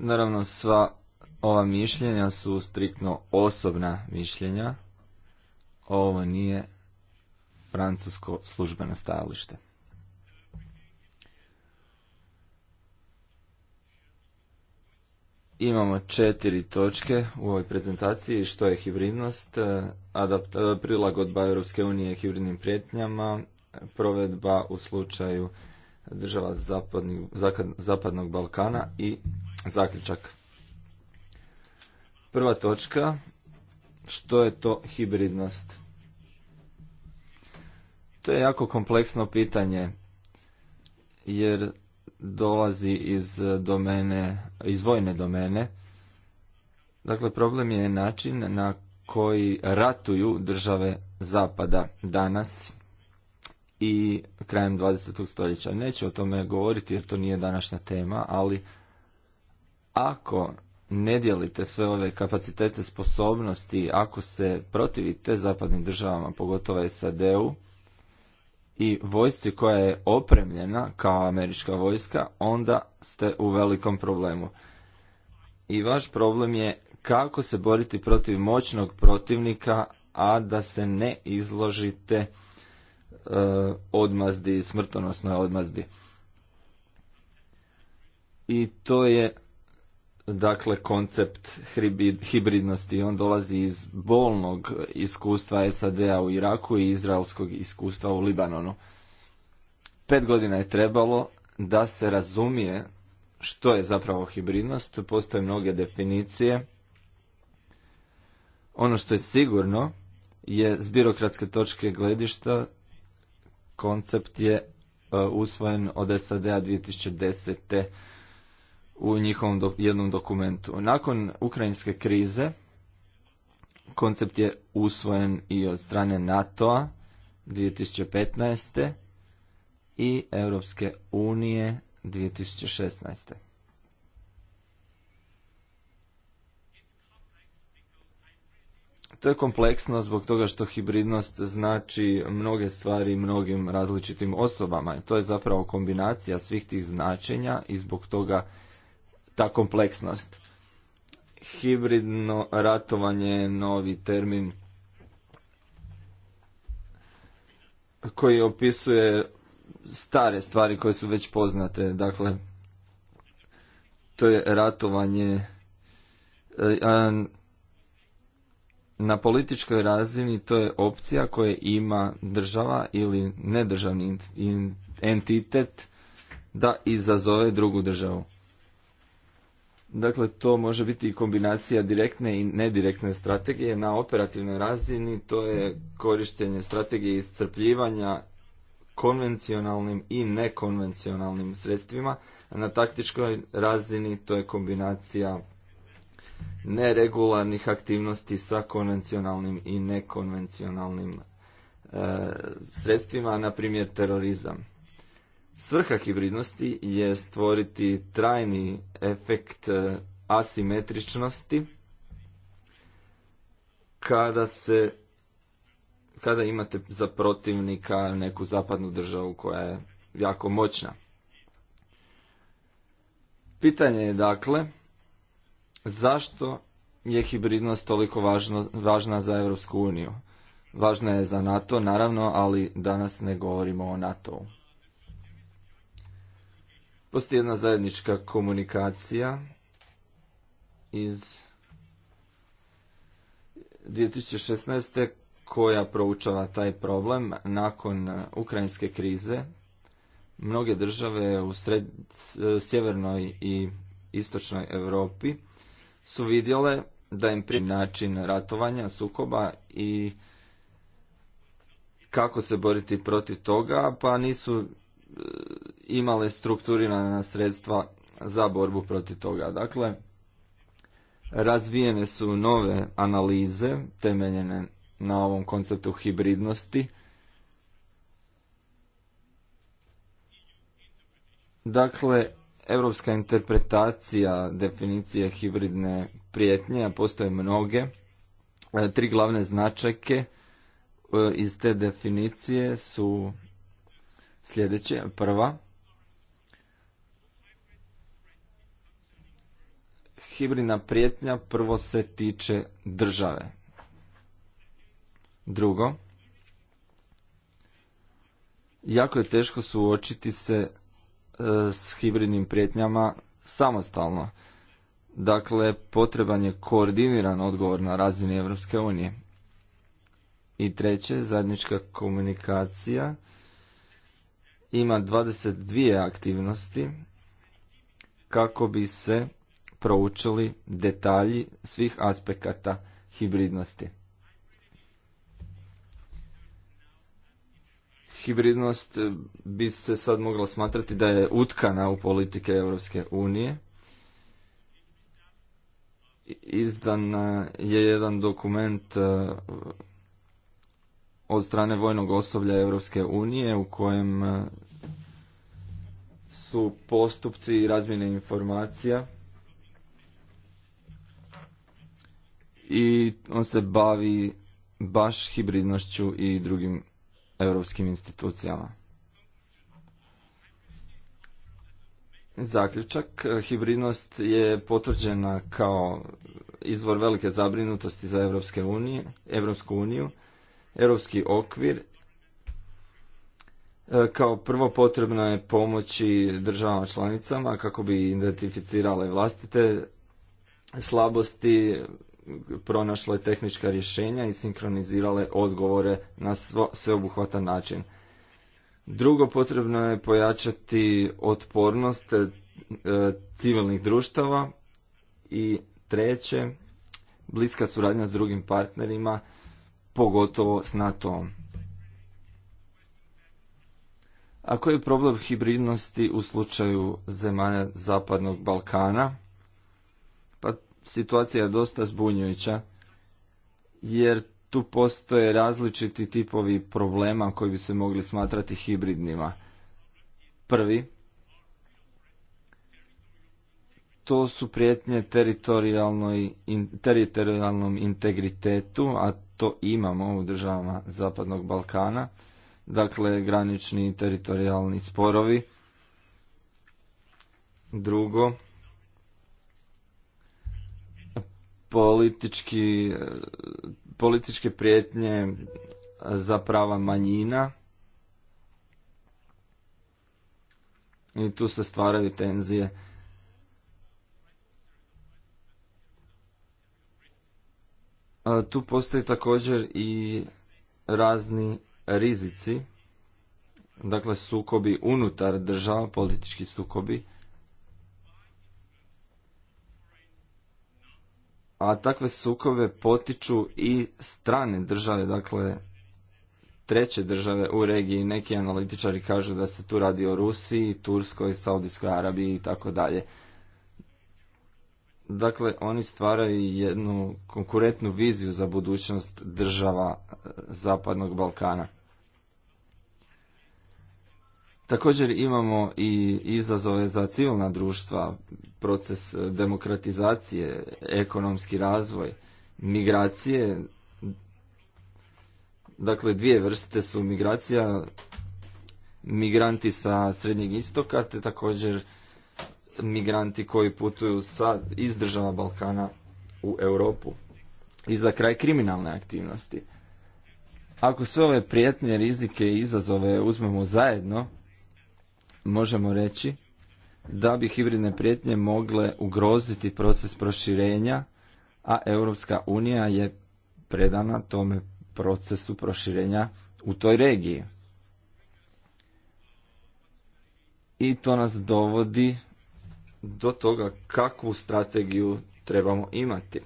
Naravno, sva ova mišljenja su striktno osobna mišljenja. Ovo nije francusko službeno stajalište. Imamo četiri točke u ovoj prezentaciji, što je hibridnost, e, adapt, e, prilagodba Europske unije hibridnim prijetnjama, provedba u slučaju država zapadnog Balkana i zaključak. Prva točka, što je to hibridnost? To je jako kompleksno pitanje, jer dolazi iz domene, iz vojne domene. Dakle, problem je način na koji ratuju države zapada danas i krajem 20. stoljeća. Neću o tome govoriti jer to nije današnja tema, ali ako ne dijelite sve ove kapacitete sposobnosti, ako se protivite zapadnim državama, pogotovo SAD-u, i vojsci koja je opremljena kao američka vojska, onda ste u velikom problemu. I vaš problem je kako se boriti protiv moćnog protivnika, a da se ne izložite e, odmazdi, smrtonosnoj odmazdi. I to je dakle koncept hibridnosti. On dolazi iz bolnog iskustva SAD-a u Iraku i izraelskog iskustva u Libanonu. Pet godina je trebalo da se razumije što je zapravo hibridnost. Postoje mnoge definicije. Ono što je sigurno je s birokratske točke gledišta koncept je e, usvojen od SAD-a 2010 u njihovom do, jednom dokumentu. Nakon ukrajinske krize koncept je usvojen i od strane NATO-a 2015. i Europske unije 2016. To je kompleksno zbog toga što hibridnost znači mnoge stvari mnogim različitim osobama. to je zapravo kombinacija svih tih značenja i zbog toga ta kompleksnost. Hibridno ratovanje je novi termin koji opisuje stare stvari koje su već poznate. Dakle, to je ratovanje e, na političkoj razini to je opcija koje ima država ili nedržavni entitet da izazove drugu državu. Dakle, to može biti i kombinacija direktne i nedirektne strategije. Na operativnoj razini to je korištenje strategije iscrpljivanja konvencionalnim i nekonvencionalnim sredstvima. Na taktičkoj razini to je kombinacija neregularnih aktivnosti sa konvencionalnim i nekonvencionalnim e, sredstvima, na primjer terorizam. Svrha hibridnosti je stvoriti trajni efekt e, asimetričnosti kada se kada imate za protivnika neku zapadnu državu koja je jako moćna. Pitanje je dakle zašto je hibridnost toliko važna za Europsku uniju? Važna je za NATO, naravno, ali danas ne govorimo o NATO-u. Postoji jedna zajednička komunikacija iz 2016. koja proučava taj problem nakon ukrajinske krize. Mnoge države u sred, sjevernoj i istočnoj Europi su vidjele da im prije način ratovanja, sukoba i kako se boriti protiv toga, pa nisu imale strukturirana sredstva za borbu protiv toga. Dakle, razvijene su nove analize temeljene na ovom konceptu hibridnosti. Dakle, evropska interpretacija definicije hibridne prijetnje, a postoje mnoge, e, tri glavne značajke e, iz te definicije su sljedeće. Prva, hibridna prijetnja prvo se tiče države. Drugo, jako je teško suočiti se e, s hibridnim prijetnjama samostalno. Dakle, potreban je koordiniran odgovor na razini Europske unije. I treće, zajednička komunikacija ima 22 aktivnosti kako bi se proučili detalji svih aspekata hibridnosti. Hibridnost eh, bi se sad mogla smatrati da je utkana u politike Europske unije. Izdan je jedan dokument eh, od strane vojnog osoblja Europske unije u kojem eh, su postupci i razmjene informacija i on se bavi baš hibridnošću i drugim europskim institucijama. Zaključak, hibridnost je potvrđena kao izvor velike zabrinutosti za Evropske unije, Evropsku uniju, Europski okvir. E, kao prvo potrebno je pomoći državama članicama kako bi identificirale vlastite slabosti, pronašle tehnička rješenja i sinkronizirale odgovore na svo, sveobuhvatan način. Drugo, potrebno je pojačati otpornost e, civilnih društava i treće, bliska suradnja s drugim partnerima, pogotovo s NATO-om. Ako je problem hibridnosti u slučaju zemalja Zapadnog Balkana, situacija dosta zbunjujuća, jer tu postoje različiti tipovi problema koji bi se mogli smatrati hibridnima. Prvi, to su prijetnje teritorijalnom integritetu, a to imamo u državama Zapadnog Balkana, dakle granični teritorijalni sporovi. Drugo, političke prijetnje za prava manjina. I tu se stvaraju tenzije. tu postoji također i razni rizici, dakle sukobi unutar država, politički sukobi. a takve sukove potiču i strane države, dakle treće države u regiji. Neki analitičari kažu da se tu radi o Rusiji, Turskoj, Saudijskoj Arabiji i tako dalje. Dakle, oni stvaraju jednu konkurentnu viziju za budućnost država eh, Zapadnog Balkana. Također imamo i izazove za civilna društva, proces e, demokratizacije, ekonomski razvoj, migracije. Dakle, dvije vrste su migracija, migranti sa Srednjeg istoka, te također migranti koji putuju iz država Balkana u Europu. I za kraj kriminalne aktivnosti. Ako sve ove prijetnje, rizike i izazove uzmemo zajedno, možemo reći da bi hibridne prijetnje mogle ugroziti proces proširenja, a Europska unija je predana tome procesu proširenja u toj regiji. I to nas dovodi do toga kakvu strategiju trebamo imati.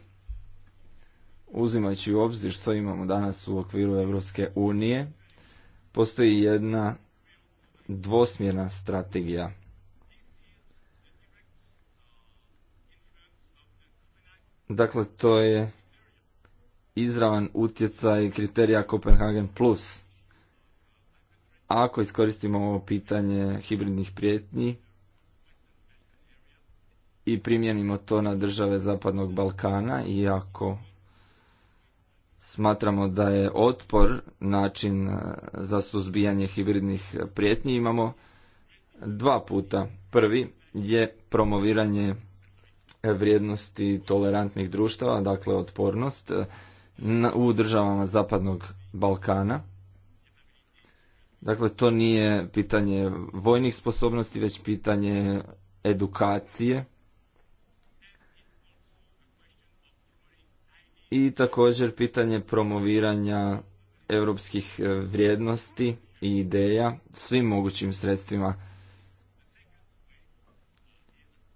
Uzimajući u obzir što imamo danas u okviru Europske unije, postoji jedna dvosmjerna strategija. Dakle, to je izravan utjecaj kriterija Copenhagen Plus. Ako iskoristimo ovo pitanje hibridnih prijetnji i primjenimo to na države Zapadnog Balkana i ako Smatramo da je otpor način eh, za suzbijanje hibridnih prijetnji. Imamo dva puta. Prvi je promoviranje vrijednosti tolerantnih društava, dakle otpornost eh, u državama Zapadnog Balkana. Dakle, to nije pitanje vojnih sposobnosti, već pitanje edukacije i također pitanje promoviranja europskih e, vrijednosti i ideja svim mogućim sredstvima.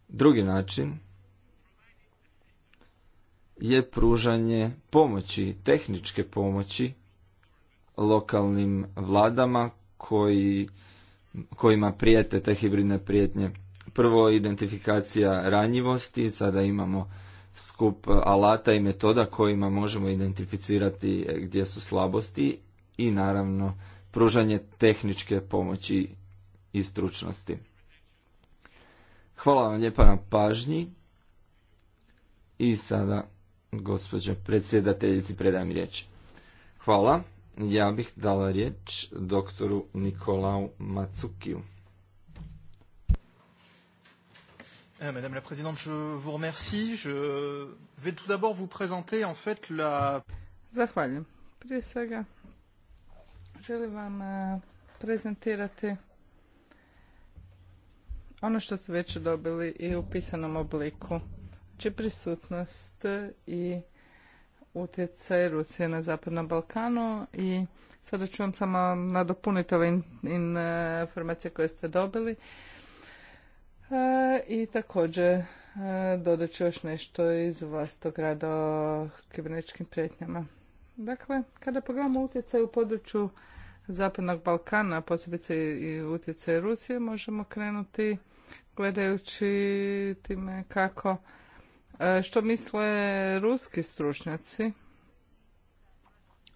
Drugi način je pružanje pomoći, tehničke pomoći lokalnim vladama koji, kojima prijete te hibridne prijetnje. Prvo identifikacija ranjivosti, sada imamo skup alata i metoda kojima možemo identificirati e, gdje su slabosti i naravno pružanje tehničke pomoći i stručnosti. Hvala vam lijepa na pažnji i sada gospođo predsjedateljici predajem riječ. Hvala. Ja bih dala riječ doktoru Nikolau Macukiju. Euh, Madame la Présidente, je vous remercie. Je vais tout d'abord vous présenter en fait la... Zahvaljujem. Prije svega želim vam e, prezentirati ono što ste već dobili i u pisanom obliku. Znači prisutnost i utjecaj Rusije na Zapadnom Balkanu i sada ću vam samo nadopuniti ove informacije koje ste dobili. E, I također e, dodat ću još nešto iz vlastog rada o kibernetičkim prijetnjama. Dakle, kada pogledamo utjecaj u području Zapadnog Balkana, posebice i utjecaj Rusije, možemo krenuti gledajući time kako e, što misle ruski stručnjaci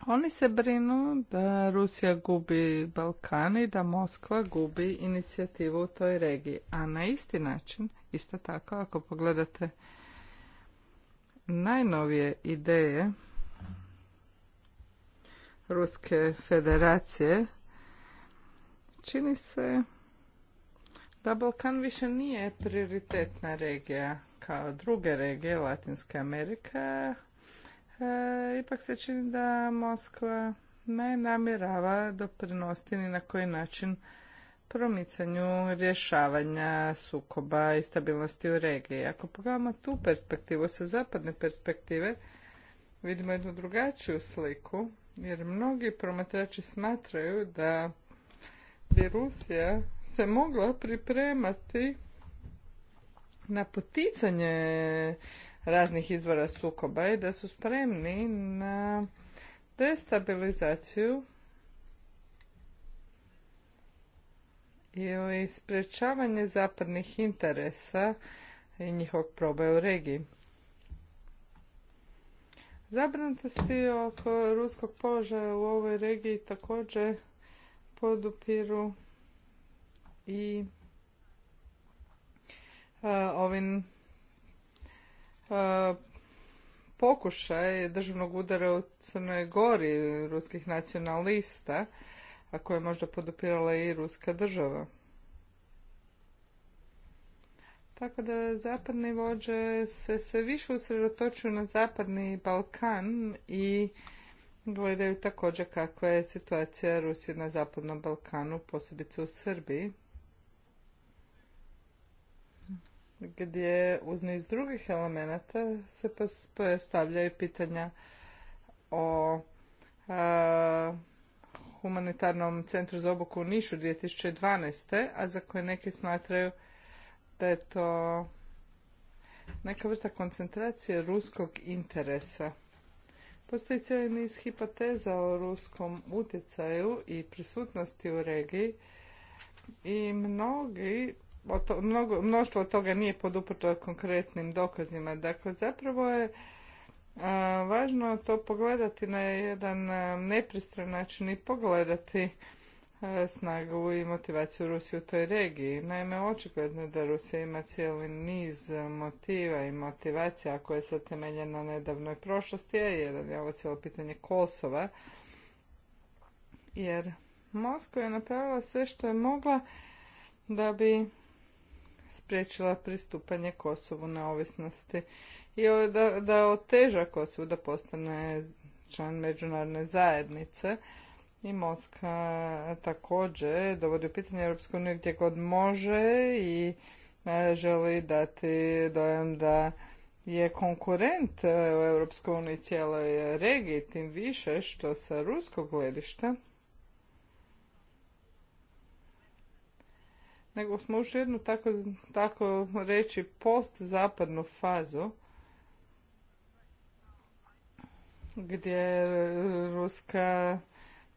oni se brinu da Rusija gubi Balkan i da Moskva gubi inicijativu u toj regiji. A na isti način, isto tako, ako pogledate najnovije ideje Ruske federacije, čini se da Balkan više nije prioritetna regija kao druge regije Latinska Amerika, E, ipak se čini da Moskva ne namjerava doprinosti ni na koji način promicanju rješavanja sukoba i stabilnosti u regiji. Ako pogledamo tu perspektivu sa zapadne perspektive, vidimo jednu drugačiju sliku, jer mnogi promatrači smatraju da bi Rusija se mogla pripremati na poticanje raznih izvora sukoba i da su spremni na destabilizaciju ili sprječavanje zapadnih interesa i njihovog probaja u regiji. Zabrinutosti oko ruskog položaja u ovoj regiji također podupiru i E, ovim e, pokušaj državnog udara u Crnoj Gori ruskih nacionalista, a koje je možda podupirala i ruska država. Tako da zapadni vođe se sve više usredotočuju na zapadni Balkan i gledaju također kakva je situacija Rusije na zapadnom Balkanu, posebice u Srbiji. gdje uz niz drugih elemenata se postavljaju pitanja o e, humanitarnom centru za obuku u Nišu 2012. a za koje neki smatraju da je to neka vrsta koncentracije ruskog interesa. Postoji cijeli niz hipoteza o ruskom utjecaju i prisutnosti u regiji i mnogi mnoštvo toga nije poduprto konkretnim dokazima. Dakle, zapravo je važno to pogledati na jedan nepristran način i pogledati snagu i motivaciju Rusije u toj regiji. Naime, očigledno je da Rusija ima cijeli niz motiva i motivacija koje se temelje na nedavnoj prošlosti, a e, jedan je ovo cijelo pitanje Kosova. Jer Moskva je napravila sve što je mogla da bi spriječila pristupanje Kosovu neovisnosti i da, da oteža Kosovu da postane član međunarodne zajednice. I Moskva također dovodi u pitanje Europsku uniju gdje god može i e, želi dati dojam da je konkurent e, u Europskoj uniji cijeloj regiji, tim više što sa ruskog gledišta nego smo ušli jednu tako, tako reći post-zapadnu fazu gdje ruska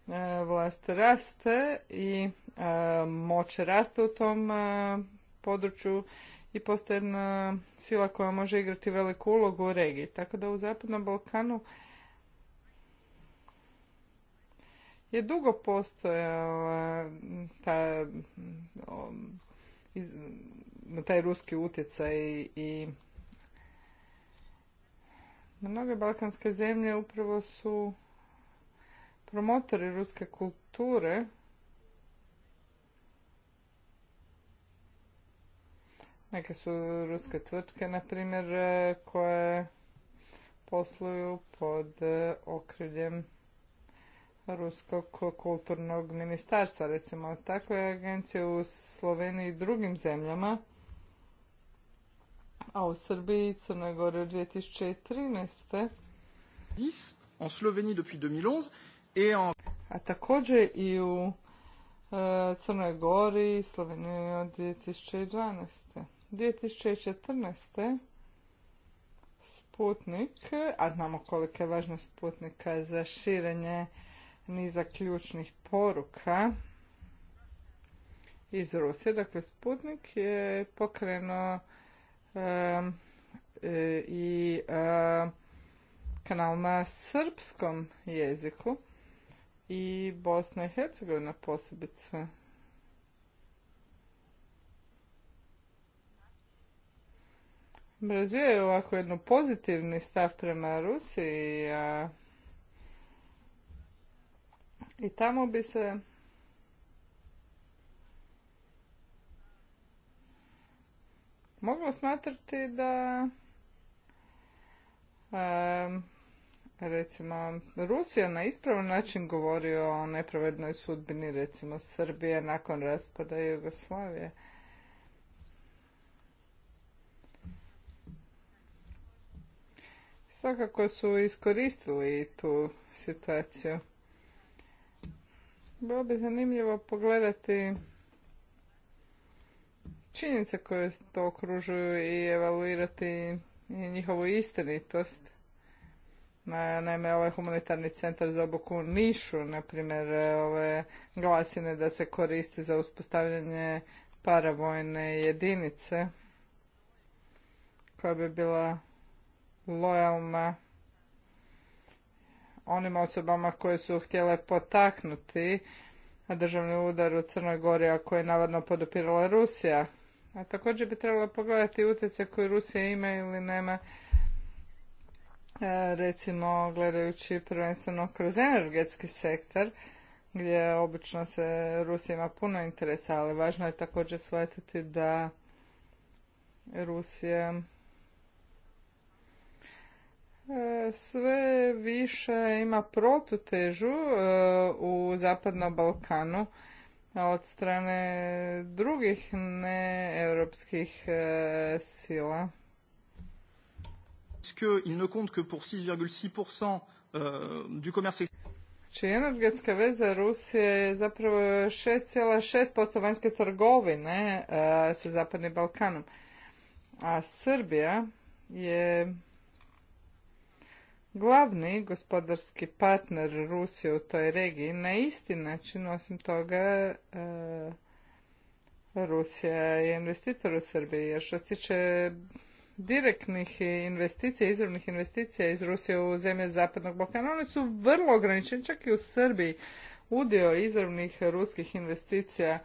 e, vlast raste i e, moć raste u tom e, području i postoje jedna sila koja može igrati veliku ulogu u regiji. Tako da u Zapadnom Balkanu je dugo postoje ta, taj ruski utjecaj i mnoge balkanske zemlje upravo su promotori ruske kulture neke su ruske tvrtke na primjer e, koje posluju pod e, okriljem ruskog kulturnog ministarstva, recimo takve agencije u Sloveniji i drugim zemljama, a u Srbiji i Crnoj Gori od 2013. en Sloveniji depuis 2011 A također i u e, Crnoj Gori i Sloveniji od 2012. 2014. Sputnik, a znamo koliko je važno Sputnika za širenje niza ključnih poruka iz Rusije. Dakle, Sputnik je pokrenuo e, i e, kanal na srpskom jeziku i Bosna i Hercegovina posebice. Razvijaju ovako jednu pozitivni stav prema Rusiji, a i tamo bi se moglo smatrati da recimo Rusija na ispravan način govori o nepravednoj sudbini recimo Srbije nakon raspada Jugoslavije. Svakako su iskoristili tu situaciju. Bilo bi zanimljivo pogledati činjenice koje to okružuju i evaluirati njihovu istinitost. Naime, ovaj humanitarni centar za obuku Nišu, na primjer, ove glasine da se koristi za uspostavljanje paravojne jedinice koja bi bila lojalna onim osobama koje su htjele potaknuti državni udar u Crnoj Gori, a koje je navodno podupirala Rusija. A također bi trebalo pogledati utjecaj koji Rusija ima ili nema e, recimo gledajući prvenstveno kroz energetski sektor gdje obično se Rusija ima puno interesa, ali važno je također shvatiti da Rusija E, sve više ima protutežu e, u Zapadnom Balkanu od strane drugih neeuropskih e, sila. Euh, Čija znači, energetska veza Rusije je zapravo 6,6% vanjske trgovine sa Zapadnim Balkanom. A Srbija je glavni gospodarski partner Rusije u toj regiji. Na isti način, osim toga, e, Rusija je investitor u Srbiji, jer što se tiče direktnih investicija, izravnih investicija iz Rusije u zemlje Zapadnog Balkana, one su vrlo ograničene, čak i u Srbiji. Udio izravnih ruskih investicija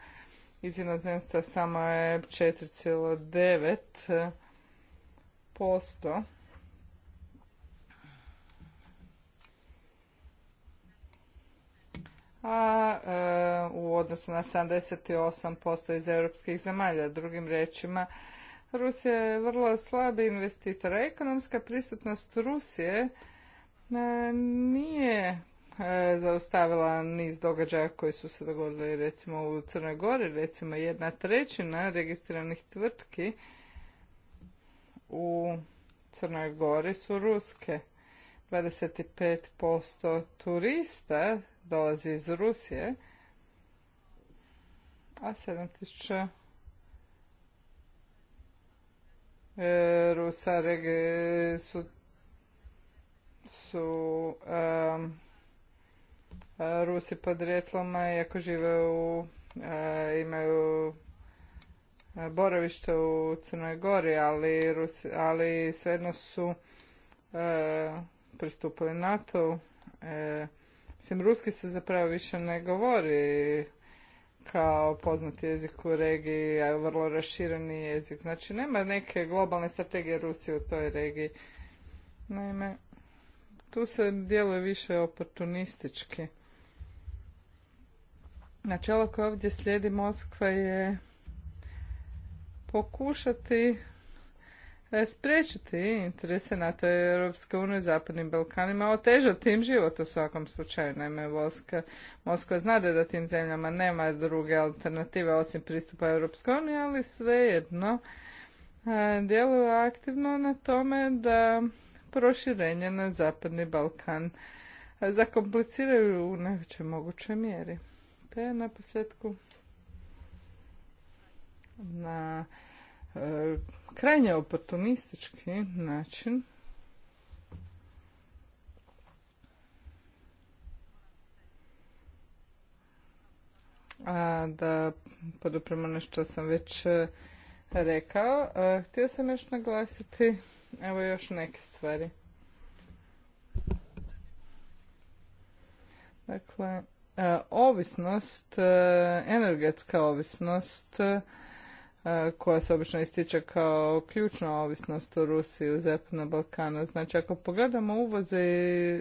iz inozemstva samo je 4,9 posto a e, u odnosu na 78% iz europskih zemalja. Drugim riječima, Rusija je vrlo slabi investitor. Ekonomska prisutnost Rusije e, nije e, zaustavila niz događaja koji su se dogodili recimo u Crnoj Gori, recimo jedna trećina registriranih tvrtki u Crnoj Gori su ruske. 25% turista dolazi iz Rusije, a 7000 e, Rusa su, su e, pod Rusi iako žive u, e, imaju boravište u Crnoj Gori, ali, svejedno su pristupili NATO-u. Mislim, ruski se zapravo više ne govori kao poznati jezik u regiji, a je vrlo rašireni jezik. Znači, nema neke globalne strategije Rusije u toj regiji. Naime, tu se djeluje više oportunistički. Načelo koje ovdje slijedi Moskva je pokušati E, spriječiti interese NATO i Europske unije zapadnim Balkanima, otežati tim život u svakom slučaju. Naime, Moskva, Moskva znade da tim zemljama nema druge alternative osim pristupa Europskoj uniji, ali svejedno e, djeluje aktivno na tome da proširenje na zapadni Balkan e, zakompliciraju u najvećoj mogućoj mjeri. Te na posljedku na krajnje oportunistički način a da podupremo nešto ono sam već e, rekao. E, htio sam još naglasiti evo još neke stvari. Dakle, e, ovisnost, energetska ovisnost E, koja se obično ističe kao ključna ovisnost u Rusiji u Zapadnom Balkanu. Znači ako pogledamo uvoze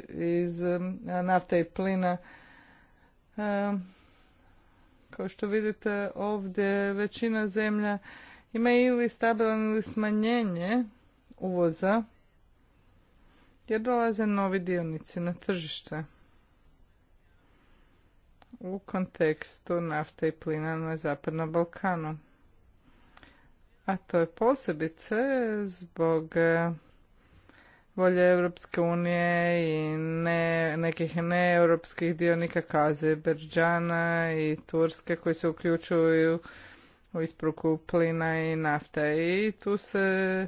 iz e, nafte i plina, e, kao što vidite ovdje većina zemlja ima ili stabilan ili smanjenje uvoza jer dolaze novi dionici na tržište u kontekstu nafte i plina na Zapadnom Balkanu a to je posebice zbog e, volje Europske unije i ne, nekih neeuropskih dionika kao i Turske koji se uključuju u isporuku plina i nafte i tu se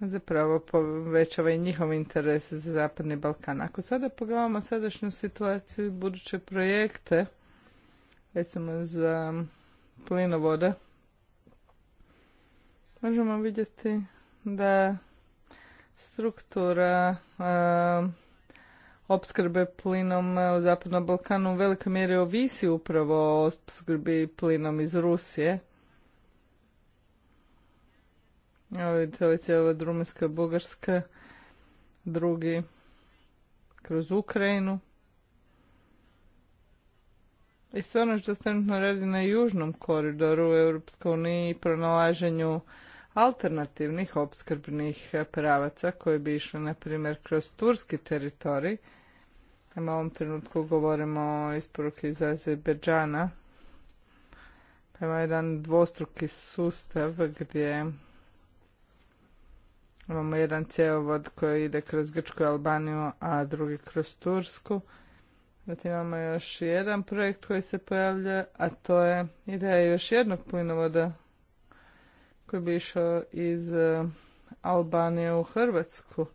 zapravo povećava i njihov interes za Zapadni Balkan. Ako sada pogledamo sadašnju situaciju i buduće projekte, recimo za plinovode, možemo vidjeti da struktura opskrbe plinom u Zapadnom Balkanu u velikoj mjeri ovisi upravo o opskrbi plinom iz Rusije. Evo vidite, ovo ovaj je Rumunjska, Bugarska, drugi kroz Ukrajinu. I sve ono što se trenutno radi na južnom koridoru u Europskoj uniji i pronalaženju alternativnih opskrbnih pravaca koji bi išli, na primjer, kroz turski teritorij. Na ovom trenutku govorimo o isporuki iz Azerbejdžana. Ima jedan dvostruki sustav gdje imamo jedan cjevovod koji ide kroz Grčku i Albaniju, a drugi kroz Tursku. Zatim imamo još jedan projekt koji se pojavlja, a to je ideja još jednog plinovoda koji bi išao iz e, Albanije u Hrvatsku,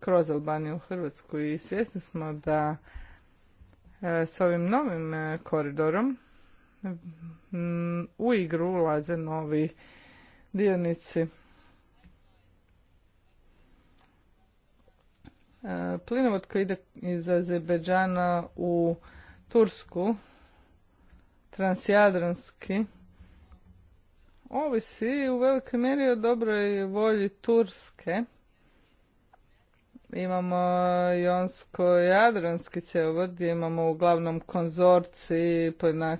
kroz Albaniju u Hrvatsku i svjesni smo da e, s ovim novim e, koridorom u igru ulaze novi dionici. Plinovod koji ide iz Azerbejdžana u Tursku, transjadranski, ovisi u velikoj mjeri o dobroj volji Turske. Imamo e, Jonsko-Jadranski cjevovod gdje imamo uglavnom konzorci po na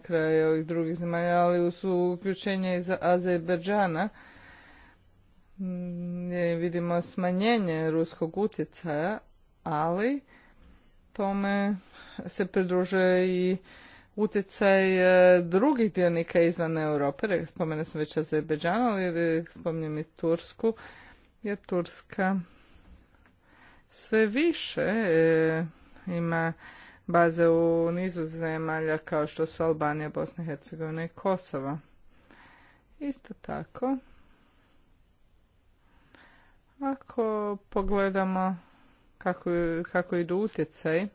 ovih drugih zemalja, ali uz uključenje iz Azerbeđana mm, vidimo smanjenje ruskog utjecaja, ali tome se pridružuje i utjecaj e, drugih dionika izvan Europe, spomenuo sam već Azerbeđan, ali e, spominjem i Tursku, jer Turska sve više e, ima baze u nizu zemalja kao što su Albanija, Bosna i Hercegovina i Kosova. Isto tako, ako pogledamo kako, kako idu utjecaj,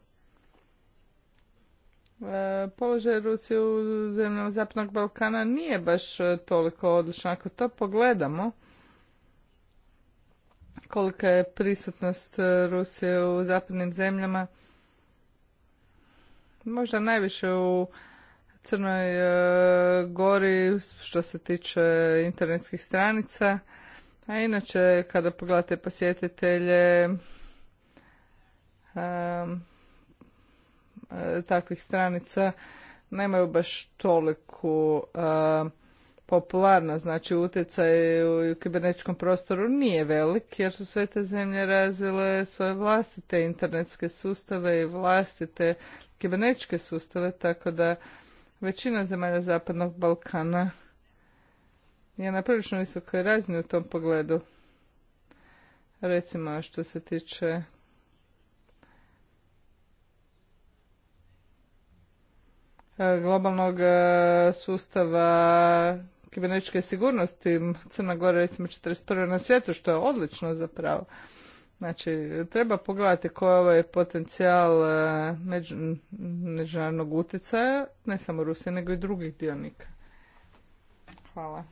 položaj Rusije u zemljama Zapadnog Balkana nije baš e, toliko odličan. Ako to pogledamo, kolika je prisutnost e, Rusije u zapadnim zemljama, možda najviše u Crnoj e, Gori što se tiče internetskih stranica, a inače kada pogledate posjetitelje, E, takvih stranica nemaju baš toliku e, popularnost, znači utjecaj u kibernetičkom prostoru nije velik jer su sve te zemlje razvile svoje vlastite internetske sustave i vlastite kibernetičke sustave, tako da većina zemalja Zapadnog Balkana je na prilično visokoj razini u tom pogledu. Recimo što se tiče globalnog e, sustava kibernetičke sigurnosti. Crna Gora recimo 41. na svijetu, što je odlično zapravo. Znači, treba pogledati koji je ovaj potencijal e, međunarodnog utjecaja, ne samo Rusije, nego i drugih dionika. Hvala.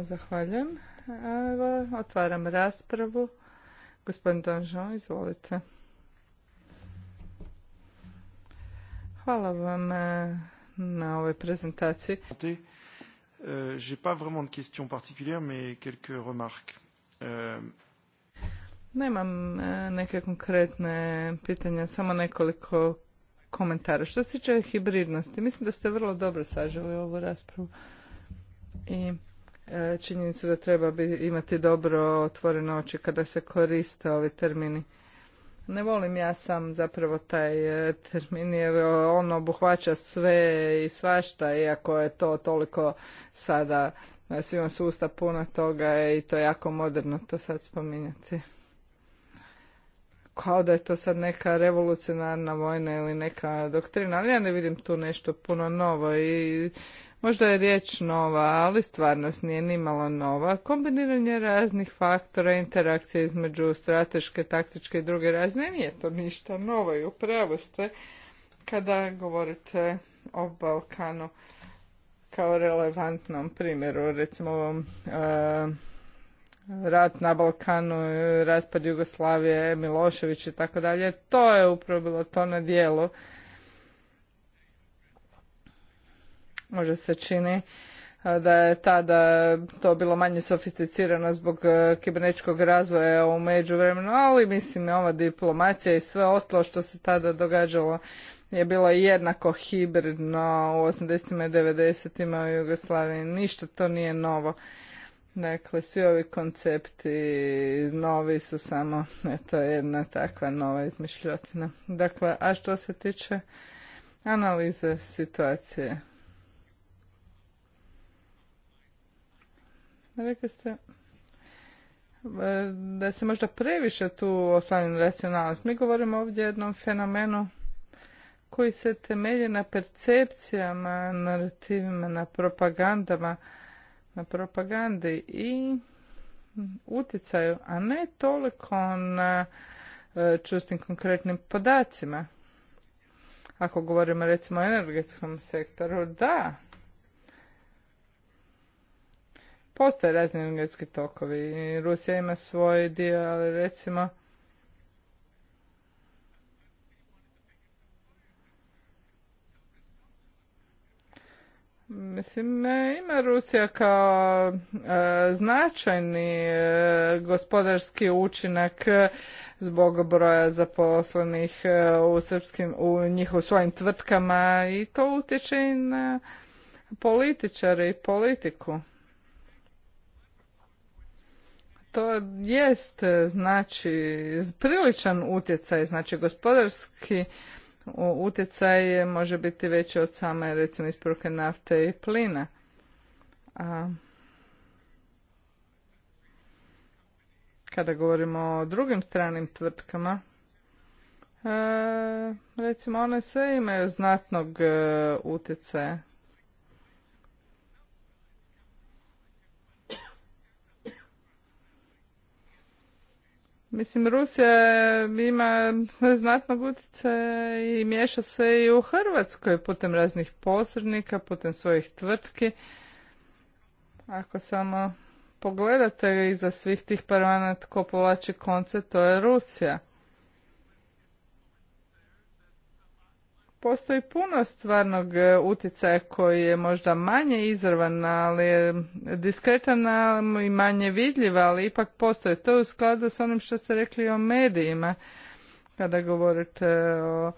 Zahvaljujem. Evo, otvaram raspravu. Gospodin Donžon, izvolite. Hvala vam eh, na ovoj prezentaciji. vraiment Nemam neke konkretne pitanja, samo nekoliko komentara. Što se tiče hibridnosti, mislim da ste vrlo dobro saželi ovu raspravu i eh, činjenicu da treba imati dobro otvorene oči kada se koriste ovi termini. Ne volim ja sam zapravo taj e, termin jer on obuhvaća sve i svašta iako je to toliko sada e, svima susta puno toga i to je jako moderno to sad spominjati. Kao da je to sad neka revolucionarna vojna ili neka doktrina, ali ja ne vidim tu nešto puno novo i Možda je riječ nova, ali stvarnost nije nimalo nova. Kombiniranje raznih faktora, interakcija između strateške, taktičke i druge razne, nije to ništa novo i upravo ste kada govorite o Balkanu kao relevantnom primjeru, recimo ovom e, rat na Balkanu, raspad Jugoslavije, Milošević i tako dalje, to je upravo bilo to na dijelu Može se čini e, da je tada to bilo manje sofisticirano zbog e, kibernetičkog razvoja u međuvremenu, ali mislim ova diplomacija i sve ostalo što se tada događalo je bilo jednako hibridno u 80. i 90. u Jugoslaviji. Ništa to nije novo. Dakle, svi ovi koncepti novi su samo eto, jedna takva nova izmišljotina. Dakle, a što se tiče analize situacije Rekli ste e, da se možda previše tu oslanja racionalnost. Mi govorimo ovdje o jednom fenomenu koji se temelji na percepcijama, narativima, na propagandama, na propagandi i utjecaju, a ne toliko na e, čustim konkretnim podacima. Ako govorimo recimo o energetskom sektoru, da, Postoje razni energetski tokovi. Rusija ima svoj dio, ali recimo... Mislim, e, ima Rusija kao e, značajni e, gospodarski učinak e, zbog broja zaposlenih u srpskim, u njihovim svojim tvrtkama i to utječe i na političare i politiku to jest e, znači priličan utjecaj, znači gospodarski utjecaj može biti veći od same recimo isporuke nafte i plina. A, kada govorimo o drugim stranim tvrtkama, e, recimo one sve imaju znatnog e, utjecaja. Mislim, Rusija ima znatnog utjecaja i miješa se i u Hrvatskoj putem raznih posrednika, putem svojih tvrtki. Ako samo pogledate iza svih tih parana tko povlači konce, to je Rusija. postoji puno stvarnog e, utjecaja koji je možda manje izravan, ali je diskretan i manje vidljiv, ali ipak postoje. To je u skladu s onim što ste rekli o medijima, kada govorite o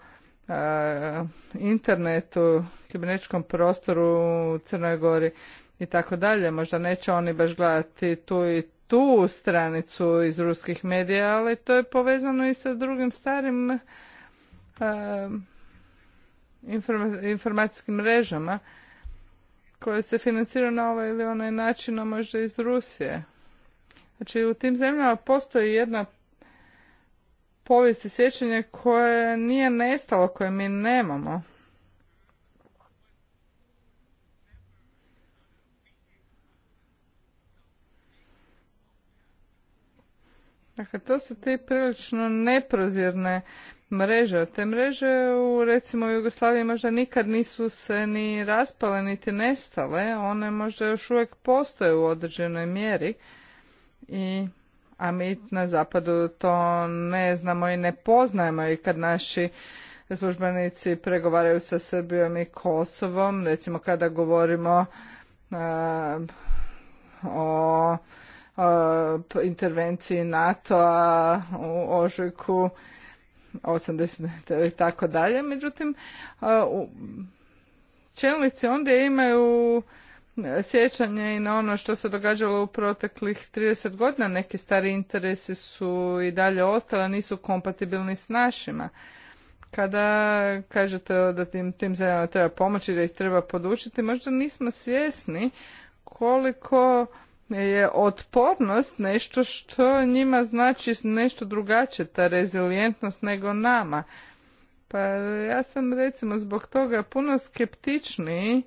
e, internetu, kibernetičkom prostoru u Crnoj Gori i tako dalje. Možda neće oni baš gledati tu i tu stranicu iz ruskih medija, ali to je povezano i sa drugim starim e, informacijskim mrežama koje se financiraju na ovaj ili onaj način, a možda iz Rusije. Znači u tim zemljama postoji jedna povijest i sjećanje koje nije nestalo, koje mi nemamo. Dakle, to su te prilično neprozirne mreže. Te mreže u recimo Jugoslaviji možda nikad nisu se ni raspale niti nestale, one možda još uvijek postoje u određenoj mjeri. I, a mi na zapadu to ne znamo i ne poznajemo i kad naši službenici pregovaraju sa Srbijom i Kosovom, recimo kada govorimo o, o intervenciji NATO-a u ožujku 80 i tako dalje. Međutim, čelnici onda imaju sjećanje i na ono što se događalo u proteklih 30 godina. Neki stari interesi su i dalje ostali, nisu kompatibilni s našima. Kada kažete da tim, tim zemljama treba pomoći, da ih treba podučiti, možda nismo svjesni koliko je otpornost nešto što njima znači nešto drugačije, ta rezilijentnost nego nama. Pa ja sam recimo zbog toga puno skeptičniji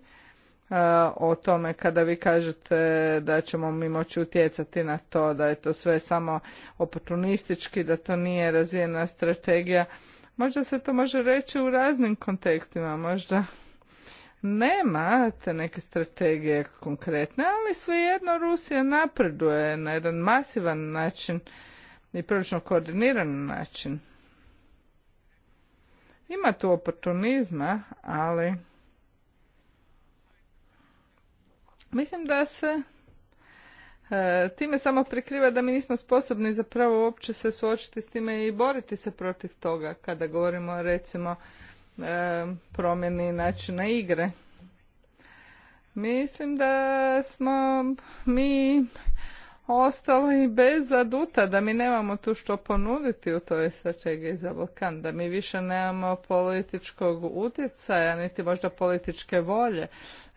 e, o tome kada vi kažete da ćemo mi moći utjecati na to, da je to sve samo oportunistički, da to nije razvijena strategija. Možda se to može reći u raznim kontekstima, možda nema te neke strategije konkretne, ali svejedno Rusija napreduje na jedan masivan način i prilično koordiniran način. Ima tu oportunizma, ali mislim da se e, time samo prikriva da mi nismo sposobni zapravo uopće se suočiti s time i boriti se protiv toga kada govorimo recimo E, promjeni načina igre. Mislim da smo mi ostali bez aduta, da mi nemamo tu što ponuditi u toj strategiji za Balkan, da mi više nemamo političkog utjecaja, niti možda političke volje.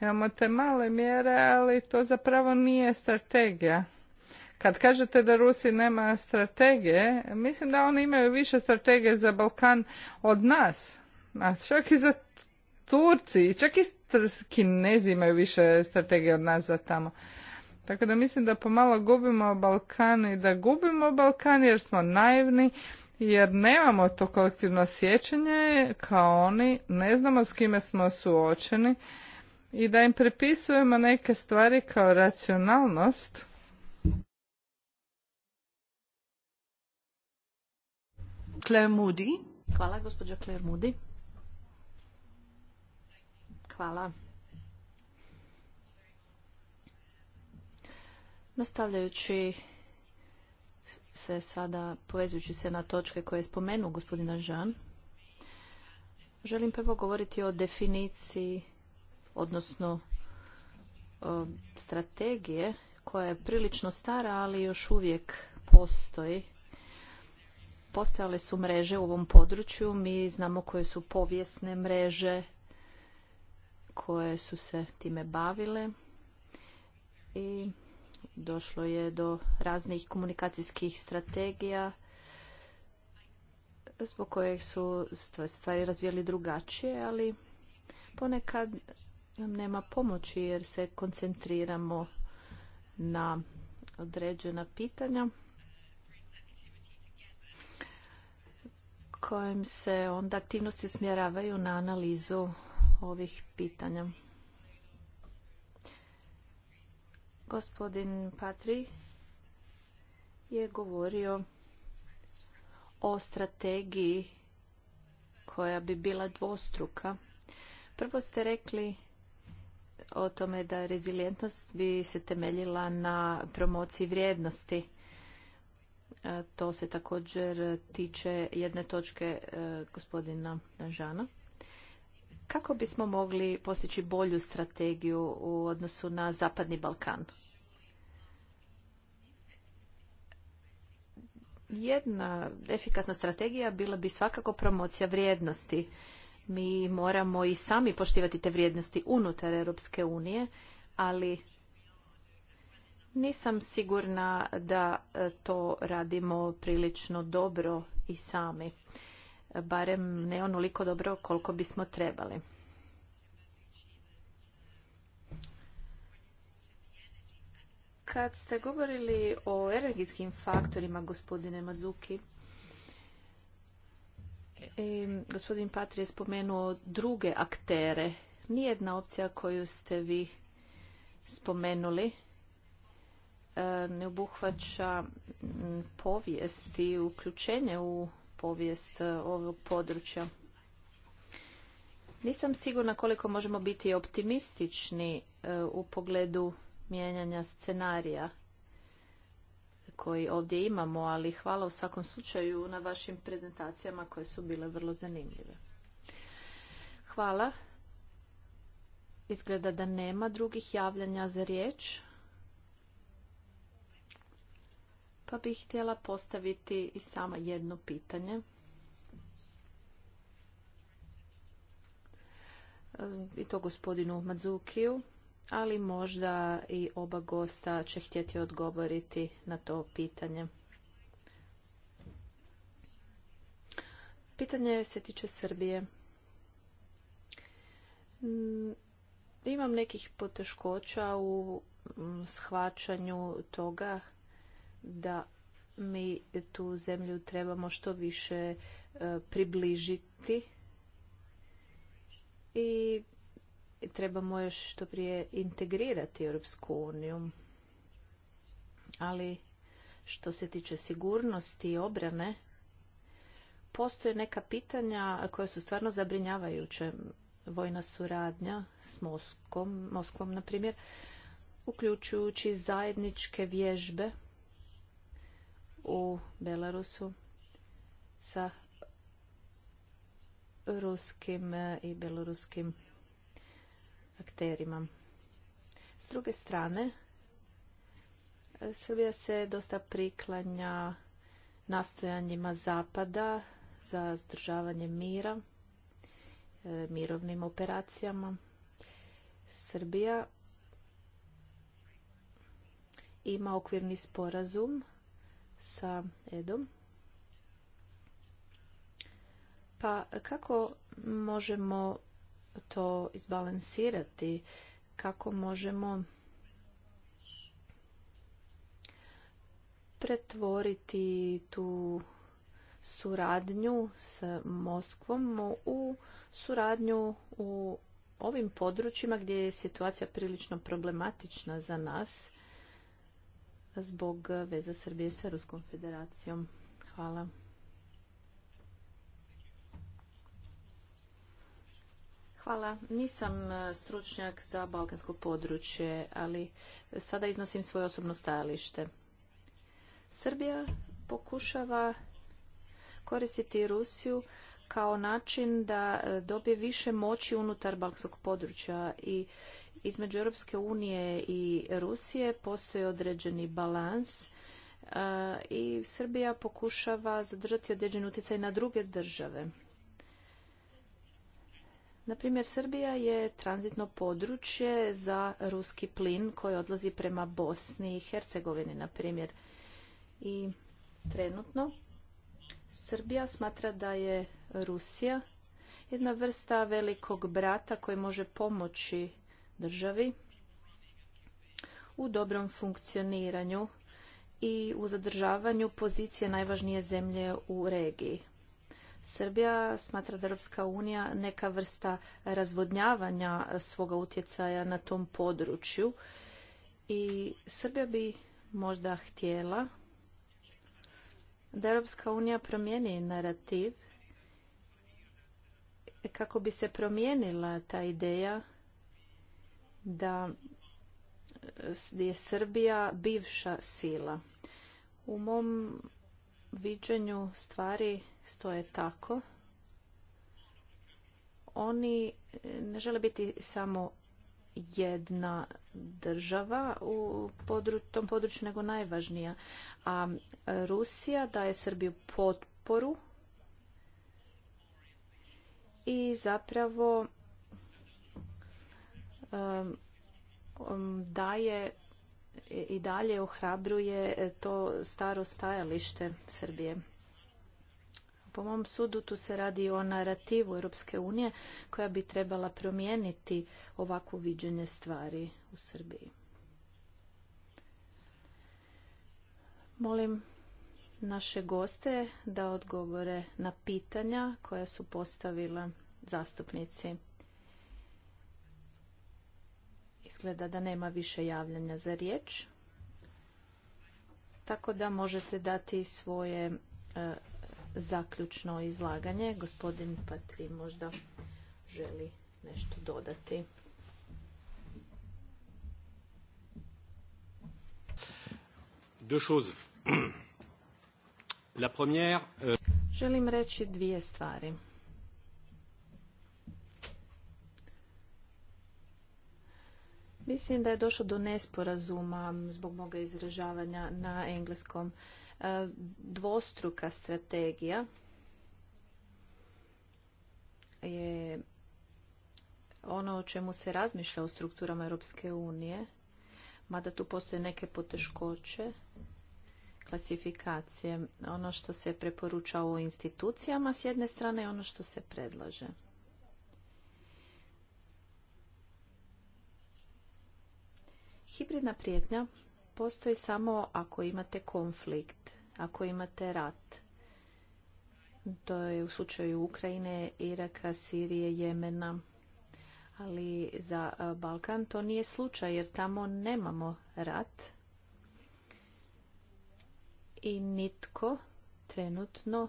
Imamo te male mjere, ali to zapravo nije strategija. Kad kažete da Rusi nema strategije, mislim da oni imaju više strategije za Balkan od nas. A čak i za Turci, čak i Kinezi imaju više strategije od nas za tamo. Tako da mislim da pomalo gubimo Balkan i da gubimo Balkan jer smo naivni, jer nemamo to kolektivno sjećanje kao oni, ne znamo s kime smo suočeni i da im prepisujemo neke stvari kao racionalnost. Claire Moody. Hvala, gospođo Claire Moody. Hvala. Nastavljajući se sada, povezujući se na točke koje je spomenuo gospodina Žan, želim prvo govoriti o definiciji, odnosno strategije koja je prilično stara, ali još uvijek postoji. Postojale su mreže u ovom području, mi znamo koje su povijesne mreže, koje su se time bavile i došlo je do raznih komunikacijskih strategija zbog kojeg su stvari razvijali drugačije, ali ponekad nam nema pomoći jer se koncentriramo na određena pitanja kojim se onda aktivnosti usmjeravaju na analizu ovih pitanja. Gospodin Patri je govorio o strategiji koja bi bila dvostruka. Prvo ste rekli o tome da rezilijentnost bi se temeljila na promociji vrijednosti. E, to se također tiče jedne točke e, gospodina Žana kako bismo mogli postići bolju strategiju u odnosu na Zapadni Balkan? Jedna efikasna strategija bila bi svakako promocija vrijednosti. Mi moramo i sami poštivati te vrijednosti unutar Europske unije, ali nisam sigurna da e, to radimo prilično dobro i sami barem ne onoliko dobro koliko bismo trebali. Kad ste govorili o energijskim faktorima, gospodine Mazuki, gospodin Patri je spomenuo druge aktere. Nijedna opcija koju ste vi spomenuli e, ne obuhvaća povijest i uključenje u povijest e, ovog područja. Nisam sigurna koliko možemo biti optimistični e, u pogledu mijenjanja scenarija koji ovdje imamo, ali hvala u svakom slučaju na vašim prezentacijama koje su bile vrlo zanimljive. Hvala. Izgleda da nema drugih javljanja za riječ. pa bih htjela postaviti i samo jedno pitanje. E, I to gospodinu Mazukiju, ali možda i oba gosta će htjeti odgovoriti na to pitanje. Pitanje se tiče Srbije. Imam nekih poteškoća u shvaćanju toga da mi tu zemlju trebamo što više e, približiti i trebamo još što prije integrirati Europsku uniju. Ali što se tiče sigurnosti i obrane, postoje neka pitanja koja su stvarno zabrinjavajuće. Vojna suradnja s Moskom, Moskvom, na primjer, uključujući zajedničke vježbe u Belarusu sa ruskim e, i beloruskim akterima. S druge strane, e, Srbija se dosta priklanja nastojanjima Zapada za zdržavanje mira, e, mirovnim operacijama. Srbija ima okvirni sporazum sa Edom. Pa kako možemo to izbalansirati? Kako možemo pretvoriti tu suradnju s Moskvom u suradnju u ovim područjima gdje je situacija prilično problematična za nas zbog veze Srbije sa Ruskom federacijom. Hvala. Hvala. Nisam e, stručnjak za balkansko područje, ali sada iznosim svoje osobno stajalište. Srbija pokušava koristiti Rusiju kao način da e, dobije više moći unutar balkanskog područja i između Europske unije i Rusije postoji određeni balans e, i Srbija pokušava zadržati određen utjecaj na druge države. Na primjer, Srbija je tranzitno područje za ruski plin koji odlazi prema Bosni i Hercegovini, na primjer. I trenutno Srbija smatra da je Rusija jedna vrsta velikog brata koji može pomoći državi u dobrom funkcioniranju i u zadržavanju pozicije najvažnije zemlje u regiji. Srbija smatra da Europska unija neka vrsta razvodnjavanja svoga utjecaja na tom području i Srbija bi možda htjela da Europska unija promijeni narativ kako bi se promijenila ta ideja da je Srbija bivša sila. U mom viđenju stvari stoje tako. Oni ne žele biti samo jedna država u tom području, nego najvažnija. A e, Rusija daje Srbiju potporu i zapravo daje i dalje ohrabruje to staro stajalište Srbije. Po mom sudu tu se radi o narativu Europske unije koja bi trebala promijeniti ovakvo viđenje stvari u Srbiji. Molim naše goste da odgovore na pitanja koja su postavila zastupnici. Izgleda da nema više javljanja za riječ. Tako da možete dati svoje e, zaključno izlaganje. Gospodin Patri možda želi nešto dodati. Euh, Želim reći dvije stvari. Mislim da je došlo do nesporazuma zbog moga izražavanja na engleskom. E, dvostruka strategija je ono o čemu se razmišlja u strukturama Europske unije, mada tu postoje neke poteškoće klasifikacije. Ono što se preporuča u institucijama s jedne strane i ono što se predlaže. Hibridna prijetnja postoji samo ako imate konflikt, ako imate rat. To je u slučaju Ukrajine, Iraka, Sirije, Jemena. Ali za Balkan to nije slučaj jer tamo nemamo rat. I nitko trenutno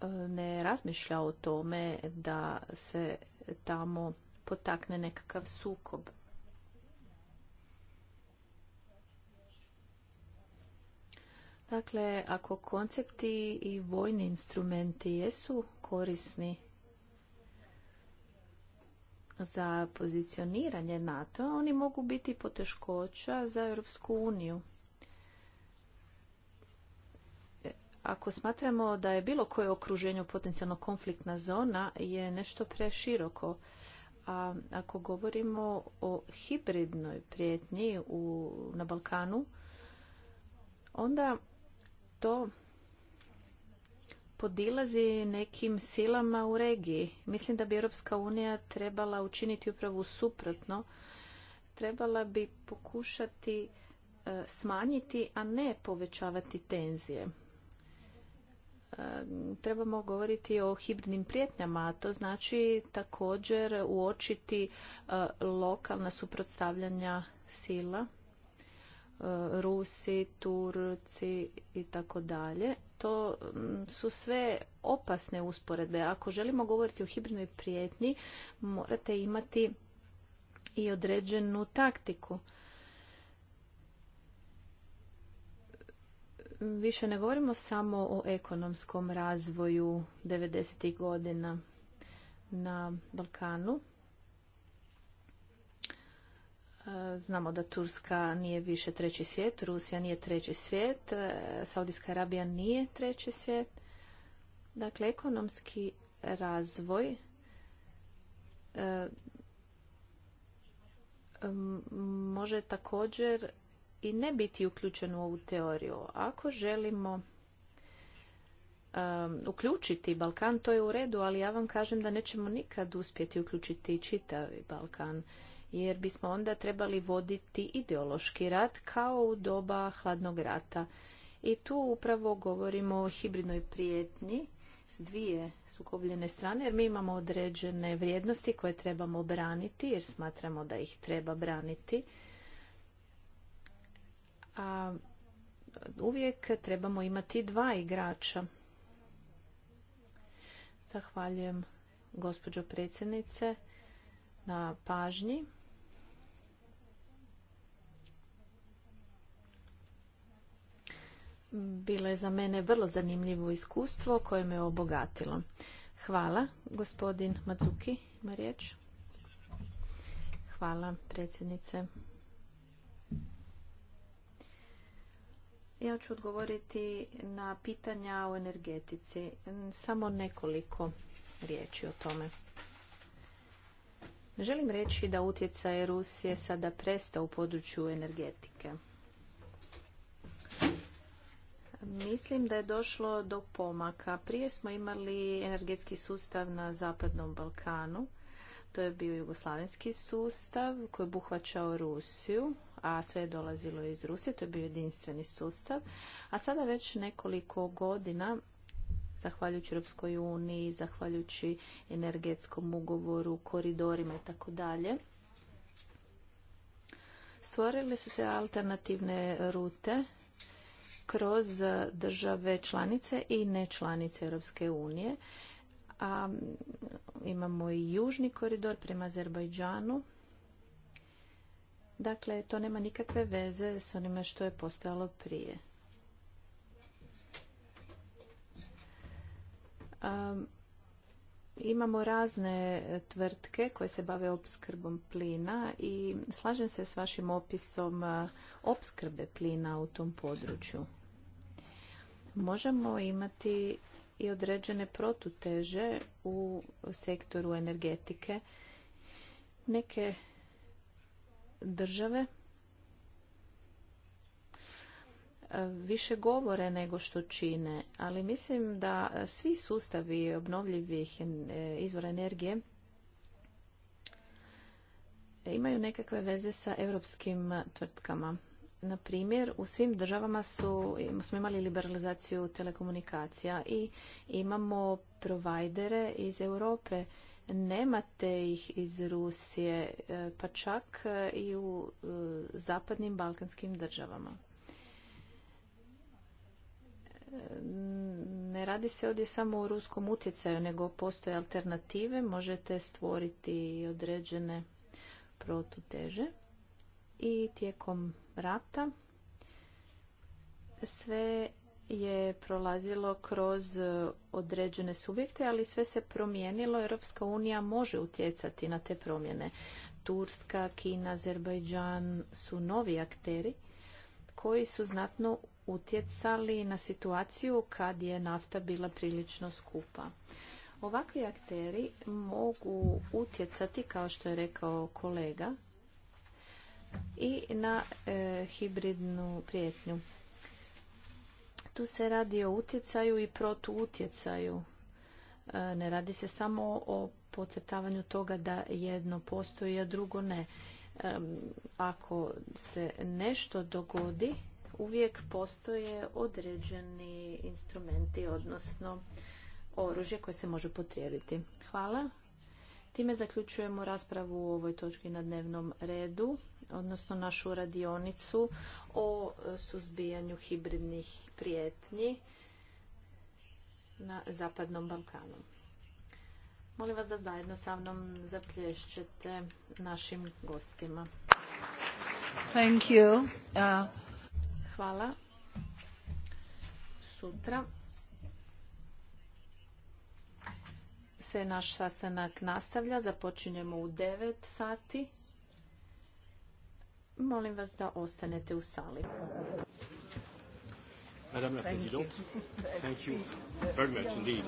e, ne razmišlja o tome da se tamo potakne nekakav sukob. Dakle, ako koncepti i vojni instrumenti jesu korisni za pozicioniranje NATO, oni mogu biti poteškoća za Europsku uniju. E, ako smatramo da je bilo koje okruženje potencijalno konfliktna zona je nešto preširoko, a ako govorimo o hibridnoj prijetnji u, na Balkanu, onda to podilazi nekim silama u regiji. Mislim da bi Europska unija trebala učiniti upravo suprotno. Trebala bi pokušati e, smanjiti, a ne povećavati tenzije. E, trebamo govoriti o hibridnim prijetnjama, a to znači također uočiti e, lokalna suprotstavljanja sila E, Rusi, Turci i tako dalje. To mm, su sve opasne usporedbe. Ako želimo govoriti o hibridnoj prijetnji, morate imati i određenu taktiku. Više ne govorimo samo o ekonomskom razvoju 90. godina na Balkanu, E, znamo da Turska nije više treći svijet, Rusija nije treći svijet, e, Saudijska Arabija nije treći svijet. Dakle, ekonomski razvoj e, može također i ne biti uključen u ovu teoriju. Ako želimo uključiti Balkan, to je u redu, ali ja vam kažem da nećemo nikad uspjeti uključiti čitavi Balkan jer bismo onda trebali voditi ideološki rat kao u doba hladnog rata. I tu upravo govorimo o hibridnoj prijetnji s dvije sukobljene strane, jer mi imamo određene vrijednosti koje trebamo braniti, jer smatramo da ih treba braniti. A uvijek trebamo imati dva igrača. Zahvaljujem gospođo predsjednice na pažnji. Bilo je za mene vrlo zanimljivo iskustvo koje me obogatilo. Hvala. Gospodin Macuki ima riječ. Hvala, predsjednice. Ja ću odgovoriti na pitanja o energetici. Samo nekoliko riječi o tome. Želim reći da utjecaj Rusije sada presta u području energetike. Mislim da je došlo do pomaka. Prije smo imali energetski sustav na Zapadnom Balkanu. To je bio jugoslavenski sustav koji je buhvaćao Rusiju, a sve je dolazilo iz Rusije. To je bio jedinstveni sustav. A sada već nekoliko godina zahvaljujući Europskoj uniji, zahvaljujući energetskom ugovoru, koridorima i tako dalje. Stvorile su se alternativne rute kroz države članice i nečlanice Europske unije. A imamo i južni koridor prema Azerbajdžanu. Dakle, to nema nikakve veze s onime što je postojalo prije. imamo razne tvrtke koje se bave opskrbom plina i slažem se s vašim opisom opskrbe plina u tom području možemo imati i određene protuteže u sektoru energetike. Neke države više govore nego što čine, ali mislim da svi sustavi obnovljivih e, izvora energije imaju nekakve veze sa europskim tvrtkama na primjer, u svim državama su, smo imali liberalizaciju telekomunikacija i imamo provajdere iz Europe. Nemate ih iz Rusije, e, pa čak e, i u e, zapadnim balkanskim državama. Ne radi se ovdje samo o ruskom utjecaju, nego postoje alternative, možete stvoriti određene protuteže i tijekom rata sve je prolazilo kroz određene subjekte, ali sve se promijenilo. Europska unija može utjecati na te promjene. Turska, Kina, Azerbajdžan su novi akteri koji su znatno utjecali na situaciju kad je nafta bila prilično skupa. Ovakvi akteri mogu utjecati, kao što je rekao kolega, i na e, hibridnu prijetnju. Tu se radi o utjecaju i protuutjecaju. E, ne radi se samo o pocrtavanju toga da jedno postoji, a drugo ne. E, ako se nešto dogodi, uvijek postoje određeni instrumenti, odnosno oružje koje se može potrijebiti. Hvala. Time zaključujemo raspravu u ovoj točki na dnevnom redu, odnosno našu radionicu o suzbijanju hibridnih prijetnji na Zapadnom Balkanu. Molim vas da zajedno sa mnom zaplješćete našim gostima. Uh, Hvala. Sutra se naš sastanak nastavlja. Započinjemo u 9 sati. Molim vas da ostanete u sali. Madame la Présidente, thank you very much indeed.